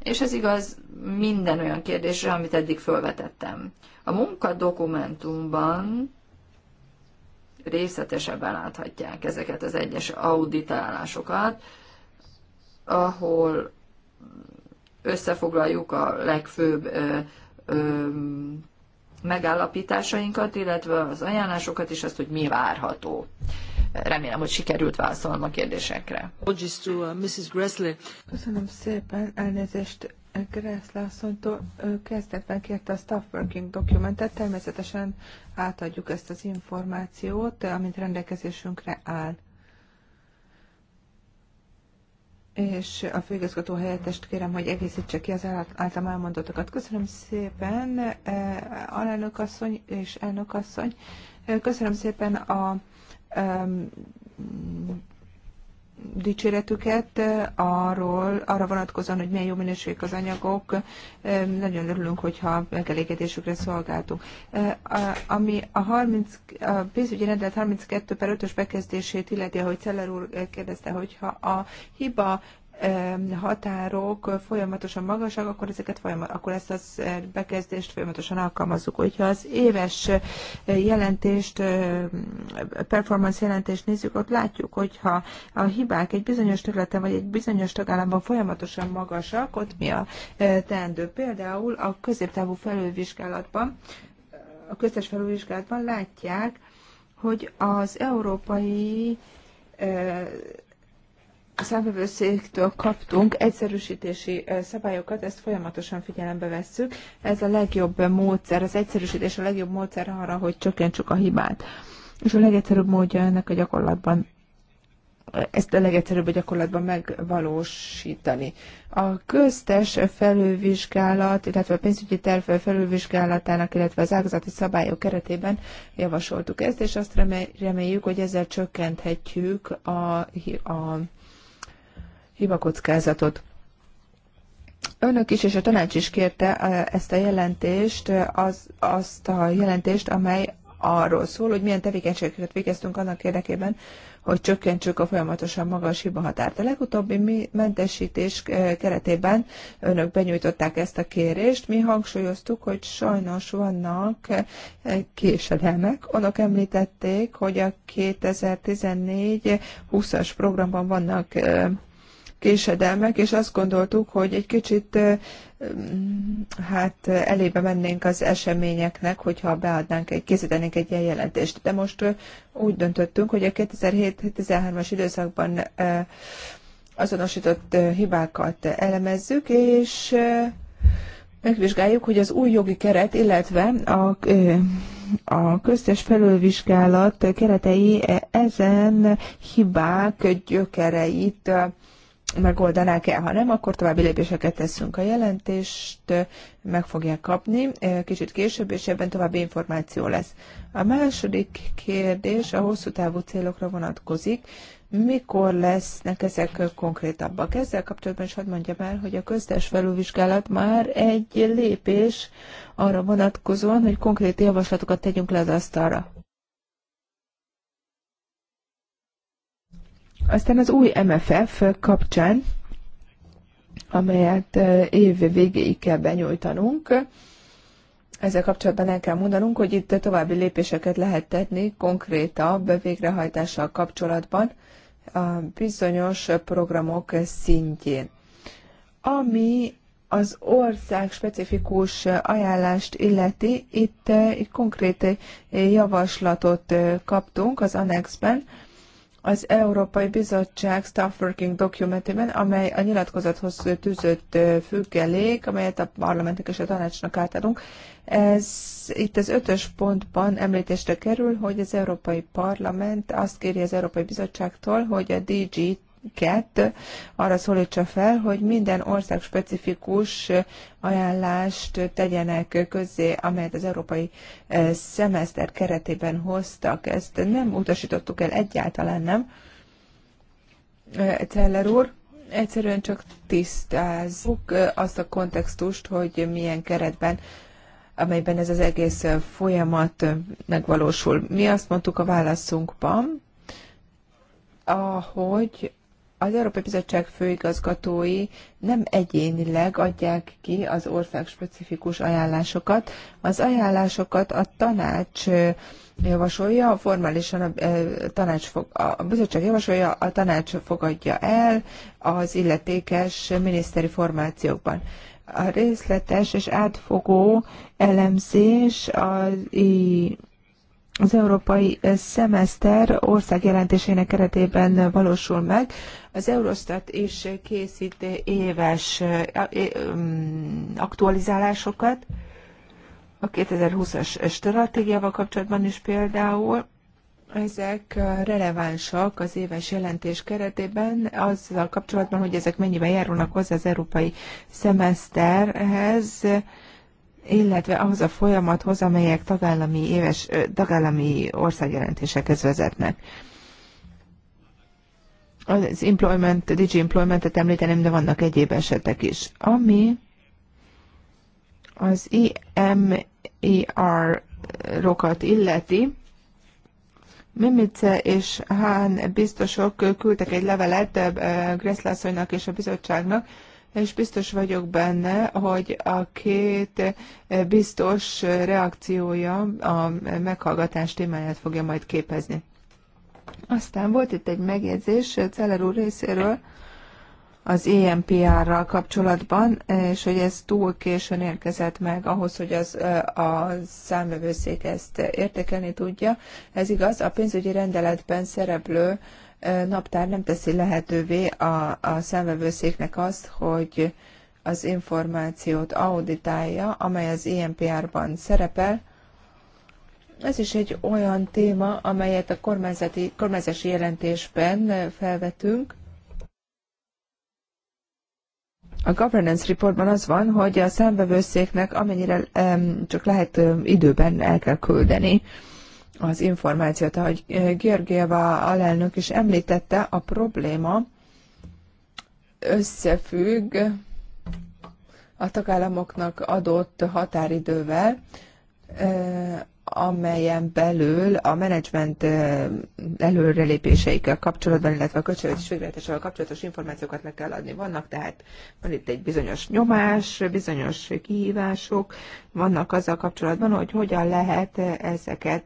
És ez igaz minden olyan kérdésre, amit eddig felvetettem. A munkadokumentumban részletesebben láthatják ezeket az egyes auditálásokat, ahol összefoglaljuk a legfőbb megállapításainkat, illetve az ajánlásokat és azt, hogy mi várható. Remélem, hogy sikerült válaszolnom a kérdésekre. Uh, Köszönöm szépen, elnézést Gressle asszonytól. kezdetben kérte a staff working dokumentet, természetesen átadjuk ezt az információt, amit rendelkezésünkre áll. és a főigazgató helyettest kérem, hogy egészítse ki az általam elmondottakat. Köszönöm szépen, eh, alelnök asszony és elnök asszony. Eh, köszönöm szépen a dicséretüket eh, arról, arra vonatkozóan, hogy milyen jó minőségek az anyagok. Eh, nagyon örülünk, hogyha megelégedésükre szolgáltunk. Eh, ami a, 30, a pénzügyi rendelet 32 per 5-ös bekezdését illeti, ahogy Celler úr kérdezte, hogyha a hiba határok folyamatosan magasak, akkor ezeket folyamat, akkor ezt az eh, bekezdést folyamatosan alkalmazzuk. Hogyha az éves eh, jelentést, eh, performance jelentést nézzük, ott látjuk, hogyha a hibák egy bizonyos területen vagy egy bizonyos tagállamban folyamatosan magasak, ott mi a teendő? Például a középtávú felülvizsgálatban, a köztes felülvizsgálatban látják, hogy az európai a számvevőszéktől kaptunk egyszerűsítési szabályokat, ezt folyamatosan figyelembe vesszük. Ez a legjobb módszer, az egyszerűsítés a legjobb módszer arra, hogy csökkentsük a hibát. És a legegyszerűbb módja ennek a gyakorlatban ezt a legegyszerűbb a gyakorlatban megvalósítani. A köztes felülvizsgálat, illetve a pénzügyi terv felülvizsgálatának, illetve az ágazati szabályok keretében javasoltuk ezt, és azt reméljük, hogy ezzel csökkenthetjük a, a hibakockázatot. Önök is és a tanács is kérte eh, ezt a jelentést, eh, az, azt a jelentést, amely arról szól, hogy milyen tevékenységeket végeztünk annak érdekében, hogy csökkentsük a folyamatosan magas hibahatárt. A legutóbbi mentesítés eh, keretében önök benyújtották ezt a kérést. Mi hangsúlyoztuk, hogy sajnos vannak késedelmek. Önök említették, hogy a 2014-20-as programban vannak késedelmek, és azt gondoltuk, hogy egy kicsit mm, hát elébe mennénk az eseményeknek, hogyha beadnánk, készítenénk egy ilyen jelentést. De most úgy döntöttünk, hogy a 2007 2013 as időszakban azonosított hibákat elemezzük, és megvizsgáljuk, hogy az új jogi keret, illetve a, a köztes felülvizsgálat keretei e, ezen hibák gyökereit megoldanák-e, ha nem, akkor további lépéseket teszünk a jelentést, meg fogják kapni kicsit később, és ebben további információ lesz. A második kérdés a hosszú távú célokra vonatkozik. Mikor lesznek ezek konkrétabbak? Ezzel kapcsolatban is hadd mondjam el, hogy a köztes felülvizsgálat már egy lépés arra vonatkozóan, hogy konkrét javaslatokat tegyünk le az asztalra. Aztán az új MFF kapcsán, amelyet eh, év végéig kell benyújtanunk, ezzel kapcsolatban el kell mondanunk, hogy itt további lépéseket lehet tenni konkrétabb végrehajtással kapcsolatban a bizonyos programok szintjén. Ami az ország specifikus ajánlást illeti, itt, itt eh, konkrét eh, javaslatot kaptunk az annexben, az Európai Bizottság Staff Working dokumentében, amely a nyilatkozathoz tűzött függelék, amelyet a parlamentnek és a tanácsnak átadunk. Ez itt az ötös pontban említésre kerül, hogy az Európai Parlament azt kéri az Európai Bizottságtól, hogy a DG kettő arra szólítsa fel, hogy minden ország specifikus ajánlást tegyenek közzé, amelyet az európai e, szemeszter keretében hoztak. Ezt nem utasítottuk el egyáltalán, nem? E, Celler úr, egyszerűen csak tisztázzuk e, azt a kontextust, hogy milyen keretben amelyben ez az egész folyamat megvalósul. Mi azt mondtuk a válaszunkban, ahogy az Európai Bizottság főigazgatói nem egyénileg adják ki az ország specifikus ajánlásokat. Az ajánlásokat a tanács javasolja, formálisan a, tanács fog, a bizottság javasolja, a tanács fogadja el az illetékes miniszteri formációkban. A részletes és átfogó elemzés az az európai szemeszter országjelentésének keretében valósul meg. Az Eurostat is készít éves aktualizálásokat, a 2020-as stratégiával kapcsolatban is például. Ezek relevánsak az éves jelentés keretében, azzal kapcsolatban, hogy ezek mennyiben járulnak hozzá az európai szemeszterhez, illetve ahhoz a folyamathoz, amelyek tagállami, éves, tagállami országjelentésekhez vezetnek. Az employment, digi employment-et említeném, de vannak egyéb esetek is. Ami az imer e rokat illeti, Mimice és Hán biztosok küldtek egy levelet Greszlászonynak és a bizottságnak, és biztos vagyok benne, hogy a két biztos reakciója a meghallgatás témáját fogja majd képezni. Aztán volt itt egy megjegyzés Celler úr részéről az EMPR-ral kapcsolatban, és hogy ez túl későn érkezett meg ahhoz, hogy az, a számvevőszék ezt értékelni tudja. Ez igaz, a pénzügyi rendeletben szereplő naptár nem teszi lehetővé a, a számvevőszéknek azt, hogy az információt auditálja, amely az INPR-ban szerepel. Ez is egy olyan téma, amelyet a kormányzati, kormányzási jelentésben felvetünk. A governance reportban az van, hogy a számbevőszéknek amennyire csak lehet időben el kell küldeni az információt. Ahogy eh, Georgieva alelnök is említette, a probléma összefügg a tagállamoknak adott határidővel, eh, amelyen belül a menedzsment eh, előrelépéseikkel kapcsolatban, illetve a költségvetés végrehajtásával kapcsolatos információkat le kell adni. Vannak tehát, van itt egy bizonyos nyomás, bizonyos kihívások, vannak azzal kapcsolatban, hogy hogyan lehet ezeket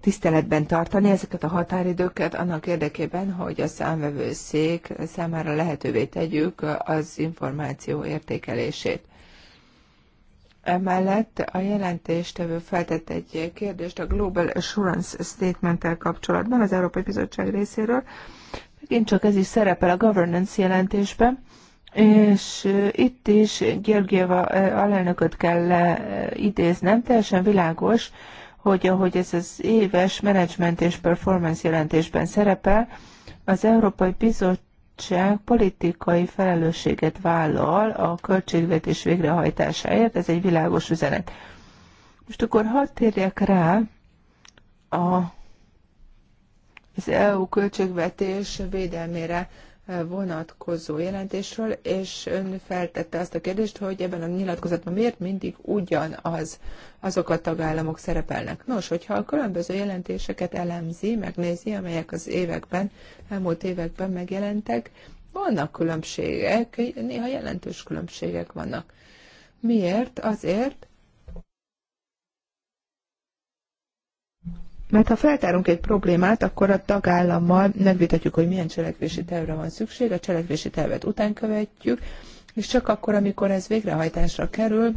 tiszteletben tartani ezeket a határidőket annak érdekében, hogy a számvevőszék számára lehetővé tegyük az információ értékelését. Emellett a jelentéstevő feltett egy kérdést a Global Assurance Statement-tel kapcsolatban az Európai Bizottság részéről. Megint csak ez is szerepel a governance jelentésben, és itt is Georgieva eh, alelnököt kell eh, idéznem, teljesen világos, hogy ahogy ez az éves menedzsment és performance jelentésben szerepel, az Európai Bizottság politikai felelősséget vállal a költségvetés végrehajtásáért, ez egy világos üzenet. Most akkor hadd térjek rá a, az EU költségvetés védelmére vonatkozó jelentésről, és ön feltette azt a kérdést, hogy ebben a nyilatkozatban miért mindig ugyanaz azok a tagállamok szerepelnek. Nos, hogyha a különböző jelentéseket elemzi, megnézi, amelyek az években, elmúlt években megjelentek, vannak különbségek, néha jelentős különbségek vannak. Miért? Azért, Mert ha feltárunk egy problémát, akkor a tagállammal megvitatjuk, hogy milyen cselekvési tervre van szükség, a cselekvési tervet után követjük, és csak akkor, amikor ez végrehajtásra kerül,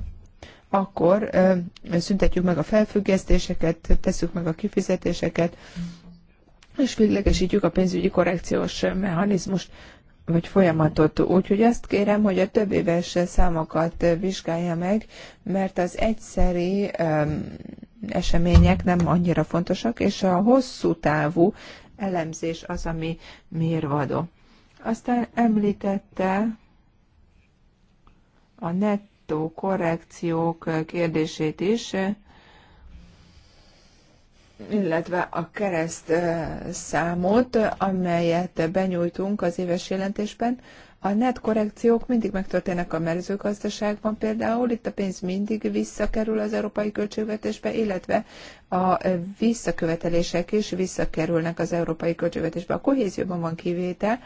akkor ö, szüntetjük meg a felfüggesztéseket, tesszük meg a kifizetéseket, és véglegesítjük a pénzügyi korrekciós mechanizmust vagy folyamatot. Úgyhogy azt kérem, hogy a több éves számokat vizsgálja meg, mert az egyszeri események nem annyira fontosak, és a hosszú távú elemzés az, ami mérvadó. Aztán említette a nettó korrekciók kérdését is, illetve a kereszt számot, amelyet benyújtunk az éves jelentésben. A net korrekciók mindig megtörténnek a mezőgazdaságban például, itt a pénz mindig visszakerül az európai költségvetésbe, illetve a visszakövetelések is visszakerülnek az európai költségvetésbe. A kohézióban van kivétel,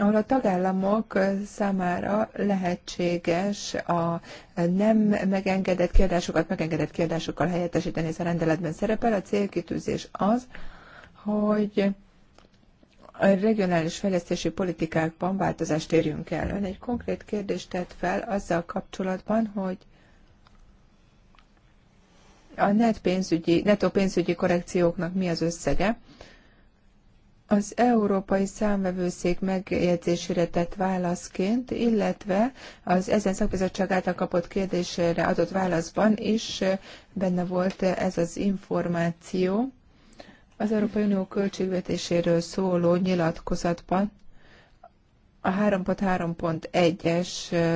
ahol a tagállamok számára lehetséges a nem megengedett kiadásokat megengedett kiadásokkal helyettesíteni, ez a rendeletben szerepel. A célkitűzés az, hogy a regionális fejlesztési politikákban változást érjünk el. Ön egy konkrét kérdést tett fel azzal kapcsolatban, hogy a net pénzügyi, netto pénzügyi korrekcióknak mi az összege az Európai Számvevőszék megjegyzésére tett válaszként, illetve az ezen szakbizottság által kapott kérdésre adott válaszban is benne volt ez az információ az Európai Unió költségvetéséről szóló nyilatkozatban, a 3.3.1-es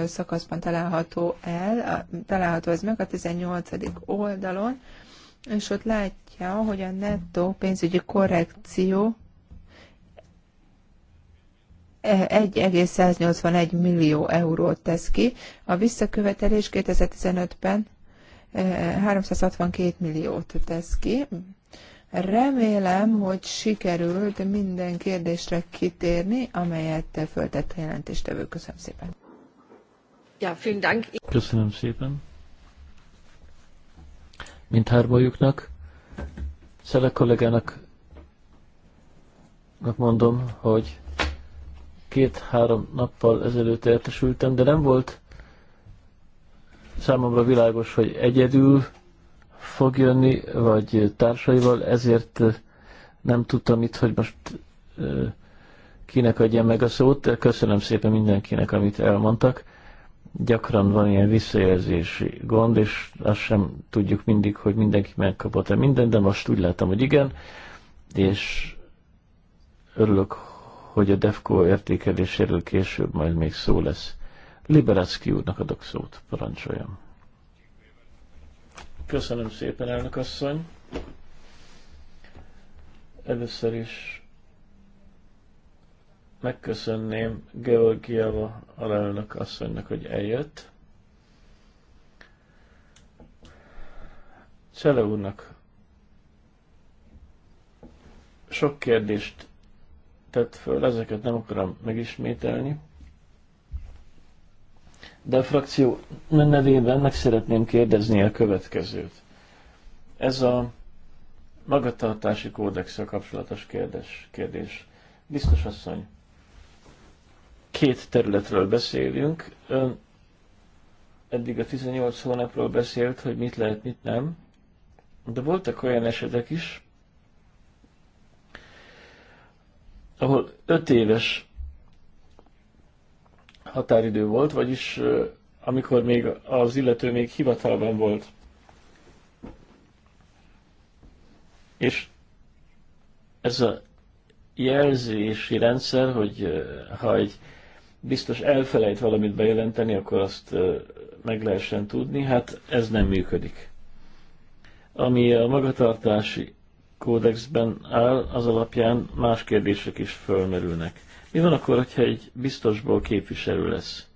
szakaszban található el, található ez meg a 18. oldalon, és ott látja, hogy a nettó pénzügyi korrekció 1,181 millió eurót tesz ki, a visszakövetelés 2015-ben 362 eh, milliót tesz ki. Remélem, hogy sikerült minden kérdésre kitérni, amelyet föltett a jelentéstevő. Köszönöm szépen. Ja, vielen Dank. Köszönöm szépen. hármójuknak, Szele kollégának mondom, hogy két-három nappal ezelőtt értesültem, de nem volt számomra világos, hogy egyedül fog jönni, vagy társaival, ezért eh, nem tudtam itt, hogy most eh, kinek adjam meg a szót. Köszönöm szépen mindenkinek, amit elmondtak. Gyakran van ilyen visszajelzési gond, és azt sem tudjuk mindig, hogy mindenki megkapott-e mindent, de most úgy látom, hogy igen, és örülök, hogy a DEFCO értékeléséről később majd még szó lesz. Liberecki úrnak adok szót, parancsoljam. Köszönöm szépen, elnök asszony. Először is megköszönném Georgiava alelnök asszonynak, hogy eljött. Csele úrnak sok kérdést tett föl, ezeket nem akarom megismételni. De a frakció nevében meg szeretném kérdezni a következőt. Ez a magatartási kódexsel kapcsolatos kérdés. kérdés. Biztos asszony, két területről beszélünk. Ön eddig a 18 hónapról beszélt, hogy mit lehet, mit nem. De voltak olyan esetek is, ahol öt éves határidő volt, vagyis amikor még az illető még hivatalban volt. És ez a jelzési rendszer, hogy ha egy biztos elfelejt valamit bejelenteni, akkor azt meg lehessen tudni, hát ez nem működik. Ami a magatartási kódexben áll, az alapján más kérdések is fölmerülnek. Mi van akkor, hogyha egy biztosból képviselő lesz?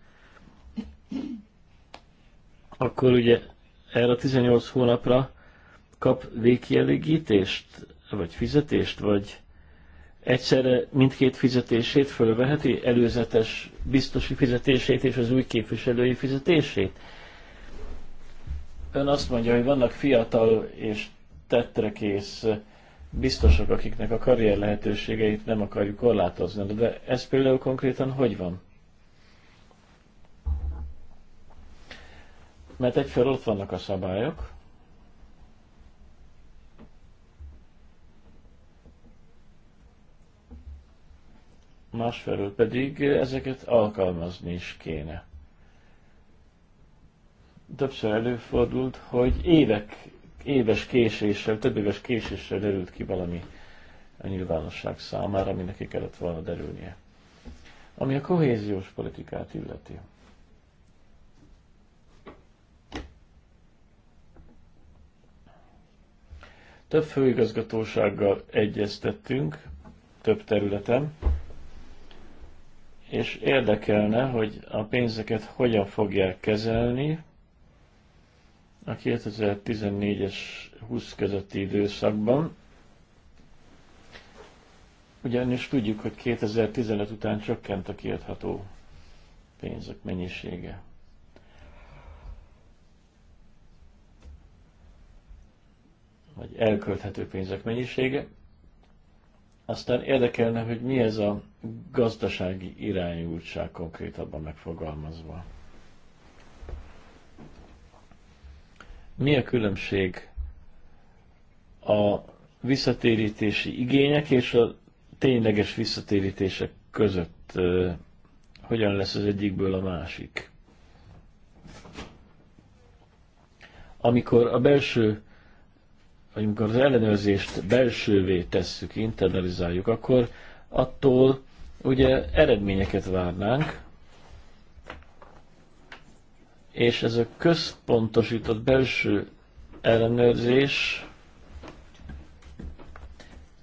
Akkor ugye erre a 18 hónapra kap végkielégítést, vagy fizetést, vagy egyszerre mindkét fizetését fölveheti, előzetes biztosi fizetését és az új képviselői fizetését. Ön azt mondja, hogy vannak fiatal és uh, biztosok, akiknek a karrier lehetőségeit nem akarjuk korlátozni. De ez például konkrétan hogy van? Mert egyfelől ott vannak a szabályok, másfelől pedig ezeket alkalmazni is kéne. Többször előfordult, hogy évek éves késéssel, több éves késéssel derült ki valami a nyilvánosság számára, ami neki kellett volna derülnie. Ami a kohéziós politikát illeti. Több főigazgatósággal egyeztettünk, több területen, és érdekelne, hogy a pénzeket hogyan fogják kezelni, a 2014-es 20 közötti időszakban, ugyanis tudjuk, hogy 2015 után csökkent a kiadható pénzek mennyisége. Vagy elkölthető pénzek mennyisége. Aztán érdekelne, hogy mi ez a gazdasági irányultság konkrétabban megfogalmazva. mi a különbség a visszatérítési igények és a tényleges visszatérítések között? Hogyan lesz az egyikből a másik? Amikor a belső vagy amikor az ellenőrzést belsővé tesszük, internalizáljuk, akkor attól ugye eredményeket várnánk, és ez a központosított belső ellenőrzés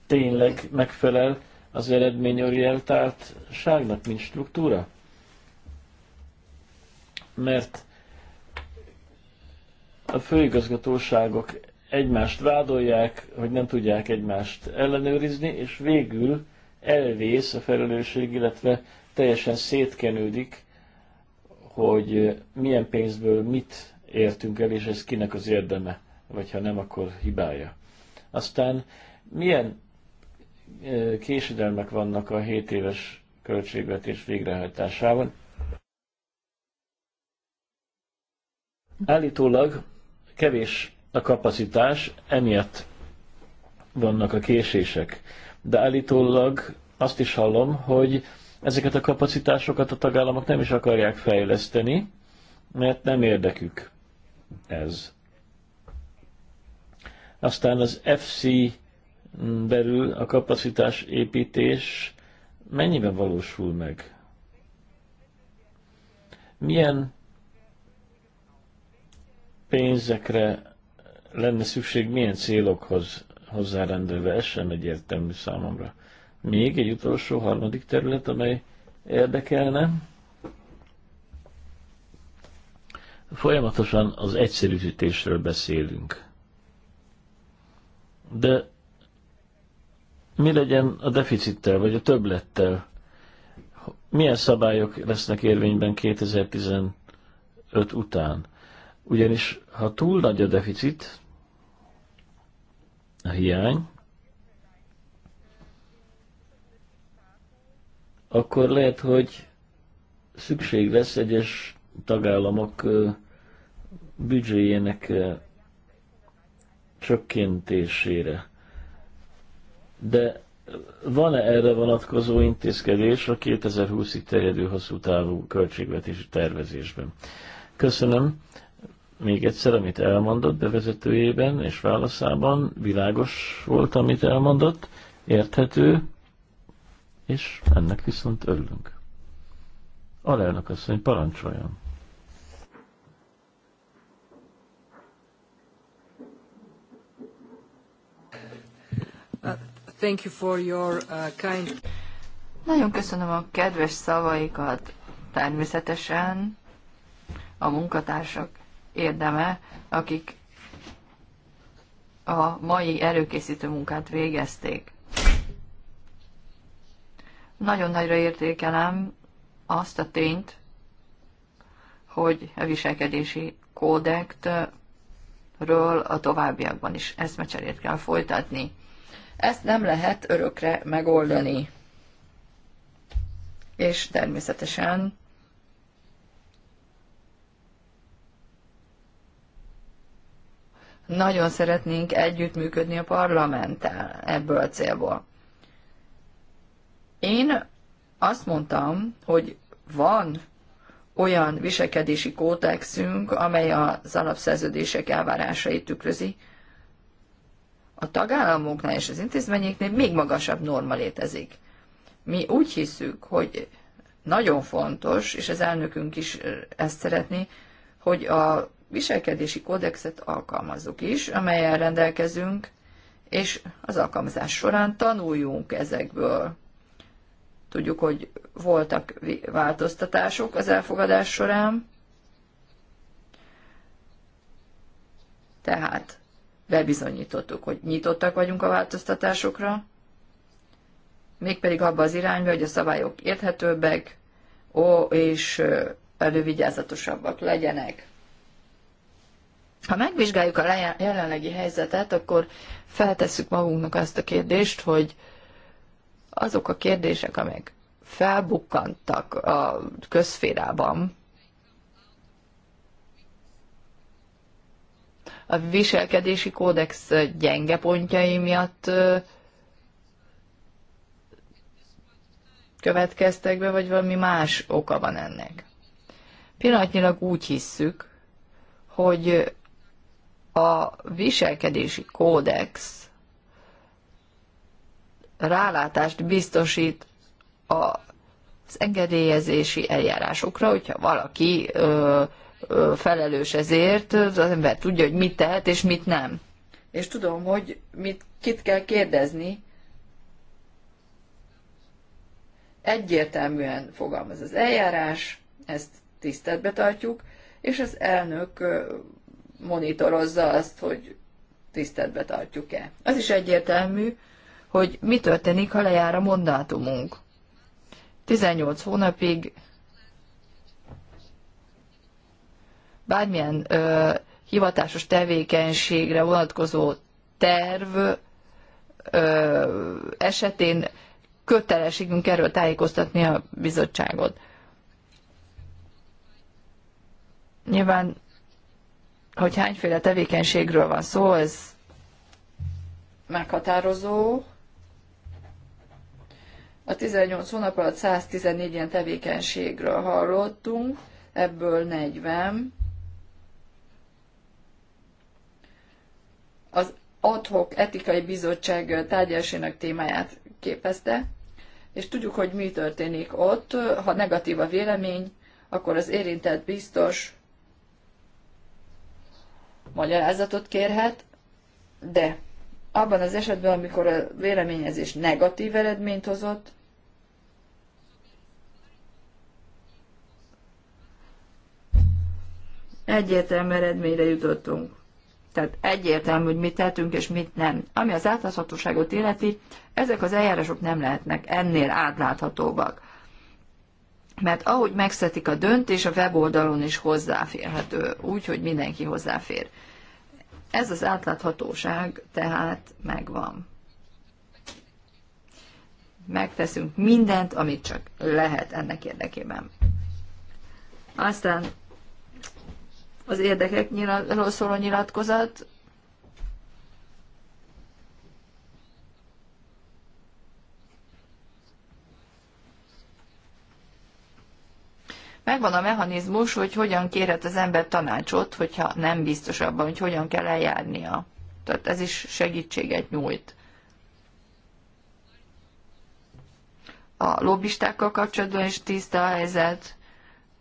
tényleg megfelel az eredményorientáltságnak, mint struktúra? Mert a főigazgatóságok egymást vádolják, hogy nem tudják egymást ellenőrizni, és végül elvész a felelősség, illetve teljesen szétkenődik hogy eh, milyen pénzből mit értünk el, és ez kinek az érdeme, vagy ha nem, akkor hibája. Aztán milyen eh, késedelmek vannak a 7 éves költségvetés végrehajtásában. Állítólag kevés a kapacitás, emiatt vannak a késések. De állítólag azt is hallom, hogy Ezeket a kapacitásokat a tagállamok nem is akarják fejleszteni, mert nem érdekük ez. Aztán az FC belül a kapacitás építés mennyiben valósul meg? Milyen pénzekre lenne szükség, milyen célokhoz hozzárendelve, ez sem egyértelmű számomra. Még egy utolsó, harmadik terület, amely érdekelne. Folyamatosan az egyszerűsítésről beszélünk. De mi legyen a deficittel, vagy a többlettel? Milyen szabályok lesznek érvényben 2015 után? Ugyanis, ha túl nagy a deficit, a hiány, akkor lehet, hogy szükség lesz egyes tagállamok büdzséjének csökkentésére. De van-e erre vonatkozó intézkedés a 2020-ig terjedő hosszú távú költségvetési tervezésben? Köszönöm még egyszer, amit elmondott bevezetőjében és válaszában. Világos volt, amit elmondott, érthető és ennek viszont örülünk. Alelnök asszony, parancsoljon! Uh, thank you for your, uh, kind... Nagyon köszönöm a kedves szavaikat. Természetesen a munkatársak érdeme, akik a mai előkészítő munkát végezték. Nagyon nagyra értékelem azt a tényt, hogy a viselkedési kódektről a továbbiakban is eszmecserét kell folytatni. Ezt nem lehet örökre megoldani. És természetesen nagyon szeretnénk együttműködni a parlamenttel ebből a célból. Én azt mondtam, hogy van olyan viselkedési kódexünk, amely az alapszerződések elvárásait tükrözi, a tagállamoknál és az intézményeknél még magasabb norma létezik. Mi úgy hiszük, hogy nagyon fontos, és az elnökünk is ezt szeretné, hogy a viselkedési kódexet alkalmazzuk is, amelyen rendelkezünk, és az alkalmazás során tanuljunk ezekből. Tudjuk, hogy voltak változtatások az elfogadás során. Tehát bebizonyítottuk, hogy nyitottak vagyunk a változtatásokra, mégpedig abba az irányba, hogy a szabályok érthetőbbek, ó, és elővigyázatosabbak legyenek. Ha megvizsgáljuk a jelenlegi helyzetet, akkor feltesszük magunknak azt a kérdést, hogy azok a kérdések, amelyek felbukkantak a közférában, a viselkedési kódex gyenge pontjai miatt következtek be, vagy valami más oka van ennek. Pillanatnyilag úgy hisszük, hogy a viselkedési kódex rálátást biztosít a, az engedélyezési eljárásokra, hogyha valaki ö, ö, felelős ezért, az ember tudja, hogy mit tehet és mit nem. És tudom, hogy mit, kit kell kérdezni. Egyértelműen fogalmaz az eljárás, ezt tiszteletbe tartjuk, és az elnök monitorozza azt, hogy tiszteletbe tartjuk-e. Az is egyértelmű, hogy mi történik, ha lejár a mandátumunk. 18 hónapig bármilyen ö, hivatásos tevékenységre vonatkozó terv ö, esetén kötelességünk erről tájékoztatni a bizottságot. Nyilván, hogy hányféle tevékenységről van szó, ez meghatározó, a 18 hónap alatt 114 ilyen tevékenységről hallottunk, ebből 40. Az adhok etikai bizottság tárgyalásának témáját képezte, és tudjuk, hogy mi történik ott. Ha negatív a vélemény, akkor az érintett biztos magyarázatot kérhet, de abban az esetben, amikor a véleményezés negatív eredményt hozott, egyértelmű eredményre jutottunk. Tehát egyértelmű, hogy mit tettünk és mit nem. Ami az átláthatóságot illeti, ezek az eljárások nem lehetnek ennél átláthatóbbak. Mert ahogy megszetik a döntés, a weboldalon is hozzáférhető, úgy, hogy mindenki hozzáfér. Ez az átláthatóság tehát megvan. Megteszünk mindent, amit csak lehet ennek érdekében. Aztán az érdekek nyilat, szóló nyilatkozat, megvan a mechanizmus, hogy hogyan kérhet az ember tanácsot, hogyha nem biztos abban, hogy hogyan kell eljárnia. Tehát ez is segítséget nyújt. A lobbistákkal kapcsolatban is tiszta a helyzet,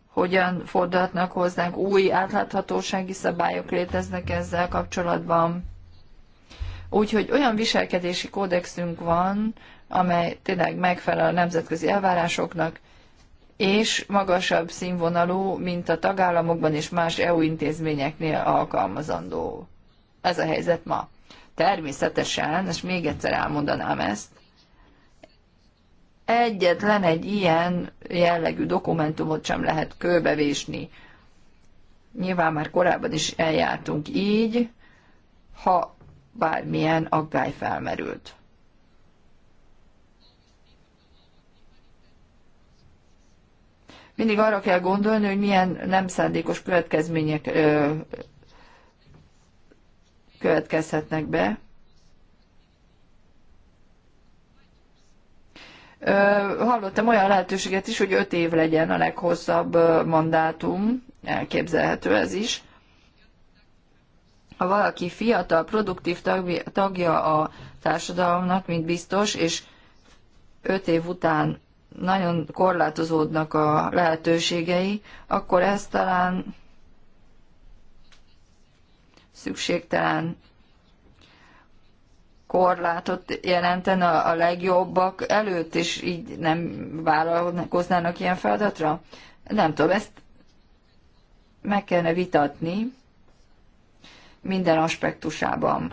hogyan fordulhatnak hozzánk, új átláthatósági szabályok léteznek ezzel kapcsolatban. Úgyhogy olyan viselkedési kódexünk van, amely tényleg megfelel a nemzetközi elvárásoknak, és magasabb színvonalú, mint a tagállamokban és más EU intézményeknél alkalmazandó. Ez a helyzet ma. Természetesen, és még egyszer elmondanám ezt, egyetlen egy ilyen jellegű dokumentumot sem lehet kőbevésni. Nyilván már korábban is eljártunk így, ha bármilyen aggály felmerült. mindig arra kell gondolni, hogy milyen nem szándékos következmények ö, következhetnek be. Ö, hallottam olyan lehetőséget is, hogy öt év legyen a leghosszabb mandátum, elképzelhető ez is. Ha valaki fiatal, produktív tagja a társadalomnak, mint biztos, és öt év után nagyon korlátozódnak a lehetőségei, akkor ez talán szükségtelen korlátot jelentene a legjobbak előtt, és így nem vállalkoznának ilyen feladatra? Nem tudom, ezt meg kellene vitatni minden aspektusában.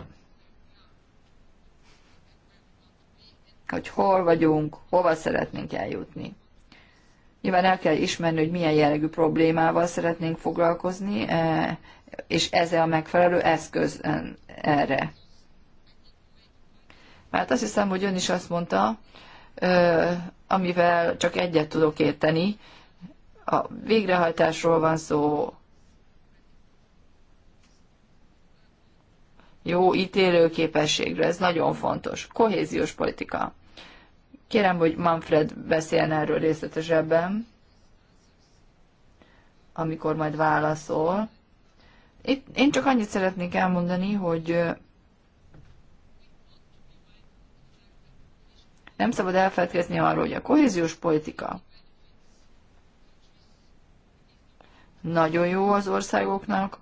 hogy hol vagyunk, hova szeretnénk eljutni. Nyilván el kell ismerni, hogy milyen jellegű problémával szeretnénk foglalkozni, e, és ez a megfelelő eszköz e, erre. Mert azt hiszem, hogy ön is azt mondta, e, amivel csak egyet tudok érteni, a végrehajtásról van szó, jó ítélőképességről, ez nagyon fontos. Kohéziós politika. Kérem, hogy Manfred beszéljen erről részletesebben, amikor majd válaszol. Itt, én csak annyit szeretnék elmondani, hogy nem szabad elfeledkezni arról, hogy a kohéziós politika nagyon jó az országoknak,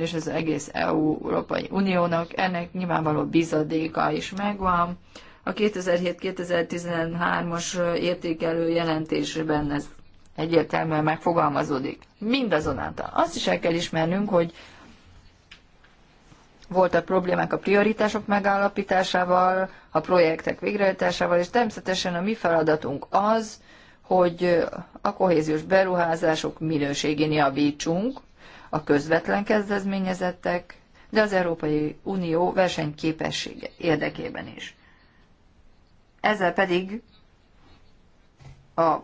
és az egész EU, Európai Uniónak, ennek nyilvánvaló bizadéka is megvan. A 2007-2013-as értékelő jelentésben ez egyértelműen megfogalmazódik. Mindazonáltal azt is el kell ismernünk, hogy voltak problémák a prioritások megállapításával, a projektek végrehajtásával, és természetesen a mi feladatunk az, hogy a kohéziós beruházások minőségén javítsunk, a közvetlen kezdezményezettek, de az Európai Unió versenyképessége érdekében is. Ezzel pedig a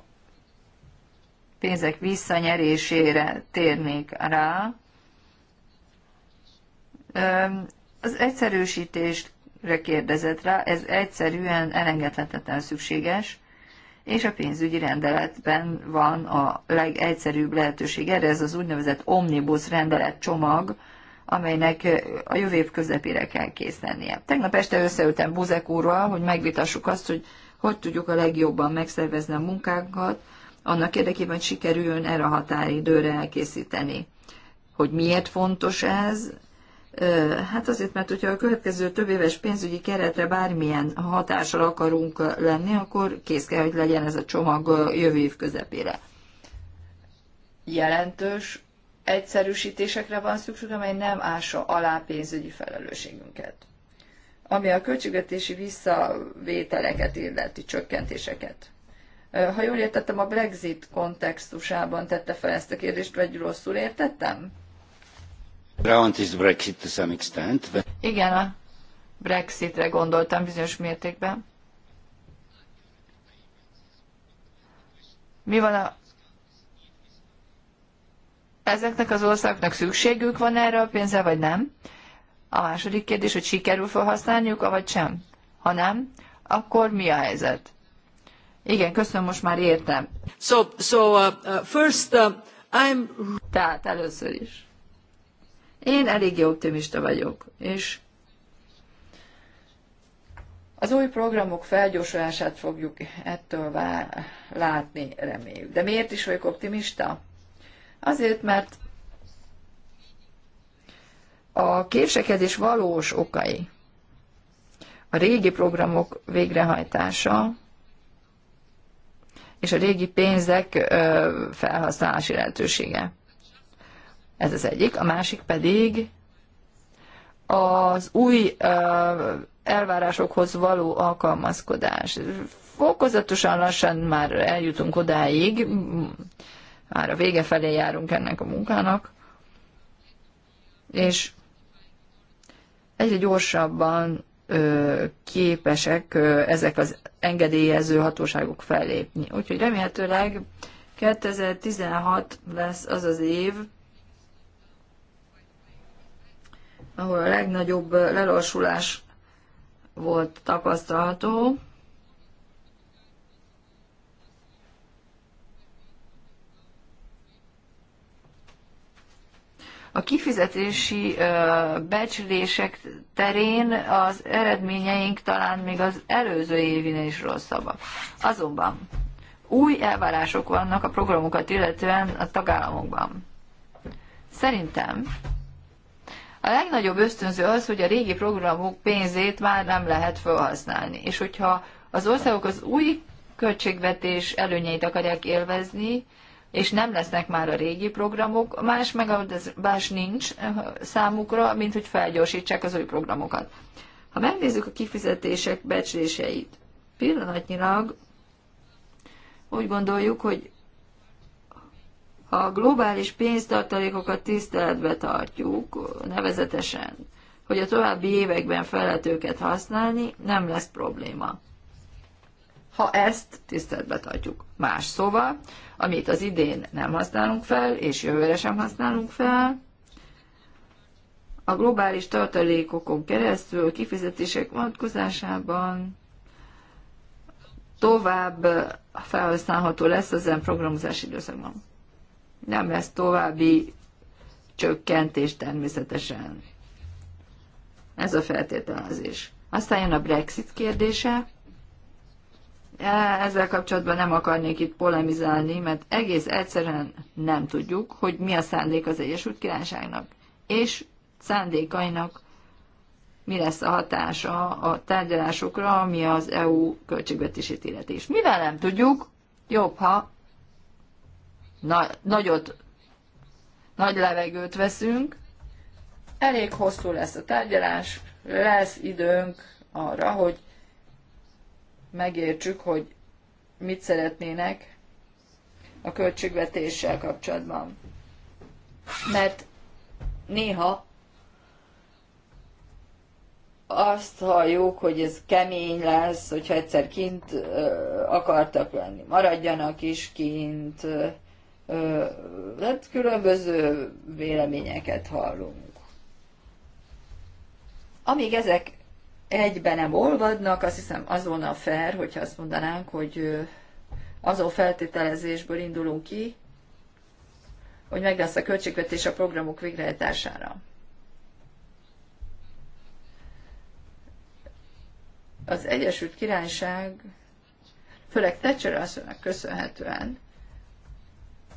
pénzek visszanyerésére térnék rá. Az egyszerűsítést kérdezett rá, ez egyszerűen elengedhetetlen szükséges, és a pénzügyi rendeletben van a legegyszerűbb lehetőség erre, ez az úgynevezett omnibus rendelet csomag, amelynek a jövő év közepére kell kész lennie. Tegnap este összeültem Buzek úrral, hogy megvitassuk azt, hogy hogy tudjuk a legjobban megszervezni a munkánkat, annak érdekében, hogy sikerüljön erre a határidőre elkészíteni. Hogy miért fontos ez, Hát azért, mert hogyha a következő több éves pénzügyi keretre bármilyen hatással akarunk lenni, akkor kész kell, hogy legyen ez a csomag jövő év közepére. Jelentős egyszerűsítésekre van szükség, amely nem ássa alá pénzügyi felelősségünket. Ami a költségvetési visszavételeket illeti csökkentéseket. Ha jól értettem, a Brexit kontextusában tette fel ezt a kérdést, vagy rosszul értettem? Igen, a Brexitre gondoltam bizonyos mértékben. Mi van a... Ezeknek az országoknak szükségük van erre a pénzre, vagy nem? A második kérdés, hogy sikerül felhasználniuk, vagy sem. Ha nem, akkor mi a helyzet? Igen, köszönöm, most már értem. So, so uh, uh first, uh, I'm... Tehát először is. Én eléggé optimista vagyok, és az új programok felgyorsulását fogjuk ettől vár, látni, reméljük. De miért is vagyok optimista? Azért, mert a képsekedés valós okai, a régi programok végrehajtása és a régi pénzek felhasználási lehetősége. Ez az egyik. A másik pedig az új elvárásokhoz való alkalmazkodás. Fokozatosan lassan már eljutunk odáig, már a vége felé járunk ennek a munkának, és egyre gyorsabban ö, képesek ö, ezek az engedélyező hatóságok fellépni. Úgyhogy remélhetőleg 2016 lesz az az év, ahol a legnagyobb lelassulás volt tapasztalható. A kifizetési becslések terén az eredményeink talán még az előző évinél is rosszabbak. Azonban új elvárások vannak a programokat illetően a tagállamokban. Szerintem a legnagyobb ösztönző az, hogy a régi programok pénzét már nem lehet felhasználni. És hogyha az országok az új költségvetés előnyeit akarják élvezni, és nem lesznek már a régi programok, más megoldás nincs eh, számukra, mint hogy felgyorsítsák az új programokat. Ha megnézzük a kifizetések becsléseit, pillanatnyilag úgy gondoljuk, hogy a globális pénztartalékokat tiszteletbe tartjuk, nevezetesen, hogy a további években fel lehet őket használni, nem lesz probléma. Ha ezt tiszteletbe tartjuk. Más szóval, amit az idén nem használunk fel, és jövőre sem használunk fel, a globális tartalékokon keresztül kifizetések vonatkozásában tovább felhasználható lesz ezen programozási időszakban nem lesz további csökkentés természetesen. Ez a feltételezés. Aztán jön a Brexit kérdése. E, ezzel kapcsolatban nem akarnék itt polemizálni, mert egész egyszerűen nem tudjuk, hogy mi a szándék az Egyesült Királyságnak, és szándékainak mi lesz a hatása a tárgyalásokra, ami az EU költségvetését illeti. És mivel nem tudjuk, jobb, ha na, nagyot, nagy levegőt veszünk, elég hosszú lesz a tárgyalás, lesz időnk arra, hogy megértsük, hogy mit szeretnének a költségvetéssel kapcsolatban. Mert néha azt halljuk, hogy ez kemény lesz, hogyha egyszer kint akartak lenni, maradjanak is kint, hát különböző véleményeket hallunk. Amíg ezek egybe nem olvadnak, azt hiszem az volna fair, hogyha azt mondanánk, hogy azon feltételezésből indulunk ki, hogy meg lesz a költségvetés a programok végrehajtására. Az Egyesült Királyság, főleg Tecsere köszönhetően,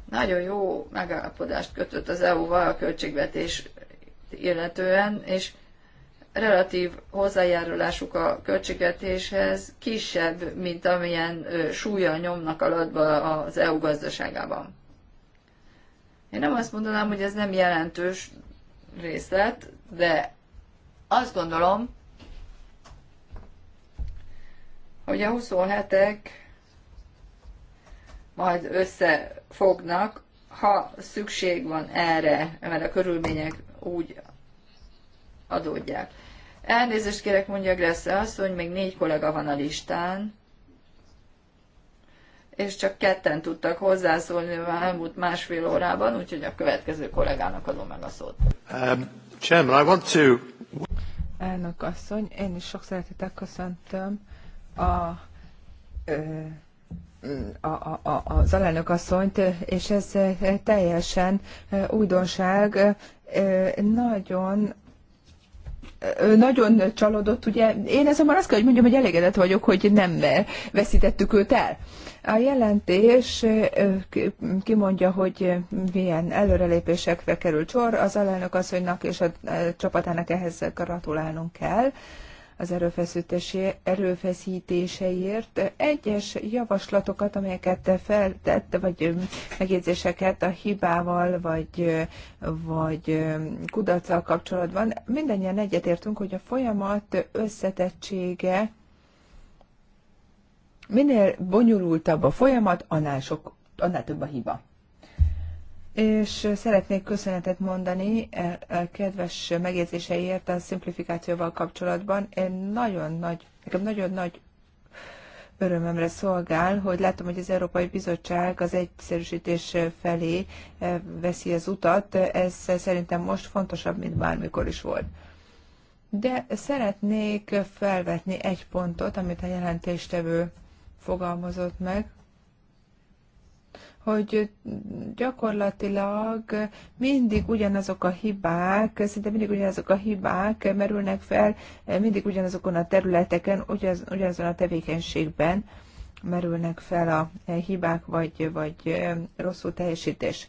nagyon jó megállapodást kötött az EU-val a költségvetés illetően, és relatív hozzájárulásuk a költségvetéshez kisebb, mint amilyen súlya nyomnak alatba az EU gazdaságában. Én nem azt mondanám, hogy ez nem jelentős részlet, de azt gondolom, hogy a 27-ek majd össze fognak, ha szükség van erre, mert a körülmények úgy adódják. Elnézést kérek, mondja Gressze azt, hogy még négy kollega van a listán, és csak ketten tudtak hozzászólni a elmúlt másfél órában, úgyhogy a következő kollégának adom meg a szót. Um, Chairman, I want to... Elnök asszony, én is sok szeretettel köszöntöm a a, a, az alelnök asszonyt, és ez eh, teljesen eh, újdonság. Eh, nagyon nagyon csalódott, ugye én azonban azt kell, hogy mondjam, hogy elégedett vagyok, hogy nem veszítettük őt el. A jelentés kimondja, hogy milyen előrelépésekre került sor az alelnök asszonynak és a csapatának ehhez gratulálnunk kell az erőfeszítéseiért. Egyes javaslatokat, amelyeket feltett, vagy megjegyzéseket a hibával, vagy, vagy kudarccal kapcsolatban, mindannyian egyetértünk, hogy a folyamat összetettsége minél bonyolultabb a folyamat, annál, sok, annál több a hiba és szeretnék köszönetet mondani a e, e, kedves megjegyzéseiért a szimplifikációval kapcsolatban. Én nagyon nagy, nekem nagyon nagy örömömre szolgál, hogy látom, hogy az Európai Bizottság az egyszerűsítés felé e, veszi az utat. Ez szerintem most fontosabb, mint bármikor is volt. De szeretnék felvetni egy pontot, amit a jelentéstevő fogalmazott meg hogy gyakorlatilag mindig ugyanazok a hibák, szinte mindig ugyanazok a hibák merülnek fel, mindig ugyanazokon a területeken, ugyanazon a tevékenységben merülnek fel a hibák, vagy, vagy rosszul teljesítés.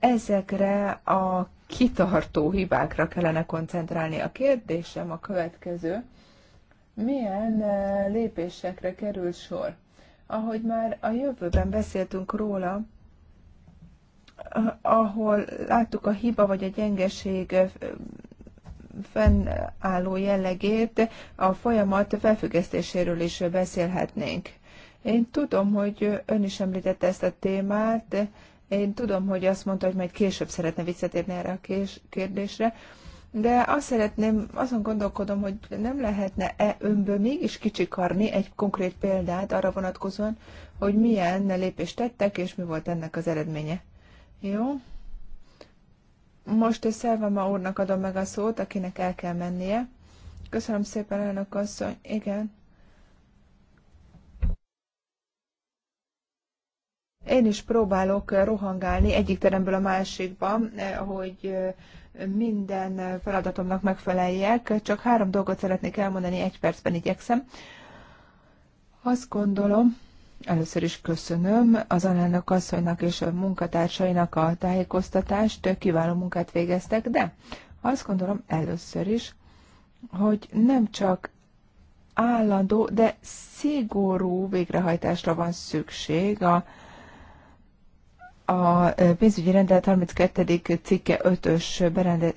Ezekre a kitartó hibákra kellene koncentrálni. A kérdésem a következő. Milyen lépésekre kerül sor? Ahogy már a jövőben beszéltünk róla, eh, ahol láttuk a hiba vagy a gyengeség eh, fennálló jellegét, a folyamat felfüggesztéséről is beszélhetnénk. Én tudom, hogy ön is említette ezt a témát, én tudom, hogy azt mondta, hogy majd később szeretne visszatérni erre a kérdésre de azt szeretném, azon gondolkodom, hogy nem lehetne-e önből mégis kicsikarni egy konkrét példát arra vonatkozóan, hogy milyen lépést tettek, és mi volt ennek az eredménye. Jó? Most Szelvama úrnak adom meg a szót, akinek el kell mennie. Köszönöm szépen, elnök asszony. Igen. Én is próbálok rohangálni egyik teremből a másikba, eh, hogy eh, minden feladatomnak megfeleljek. Csak három dolgot szeretnék elmondani, egy percben igyekszem. Azt gondolom, Először is köszönöm az alelnök asszonynak és a munkatársainak a tájékoztatást, kiváló munkát végeztek, de azt gondolom először is, hogy nem csak állandó, de szigorú végrehajtásra van szükség a a pénzügyi rendelet 32. cikke 5-ös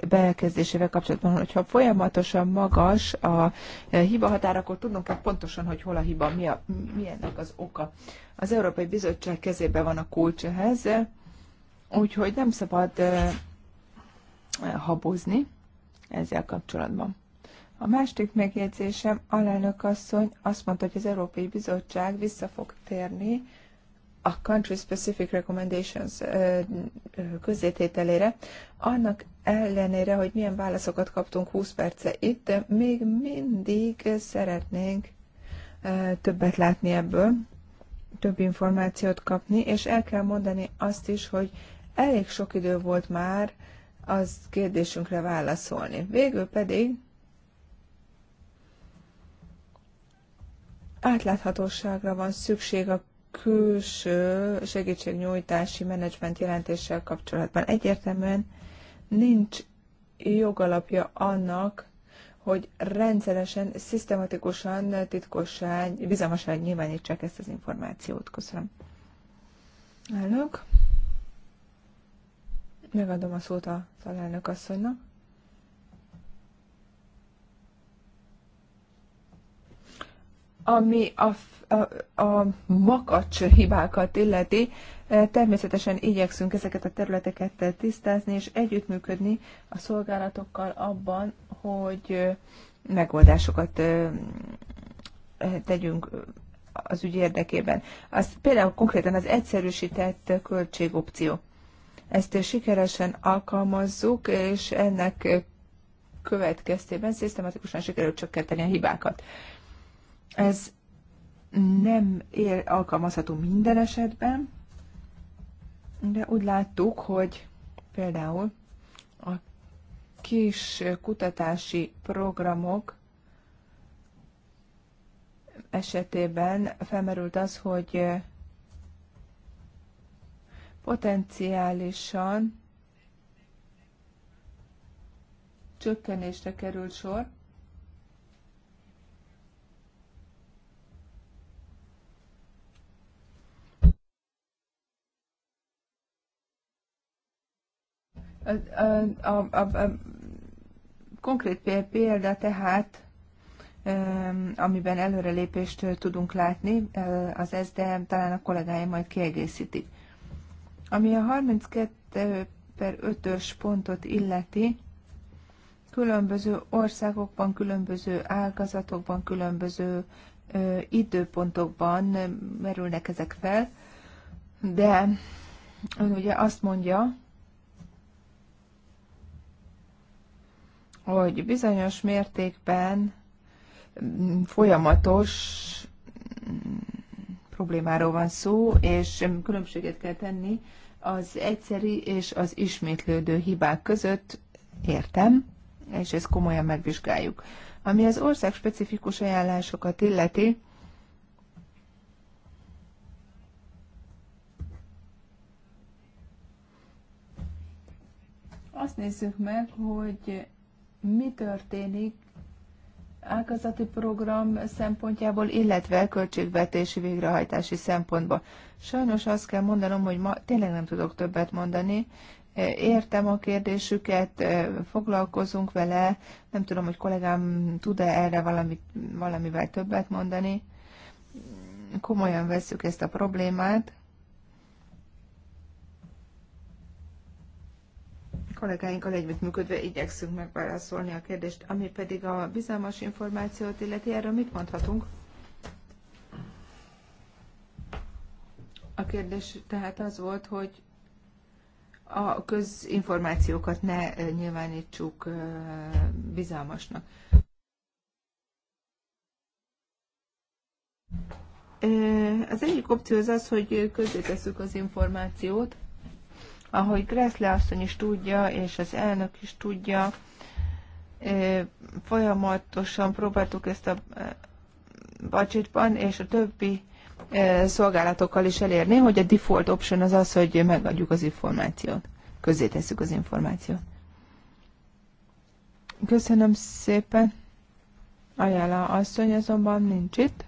bekezdésével kapcsolatban, hogyha folyamatosan magas a hiba határ, akkor tudnunk kell pontosan, hogy hol a hiba, mi, a, mi ennek az oka. Az Európai Bizottság kezében van a kulcs ehhez, úgyhogy nem szabad habozni ezzel kapcsolatban. A másik megjegyzésem, alelnök asszony azt mondta, hogy az Európai Bizottság vissza fog térni a Country Specific Recommendations közzétételére, annak ellenére, hogy milyen válaszokat kaptunk 20 perce itt, még mindig szeretnénk többet látni ebből, több információt kapni, és el kell mondani azt is, hogy elég sok idő volt már az kérdésünkre válaszolni. Végül pedig átláthatóságra van szükség a külső segítségnyújtási menedzsment jelentéssel kapcsolatban. Egyértelműen nincs jogalapja annak, hogy rendszeresen, szisztematikusan titkosság, bizalmaság nyilvánítsák ezt az információt. Köszönöm. Elnök. Megadom a szót a alelnök asszonynak. Ami a, a, a makacs hibákat illeti, eh, természetesen igyekszünk ezeket a területeket tisztázni és együttműködni a szolgálatokkal abban, hogy eh, megoldásokat eh, tegyünk az ügy érdekében. Az például konkrétan az egyszerűsített költségopció. Ezt sikeresen alkalmazzuk, és ennek következtében szisztematikusan sikerült csökkenteni a hibákat. Ez nem ér, alkalmazható minden esetben, de úgy láttuk, hogy például a kis kutatási programok esetében felmerült az, hogy eh, potenciálisan csökkenésre került sor, A, a, a, konkrét példa tehát, amiben előrelépést tudunk látni, az de talán a kollégáim majd kiegészítik. Ami a 32 per 5-ös pontot illeti, különböző országokban, különböző ágazatokban, különböző időpontokban merülnek ezek fel, de ön ugye azt mondja, hogy bizonyos mértékben folyamatos problémáról van szó, és különbséget kell tenni az egyszeri és az ismétlődő hibák között, értem, és ezt komolyan megvizsgáljuk. Ami az ország specifikus ajánlásokat illeti, azt nézzük meg, hogy mi történik ágazati program szempontjából, illetve költségvetési végrehajtási szempontból. Sajnos azt kell mondanom, hogy ma tényleg nem tudok többet mondani. Értem a kérdésüket, foglalkozunk vele, nem tudom, hogy kollégám tud-e erre valamit, valamivel többet mondani. Komolyan veszük ezt a problémát. kollégáinkkal együttműködve igyekszünk megválaszolni a kérdést, ami pedig a bizalmas információt illeti. Erről mit mondhatunk? A kérdés tehát az volt, hogy a közinformációkat ne nyilvánítsuk bizalmasnak. Az egyik opció az az, hogy közzétesszük az információt, ahogy Gressle asszony is tudja, és az elnök is tudja, folyamatosan próbáltuk ezt a budgetban és a többi szolgálatokkal is elérni, hogy a default option az az, hogy megadjuk az információt, közzétesszük az információt. Köszönöm szépen. Ajánla asszony azonban nincs itt.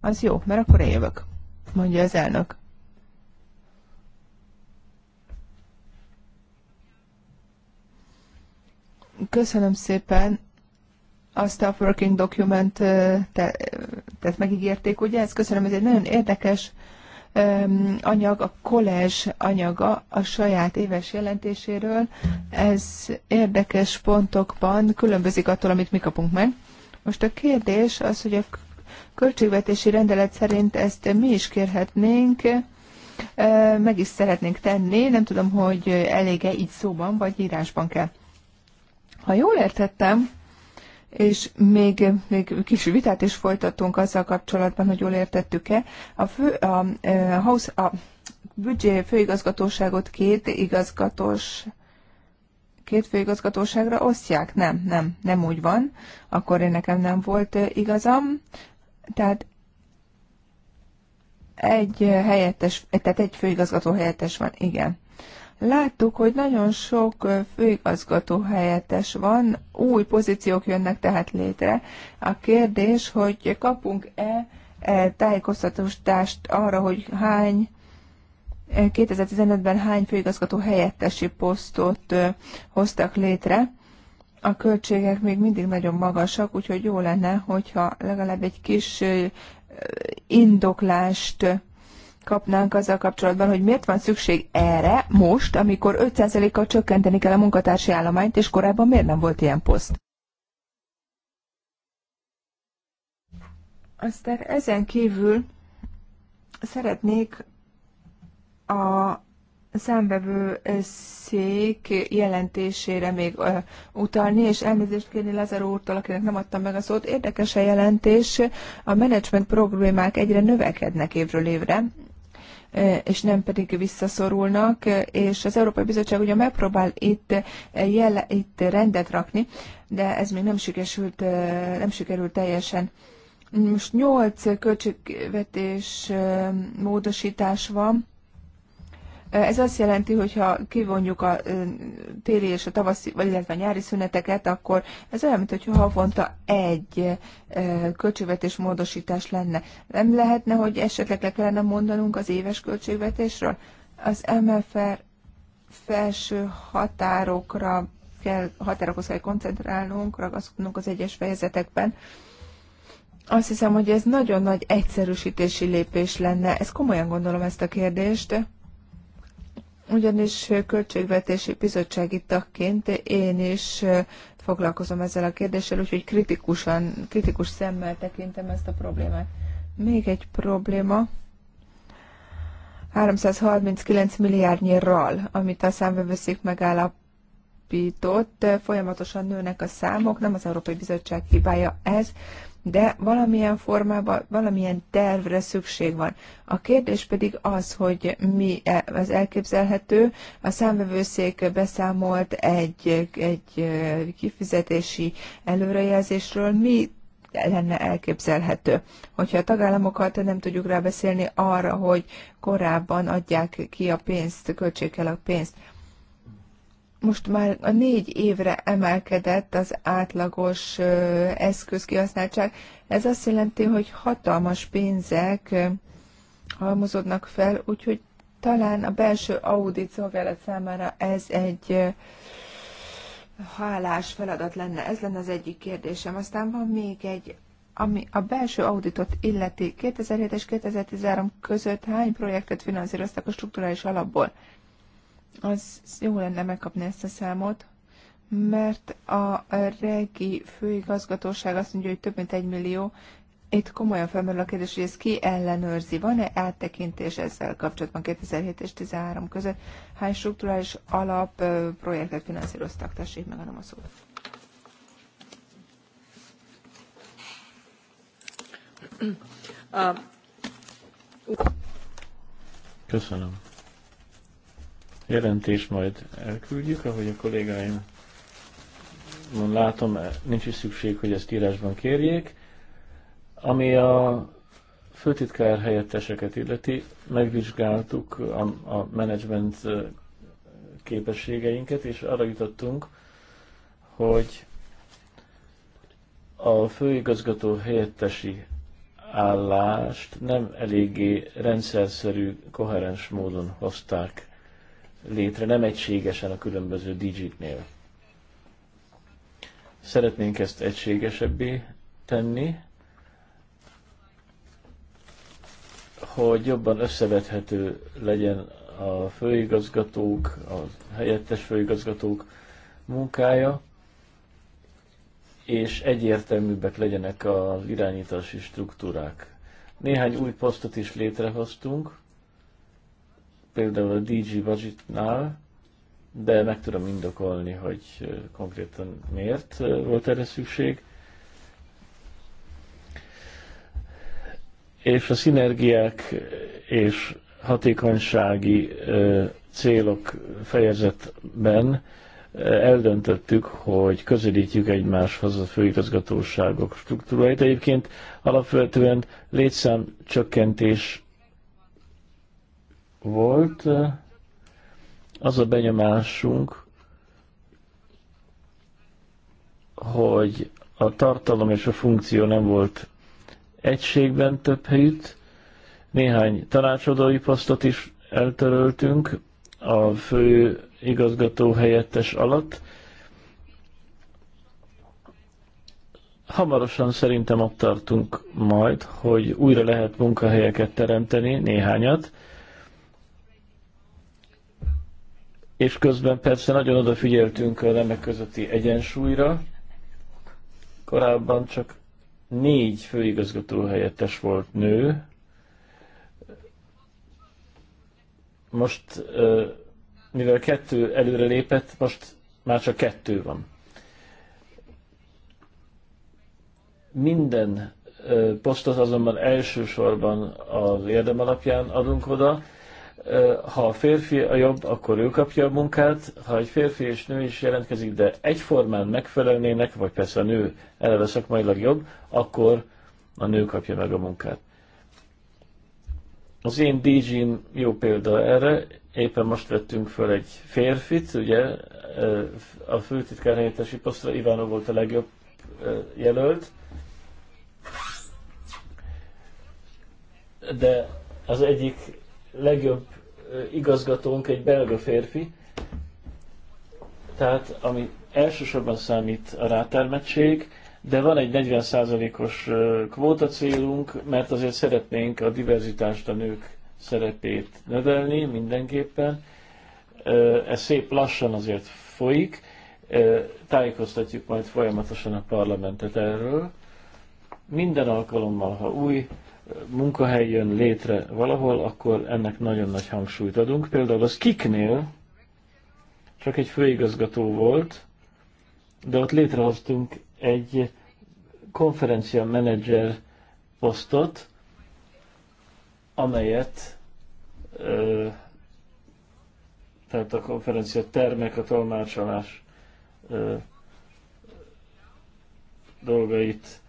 Az jó, mert akkor én jövök, mondja az elnök. Köszönöm szépen a Staff Working Document, te, tehát megígérték, ugye? Ezt köszönöm, ez egy nagyon érdekes anyag, a kolezs anyaga a saját éves jelentéséről. Ez érdekes pontokban különbözik attól, amit mi kapunk meg. Most a kérdés az, hogy a költségvetési rendelet szerint ezt mi is kérhetnénk, meg is szeretnénk tenni, nem tudom, hogy elége így szóban vagy írásban kell. Ha jól értettem, és még, még kis vitát is folytattunk azzal kapcsolatban, hogy jól értettük-e. A, fő, a, a, e, house, a büdzsé főigazgatóságot két igazgatós két főigazgatóságra osztják? Nem, nem, nem úgy van. Akkor én nekem nem volt igazam. Tehát egy helyettes, tehát egy főigazgató helyettes van, igen. Láttuk, hogy nagyon sok főigazgató helyettes van, új pozíciók jönnek tehát létre. A kérdés, hogy kapunk-e e, tájékoztatást arra, hogy hány 2015-ben e, hány főigazgató helyettesi posztot hoztak létre. A költségek még mindig nagyon magasak, úgyhogy jó lenne, hogyha legalább egy kis indoklást kapnánk azzal kapcsolatban, hogy miért van szükség erre most, amikor 5%-kal csökkenteni kell a munkatársi állományt, és korábban miért nem volt ilyen poszt? Aztán ezen kívül szeretnék a számbevő szék jelentésére még utalni, és elnézést kérni Lázár úrtól, akinek nem adtam meg a szót. Érdekes a jelentés, a menedzsment problémák egyre növekednek évről évre, és nem pedig visszaszorulnak, és az Európai Bizottság ugye megpróbál itt, jele, itt rendet rakni, de ez még nem sikerült, nem sikerült teljesen. Most nyolc költségvetés módosítás van, ez azt jelenti, hogy ha kivonjuk a téli és a tavaszi, vagy illetve a nyári szüneteket, akkor ez olyan, mintha havonta egy költségvetés módosítás lenne. Nem lehetne, hogy esetleg le kellene mondanunk az éves költségvetésről? Az MFR felső határokra kell, határokhoz kell koncentrálnunk, ragaszkodnunk az egyes fejezetekben. Azt hiszem, hogy ez nagyon nagy egyszerűsítési lépés lenne. Ez komolyan gondolom ezt a kérdést ugyanis költségvetési bizottsági tagként én is foglalkozom ezzel a kérdéssel, úgyhogy kritikusan, kritikus szemmel tekintem ezt a problémát. Még egy probléma. 339 milliárdnyi ral, amit a számvevőszék megállapított, folyamatosan nőnek a számok, nem az Európai Bizottság hibája ez, de valamilyen formában, valamilyen tervre szükség van. A kérdés pedig az, hogy mi e, az elképzelhető. A számvevőszék beszámolt egy, egy e, kifizetési előrejelzésről, mi lenne elképzelhető. Hogyha a tagállamokat nem tudjuk rábeszélni arra, hogy korábban adják ki a pénzt, költsék el a pénzt, most már a négy évre emelkedett az átlagos eszközkihasználtság. Ez azt jelenti, hogy hatalmas pénzek halmozódnak fel, úgyhogy talán a belső audit szolgálat számára ez egy hálás feladat lenne. Ez lenne az egyik kérdésem. Aztán van még egy, ami a belső auditot illeti. 2007 és 2013 között hány projektet finanszíroztak a strukturális alapból? az jó lenne megkapni ezt a számot, mert a regi főigazgatóság azt mondja, hogy több mint egy millió. Itt komolyan felmerül a kérdés, hogy ez ki ellenőrzi. Van-e áttekintés ezzel kapcsolatban 2007 és 2013 között? Hány strukturális alap projektet finanszíroztak? Tessék, meg a szót. Köszönöm jelentést majd elküldjük, ahogy a kollégáim látom, nincs is szükség, hogy ezt írásban kérjék. Ami a főtitkár helyetteseket illeti, megvizsgáltuk a, a menedzsment képességeinket, és arra jutottunk, hogy a főigazgató helyettesi állást nem eléggé rendszerszerű, koherens módon hozták létre, nem egységesen a különböző digitnél. Szeretnénk ezt egységesebbé tenni, hogy jobban összevethető legyen a főigazgatók, a helyettes főigazgatók munkája, és egyértelműbbek legyenek az irányítási struktúrák. Néhány új posztot is létrehoztunk, például a DG Budgetnál, de meg tudom indokolni, hogy konkrétan miért volt erre szükség. És a szinergiák és hatékonysági célok fejezetben eldöntöttük, hogy közelítjük egymáshoz a főigazgatóságok struktúráit. Egyébként alapvetően létszám csökkentés volt. Az a benyomásunk, hogy a tartalom és a funkció nem volt egységben több helyütt. Néhány tanácsadói posztot is eltöröltünk a fő igazgató helyettes alatt. Hamarosan szerintem ott tartunk majd, hogy újra lehet munkahelyeket teremteni, néhányat, és közben persze nagyon odafigyeltünk a nemek közötti egyensúlyra. Korábban csak négy főigazgató helyettes volt nő. Most, mivel kettő előre lépett, most már csak kettő van. Minden posztot azonban elsősorban az érdem alapján adunk oda, ha a férfi a jobb, akkor ő kapja a munkát, ha egy férfi és nő is jelentkezik, de egyformán megfelelnének, vagy persze a nő eleve szakmailag jobb, akkor a nő kapja meg a munkát. Az én dj jó példa erre, éppen most vettünk föl egy férfit, ugye a főtitkár helyettesi posztra Ivánov volt a legjobb jelölt, de az egyik legjobb igazgatónk egy belga férfi, tehát ami elsősorban számít a rátermettség, de van egy 40%-os kvóta célunk, mert azért szeretnénk a diverzitást, a nők szerepét növelni mindenképpen. Ez szép lassan azért folyik, tájékoztatjuk majd folyamatosan a parlamentet erről. Minden alkalommal, ha új munkahely jön létre valahol, akkor ennek nagyon nagy hangsúlyt adunk. Például az Kiknél csak egy főigazgató volt, de ott létrehoztunk egy konferencia menedzser posztot, amelyet tehát a konferencia termek, a tolmácsolás dolgait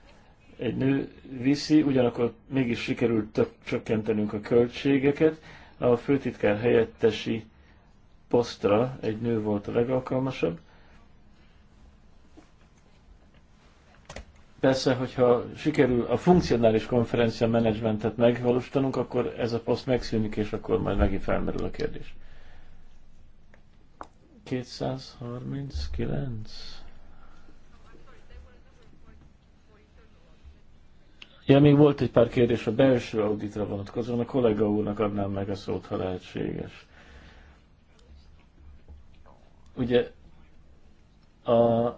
egy nő viszi, ugyanakkor mégis sikerült tök, csökkentenünk a költségeket. A főtitkár helyettesi posztra egy nő volt a legalkalmasabb. Persze, hogyha sikerül a funkcionális konferencia menedzsmentet megvalósítanunk, akkor ez a poszt megszűnik, és akkor majd megint felmerül a kérdés. 239. Ja, még volt egy pár kérdés a belső auditra vonatkozóan, a kollega úrnak adnám meg a szót, ha lehetséges. Ugye a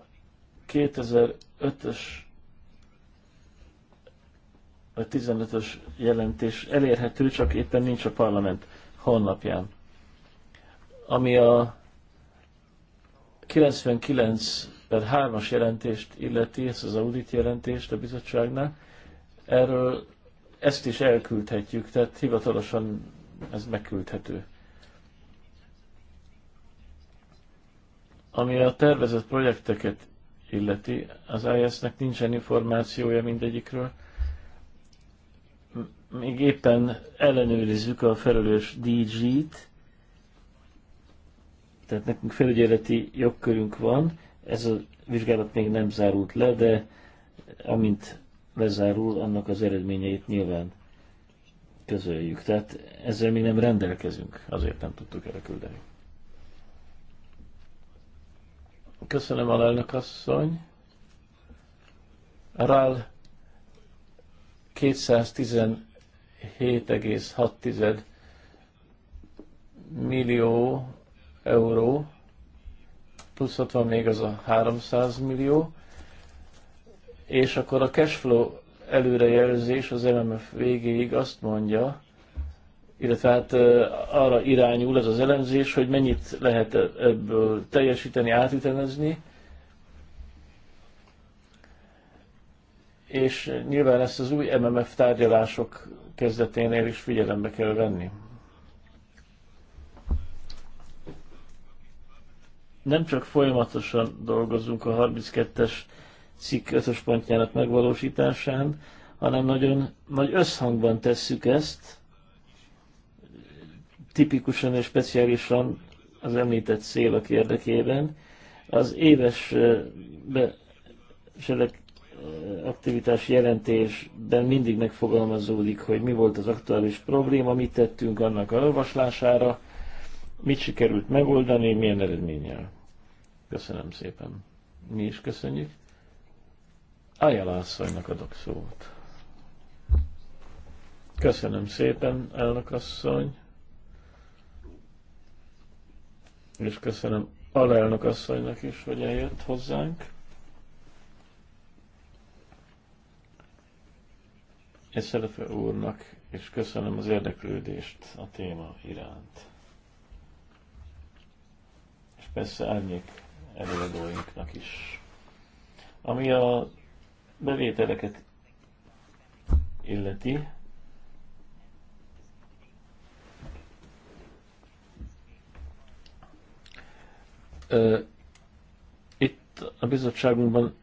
2005-ös a 15-ös jelentés elérhető, csak éppen nincs a parlament honlapján. Ami a 99 per 3-as jelentést illeti, ezt az audit jelentést a bizottságnál, erről ezt is elküldhetjük, tehát hivatalosan ez megküldhető. Ami a tervezett projekteket illeti, az IS-nek nincsen információja mindegyikről. Még éppen ellenőrizzük a felelős DG-t, tehát nekünk felügyeleti jogkörünk van, ez a vizsgálat még nem zárult le, de amint lezárul, annak az eredményeit nyilván közöljük. Tehát ezzel még nem rendelkezünk, azért nem tudtuk elküldeni. Köszönöm, alelnök asszony. Rál 217,6 millió euró, plusz ott van még az a 300 millió, és akkor a cashflow előrejelzés az LMF végéig azt mondja, illetve hát arra irányul ez az elemzés, hogy mennyit lehet ebből teljesíteni, átütemezni, és nyilván ezt az új MMF tárgyalások kezdeténél is figyelembe kell venni. Nem csak folyamatosan dolgozunk a 32-es cikk ötös pontjának megvalósításán, hanem nagyon nagy összhangban tesszük ezt, tipikusan és speciálisan az említett célok érdekében. Az éves beselek aktivitás jelentésben mindig megfogalmazódik, hogy mi volt az aktuális probléma, mit tettünk annak a olvaslására, mit sikerült megoldani, milyen eredménnyel. Köszönöm szépen. Mi is köszönjük. Ajala asszonynak adok szót. Köszönöm szépen, elnök asszony. És köszönöm alelnök asszonynak is, hogy eljött hozzánk. És szerepe úrnak, és köszönöm az érdeklődést a téma iránt. És persze árnyék előadóinknak is. Ami a bevételeket illeti, itt a bizottságunkban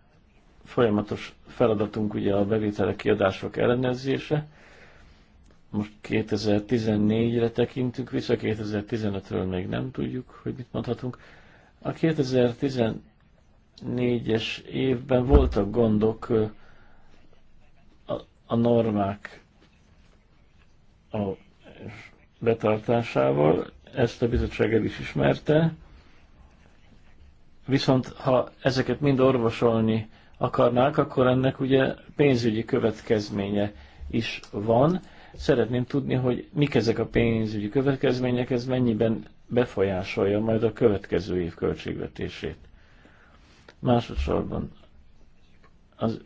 folyamatos feladatunk ugye a bevételek kiadások ellenőrzése. Most 2014-re tekintünk vissza, 2015-ről még nem tudjuk, hogy mit mondhatunk. A 2010 négyes évben voltak gondok a, a normák a betartásával, ezt a bizottság el is ismerte, viszont ha ezeket mind orvosolni akarnák, akkor ennek ugye pénzügyi következménye is van. Szeretném tudni, hogy mik ezek a pénzügyi következmények, ez mennyiben befolyásolja majd a következő év költségvetését. Másodszorban az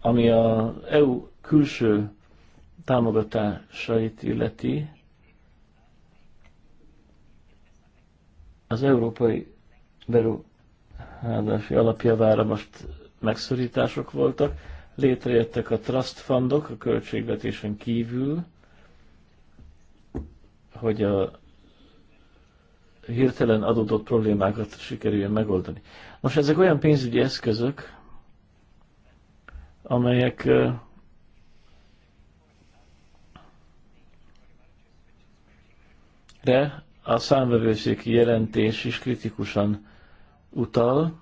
Ami az EU külső támogatásait illeti, az Európai Beruházási Alapjavára most megszorítások voltak, létrejöttek a trust fundok a költségvetésen kívül, hogy a hirtelen adódott problémákat sikerüljön megoldani. Most ezek olyan pénzügyi eszközök, amelyek de a számvevőszéki jelentés is kritikusan utal,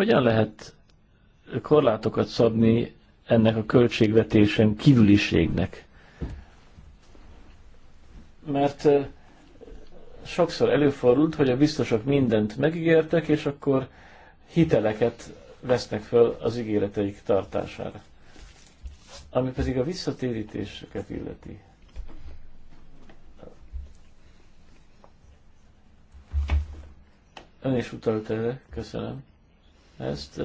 hogyan lehet korlátokat szabni ennek a költségvetésen kívüliségnek? Mert sokszor előfordult, hogy a biztosok mindent megígértek, és akkor hiteleket vesznek fel az ígéreteik tartására. Ami pedig a visszatérítéseket illeti. Ön is utalt erre, köszönöm ezt.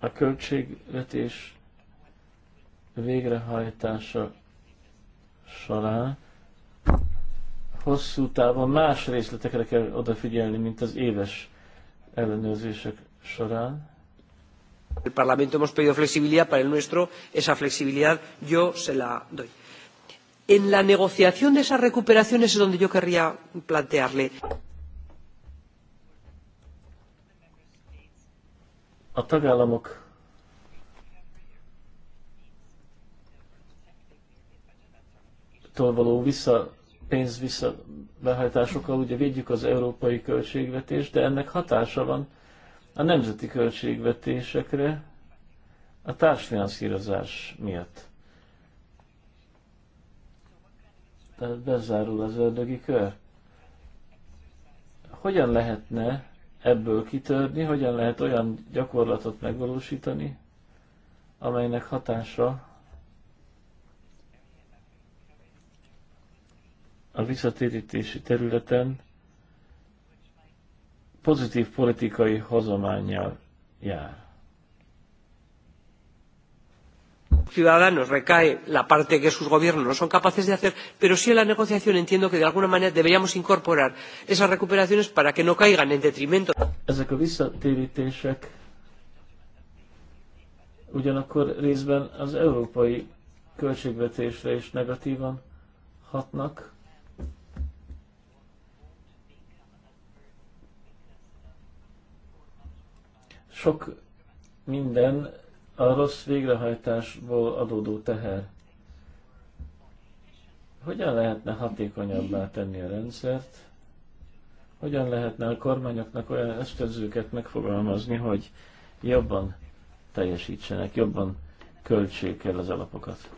A költségvetés végrehajtása során hosszú távon más részletekre kell odafigyelni, mint az éves ellenőrzések során. El Parlamento hemos pedido flexibilidad para el nuestro, esa flexibilidad yo se la doy. En la negociación de esas recuperaciones es donde yo querría plantearle. A tagállamok való vissza, pénz visszabehajtásokkal ugye védjük az európai költségvetést, de ennek hatása van a nemzeti költségvetésekre a társfinanszírozás miatt. Tehát bezárul az ördögi kör. Hogyan lehetne ebből kitörni, hogyan lehet olyan gyakorlatot megvalósítani, amelynek hatása a visszatérítési területen pozitív politikai hozományjal jár. ciudadanos recae la parte que sus gobiernos no son capaces de hacer, pero sí en la negociación entiendo que de alguna manera deberíamos incorporar esas recuperaciones para que no caigan en detrimento. Ezek a visszatérítések ugyanakkor részben az európai költségvetésre is negatívan hatnak. Sok minden a rossz végrehajtásból adódó teher. Hogyan lehetne hatékonyabbá tenni a rendszert? Hogyan lehetne a kormányoknak olyan ösztönzőket megfogalmazni, hogy jobban teljesítsenek, jobban költsék el az alapokat?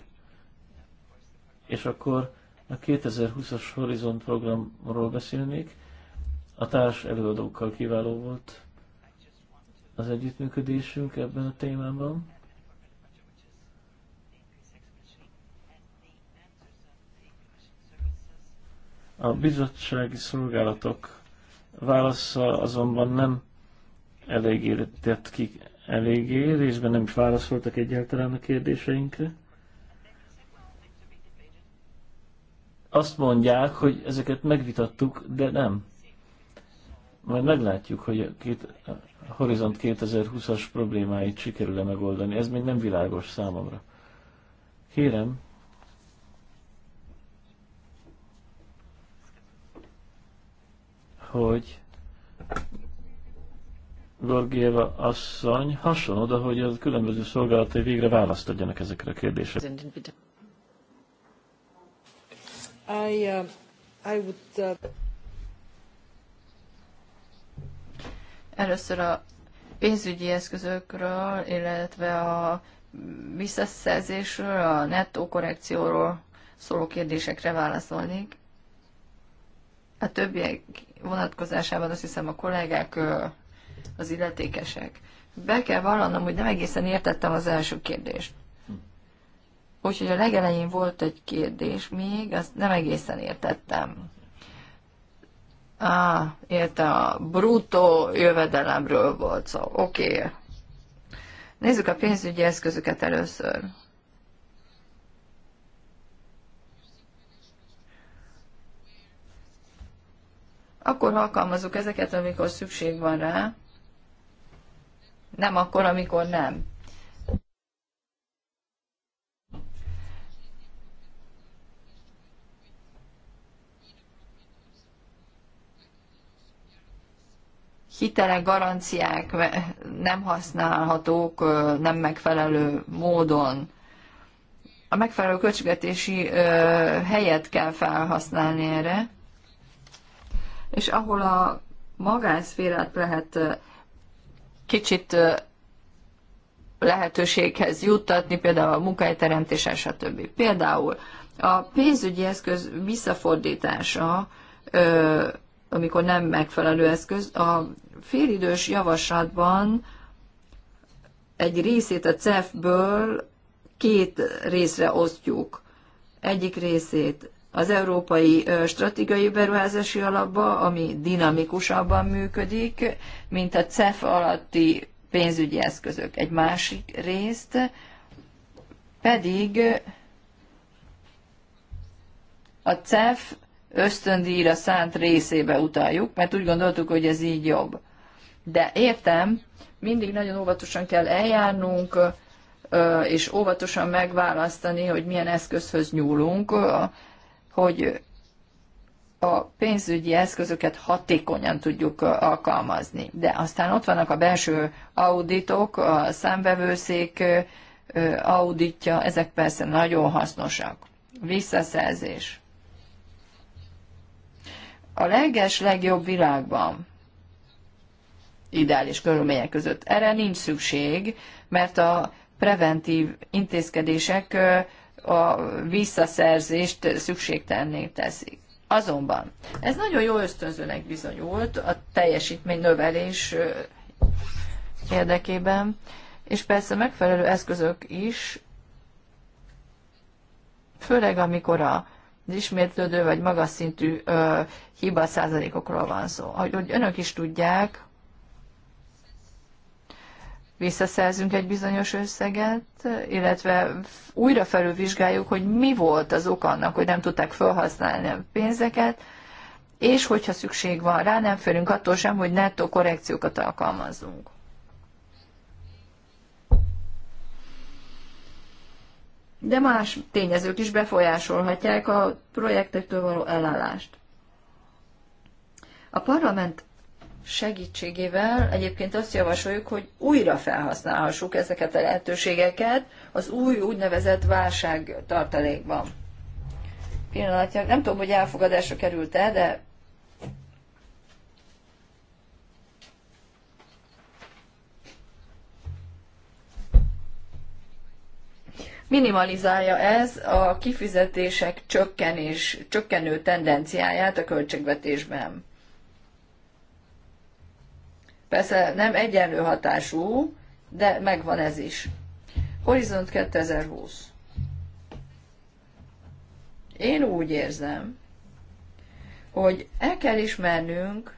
És akkor a 2020-as Horizont programról beszélnék, a társ előadókkal kiváló volt az együttműködésünk ebben a témában. A bizottsági szolgálatok válasza azonban nem elég tett ki eléggé, részben nem is válaszoltak egyáltalán a kérdéseinkre. Azt mondják, hogy ezeket megvitattuk, de nem. Majd meglátjuk, hogy a két Horizont 2020-as problémáit sikerül-e megoldani. Ez még nem világos számomra. Kérem, hogy Gorgieva asszony hason oda, hogy a különböző szolgálatai végre választ adjanak ezekre a kérdésekre. I, uh, I would, uh... Először a pénzügyi eszközökről, illetve a visszaszerzésről, a nettó korrekcióról szóló kérdésekre válaszolnék. A többiek vonatkozásában azt hiszem a kollégák az illetékesek. Be kell vallanom, hogy nem egészen értettem az első kérdést. Úgyhogy a legelején volt egy kérdés még, azt nem egészen értettem. Á, érte, a brutó jövedelemről volt szó. Oké. Okay. Nézzük a pénzügyi eszközöket először. Akkor alkalmazunk ezeket, amikor szükség van rá, nem akkor, amikor nem. hitelek, garanciák nem használhatók nem megfelelő módon. A megfelelő költségvetési helyet kell felhasználni erre, és ahol a magánszférát lehet kicsit lehetőséghez juttatni, például a munkahelyteremtéssel, stb. Például a pénzügyi eszköz visszafordítása amikor nem megfelelő eszköz. A félidős javaslatban egy részét a CEF-ből két részre osztjuk. Egyik részét az Európai Stratégiai Beruházási Alapba, ami dinamikusabban működik, mint a CEF alatti pénzügyi eszközök. Egy másik részt pedig a CEF ösztöndíjra szánt részébe utaljuk, mert úgy gondoltuk, hogy ez így jobb. De értem, mindig nagyon óvatosan kell eljárnunk, és óvatosan megválasztani, hogy milyen eszközhöz nyúlunk, hogy a pénzügyi eszközöket hatékonyan tudjuk alkalmazni. De aztán ott vannak a belső auditok, a számbevőszék auditja, ezek persze nagyon hasznosak. Visszaszerzés a leges legjobb világban. Ideális körülmények között. Erre nincs szükség, mert a preventív intézkedések a visszaszerzést szükségtelenné teszik. Azonban ez nagyon jó ösztönzőnek bizonyult a teljesítmény növelés érdekében, és persze megfelelő eszközök is, főleg amikor a ismétlődő vagy magas szintű ö, hiba százalékokról van szó. Ahogy hogy önök is tudják, visszaszerzünk egy bizonyos összeget, illetve újra felülvizsgáljuk, hogy mi volt az ok annak, hogy nem tudták felhasználni a pénzeket, és hogyha szükség van rá, nem félünk attól sem, hogy nettó korrekciókat alkalmazunk. de más tényezők is befolyásolhatják a projektektől való elállást. A parlament segítségével egyébként azt javasoljuk, hogy újra felhasználhassuk ezeket a lehetőségeket az új úgynevezett válság tartalékban. Pillanatnyilag nem tudom, hogy elfogadásra került-e, de minimalizálja ez a kifizetések csökkenés, csökkenő tendenciáját a költségvetésben. Persze nem egyenlő hatású, de megvan ez is. Horizont 2020. Én úgy érzem, hogy el kell ismernünk,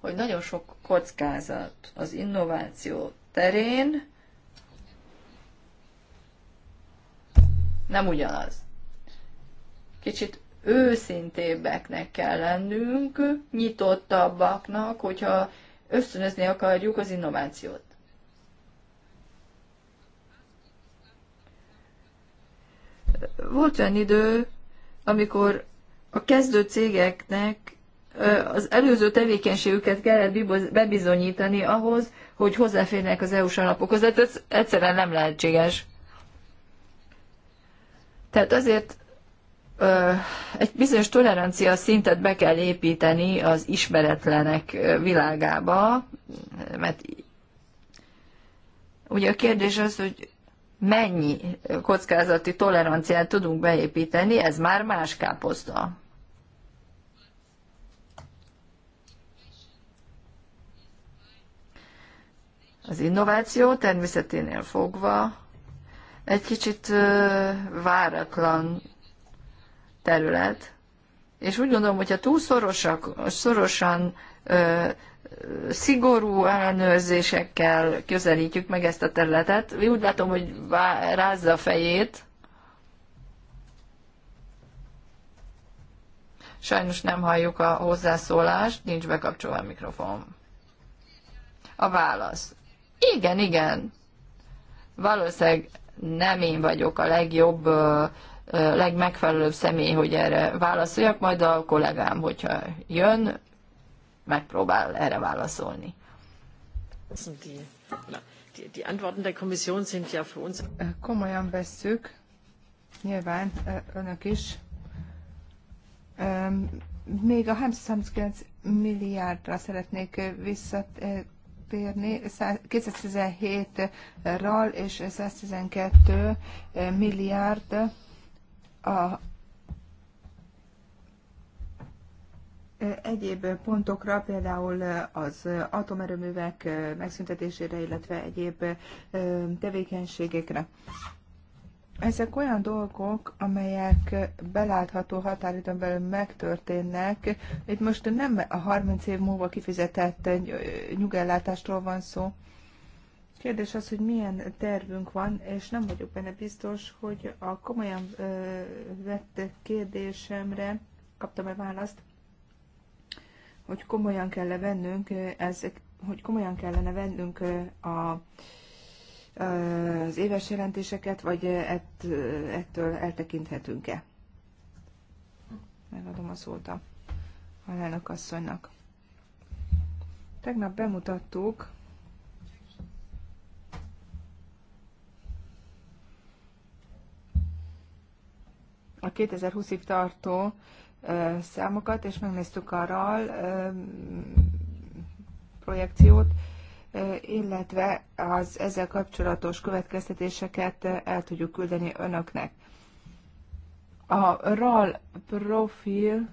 hogy nagyon sok kockázat az innováció terén, nem ugyanaz. Kicsit őszintébbeknek kell lennünk, nyitottabbaknak, hogyha ösztönözni akarjuk az innovációt. Volt olyan idő, amikor a kezdő cégeknek az előző tevékenységüket kellett bebizonyítani ahhoz, hogy hozzáférnek az EU-s alapokhoz. Tehát ez egyszerűen nem lehetséges. Tehát azért egy bizonyos tolerancia szintet be kell építeni az ismeretlenek világába, mert ugye a kérdés az, hogy mennyi kockázati toleranciát tudunk beépíteni, ez már más káposzta. Az innováció természeténél fogva egy kicsit váratlan terület, és úgy gondolom, hogyha túl szorosak, szorosan szigorú ellenőrzésekkel közelítjük meg ezt a területet, úgy látom, hogy rázza a fejét, Sajnos nem halljuk a hozzászólást, nincs bekapcsolva a mikrofon. A válasz. Igen, igen. Valószínűleg nem én vagyok a legjobb, legmegfelelőbb személy, hogy erre válaszoljak, majd a kollégám, hogyha jön, megpróbál erre válaszolni. Komolyan vesszük, nyilván önök is. Még a 339 milliárdra szeretnék visszatérni elférni 217-ral és 112 milliárd a egyéb pontokra, például az atomerőművek megszüntetésére, illetve egyéb tevékenységekre. Ezek olyan dolgok, amelyek belátható határidőn belül megtörténnek. Itt most nem a 30 év múlva kifizetett nyugellátástról van szó. Kérdés az, hogy milyen tervünk van, és nem vagyok benne biztos, hogy a komolyan vett kérdésemre kaptam-e választ, hogy komolyan kell -e vennünk, ez, hogy komolyan kellene vennünk a az éves jelentéseket, vagy ettől eltekinthetünk-e? Megadom a szót a alelnök asszonynak. Tegnap bemutattuk a 2020-ig tartó számokat, és megnéztük arra projekciót, illetve az ezzel kapcsolatos következtetéseket el tudjuk küldeni önöknek. A RAL profil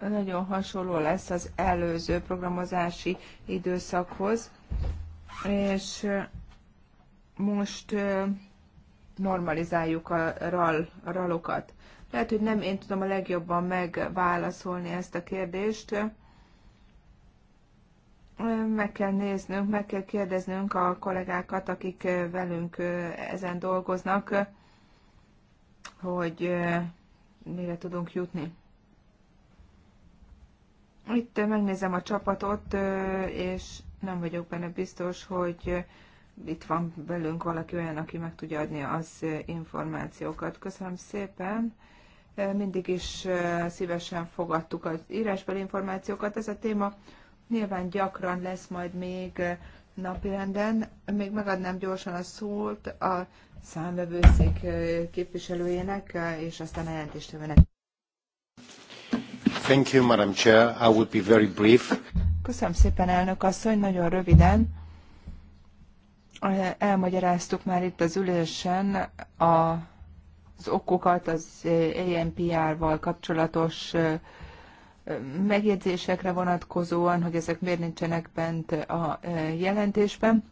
nagyon hasonló lesz az előző programozási időszakhoz, és most normalizáljuk a, RAL, RAL-okat. Lehet, hogy nem én tudom a legjobban megválaszolni ezt a kérdést, meg kell néznünk, meg kell kérdeznünk a kollégákat, akik velünk ezen dolgoznak, hogy mire tudunk jutni. Itt megnézem a csapatot, és nem vagyok benne biztos, hogy itt van velünk valaki olyan, aki meg tudja adni az információkat. Köszönöm szépen! Mindig is szívesen fogadtuk az írásbeli információkat. Ez a téma Nyilván gyakran lesz majd még napirenden. Még megadnám gyorsan a szót a számvevőszék képviselőjének, és aztán a jelentéstevőnek. Thank you, Madam Chair. I will be very brief. Köszönöm szépen, elnök asszony, nagyon röviden. Elmagyaráztuk már itt az ülésen a, az okokat az ANPR-val kapcsolatos megjegyzésekre vonatkozóan, hogy ezek miért nincsenek bent a e, jelentésben.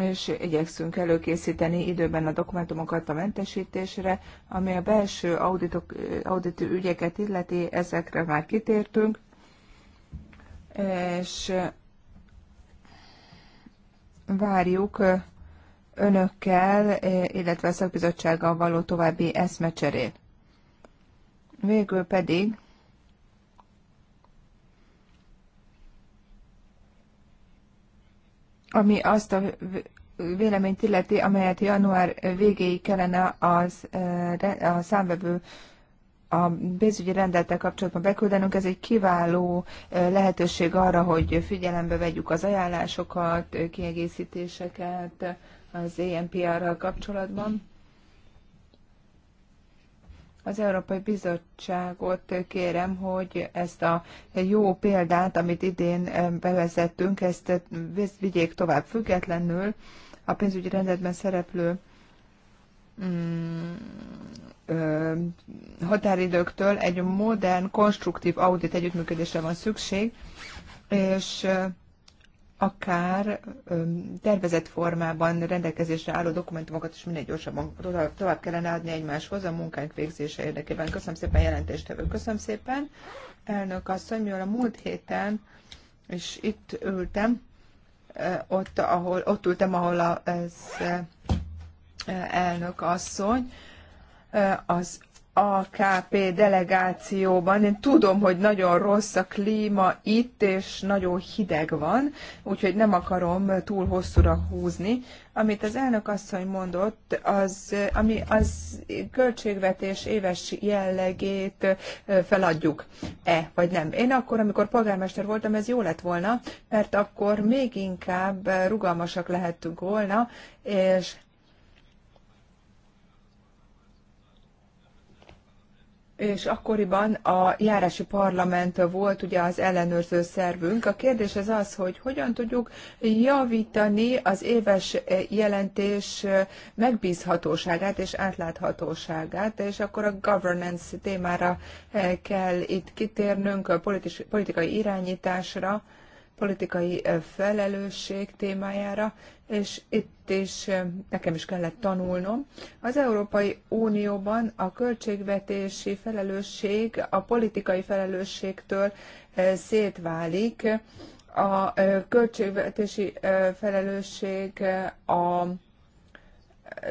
és igyekszünk előkészíteni időben a dokumentumokat a mentesítésre, ami a belső auditok, e, audit ügyeket illeti, ezekre már kitértünk, és várjuk önökkel, e, illetve a szakbizottsággal való további eszmecserét. Végül pedig ami azt a véleményt illeti, amelyet január végéig kellene az, a számvevő a pénzügyi rendelettel kapcsolatban beküldenünk, ez egy kiváló lehetőség arra, hogy figyelembe vegyük az ajánlásokat, kiegészítéseket az EMPR-ral kapcsolatban. Az Európai Bizottságot kérem, hogy ezt a jó példát, amit idén eh, bevezettünk, ezt eh, vigyék tovább függetlenül a pénzügyi rendetben szereplő mm, határidőktől egy modern, konstruktív audit együttműködésre van szükség, és eh, akár tervezett formában rendelkezésre álló dokumentumokat is minél gyorsabban tovább kellene adni egymáshoz a munkánk végzése érdekében. Köszönöm szépen, jelentéstevő. Köszönöm szépen, elnök asszony, mivel a múlt héten és itt ültem, ott, ahol, ott ültem, ahol az elnök asszony, az AKP delegációban. Én tudom, hogy nagyon rossz a klíma itt, és nagyon hideg van, úgyhogy nem akarom túl hosszúra húzni. Amit az elnök asszony mondott, az, ami az költségvetés éves jellegét feladjuk. E, vagy nem. Én akkor, amikor polgármester voltam, ez jó lett volna, mert akkor még inkább rugalmasak lehettünk volna, és és akkoriban a járási parlament volt ugye az ellenőrző szervünk. A kérdés az az, hogy hogyan tudjuk javítani az éves eh, jelentés eh, megbízhatóságát és átláthatóságát, és akkor a governance témára eh, kell itt kitérnünk, a politikai irányításra, politikai felelősség témájára, és itt is nekem is kellett tanulnom. Az Európai Unióban a költségvetési felelősség a politikai felelősségtől szétválik. A költségvetési felelősség a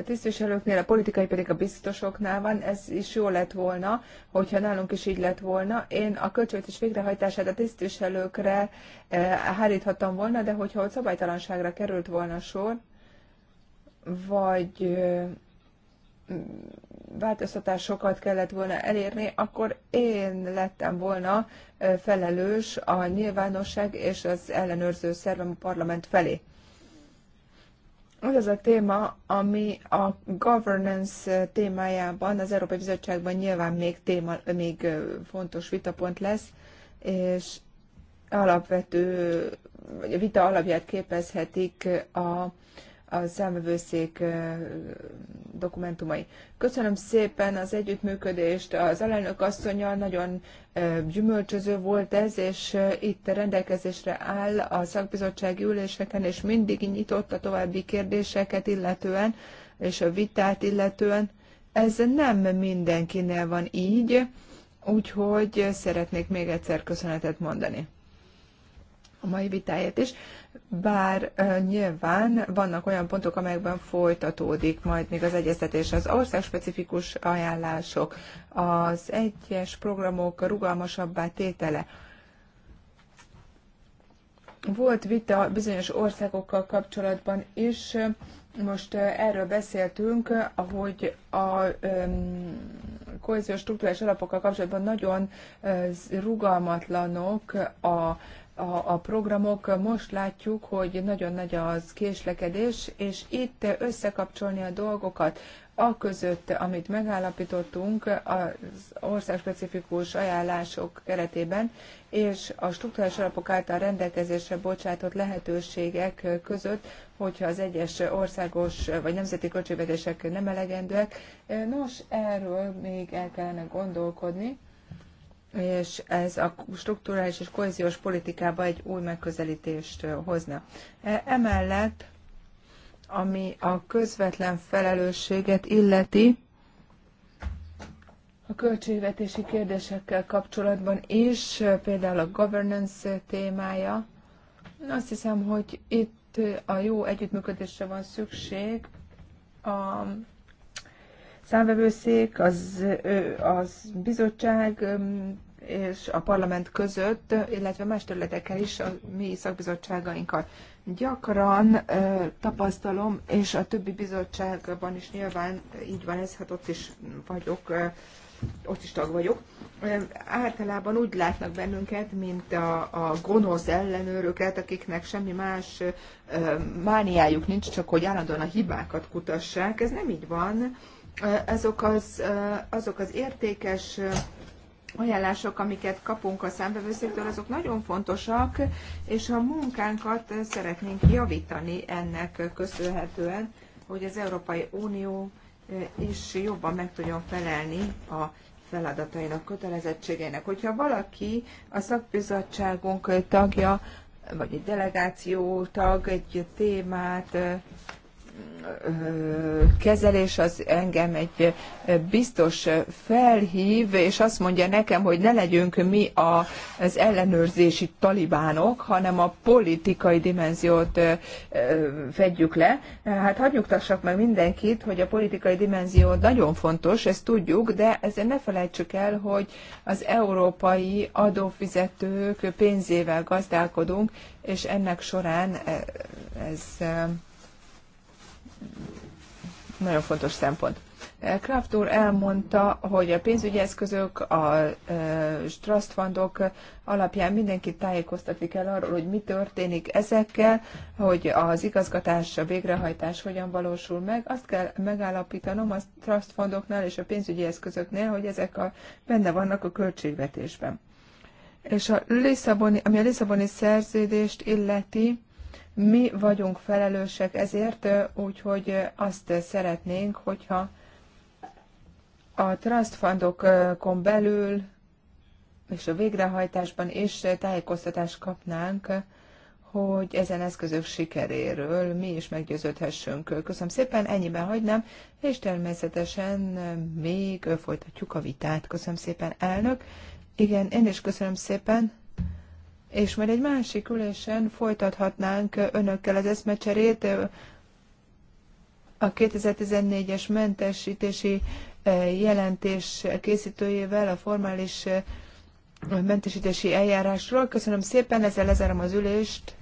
tisztviselőknél, a politikai pedig a biztosoknál van, ez is jó lett volna, hogyha nálunk is így lett volna. Én a költségvetés végrehajtását a tisztviselőkre eh, háríthattam volna, de hogyha ott szabálytalanságra került volna sor, vagy eh, változtatásokat kellett volna elérni, akkor én lettem volna eh, felelős a nyilvánosság és az ellenőrző szervem a parlament felé az az a téma, ami a governance témájában az Európai Bizottságban nyilván még, téma, még fontos vitapont lesz, és alapvető, vagy a vita alapját képezhetik a a számvevőszék dokumentumai. Köszönöm szépen az együttműködést az alelnök asszonyjal, nagyon gyümölcsöző volt ez, és itt rendelkezésre áll a szakbizottsági üléseken, és mindig nyitott a további kérdéseket illetően, és a vitát illetően. Ez nem mindenkinél van így, úgyhogy szeretnék még egyszer köszönetet mondani a mai vitáját is, bár nyilván vannak olyan pontok, amelyekben folytatódik majd még az egyeztetés. Az országspecifikus ajánlások, az egyes programok rugalmasabbá tétele, volt vita bizonyos országokkal kapcsolatban is, most erről beszéltünk, ahogy a kohéziós struktúrás alapokkal kapcsolatban nagyon rugalmatlanok a a, a programok, most látjuk, hogy nagyon nagy az késlekedés, és itt összekapcsolni a dolgokat, a között, amit megállapítottunk az országspecifikus ajánlások keretében, és a struktúrás alapok által rendelkezésre bocsátott lehetőségek között, hogyha az egyes országos vagy nemzeti költségvetések nem elegendőek. Nos, erről még el kellene gondolkodni és ez a strukturális és kohéziós politikába egy új megközelítést hozna. E, emellett, ami a közvetlen felelősséget illeti, a költségvetési kérdésekkel kapcsolatban is, például a governance témája. Azt hiszem, hogy itt a jó együttműködésre van szükség. A számvevőszék, az, az bizottság és a parlament között, illetve más területekkel is a mi szakbizottságainkkal. Gyakran ö, tapasztalom, és a többi bizottságban is nyilván így van ez, hát ott is vagyok, ö, ott is tag vagyok. Ö, általában úgy látnak bennünket, mint a, a gonosz ellenőröket, akiknek semmi más ö, mániájuk nincs, csak hogy állandóan a hibákat kutassák. Ez nem így van. Azok az, azok az értékes ajánlások, amiket kapunk a számbevőszéktől, azok nagyon fontosak, és a munkánkat szeretnénk javítani ennek köszönhetően, hogy az Európai Unió is jobban meg tudjon felelni a feladatainak, kötelezettségeinek. Hogyha valaki a szakbizottságunk tagja, vagy egy delegáció tag egy témát kezelés az engem egy biztos felhív, és azt mondja nekem, hogy ne legyünk mi az ellenőrzési talibánok, hanem a politikai dimenziót fedjük le. Hát hadd nyugtassak meg mindenkit, hogy a politikai dimenzió nagyon fontos, ezt tudjuk, de ezzel ne felejtsük el, hogy az európai adófizetők pénzével gazdálkodunk, és ennek során ez nagyon fontos szempont. Eh, Kraft úr elmondta, hogy a pénzügyi eszközök, a eh, trust fundok alapján mindenkit tájékoztatni kell arról, hogy mi történik ezekkel, hogy az igazgatás, a végrehajtás hogyan valósul meg. Azt kell megállapítanom a trust fundoknál és a pénzügyi eszközöknél, hogy ezek a, benne vannak a költségvetésben. És a Lisszaboni, ami a Lisszaboni szerződést illeti, mi vagyunk felelősek ezért, úgyhogy azt szeretnénk, hogyha a trust fundokon belül és a végrehajtásban is tájékoztatást kapnánk, hogy ezen eszközök sikeréről mi is meggyőződhessünk. Köszönöm szépen, ennyiben hagynám, és természetesen még folytatjuk a vitát. Köszönöm szépen, elnök. Igen, én is köszönöm szépen és majd egy másik ülésen folytathatnánk önökkel az eszmecserét a 2014-es mentesítési jelentés készítőjével a formális mentesítési eljárásról. Köszönöm szépen, ezzel lezárom az ülést,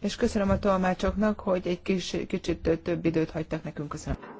és köszönöm a tolmácsoknak, hogy egy kis, kicsit több időt hagytak nekünk. Köszönöm.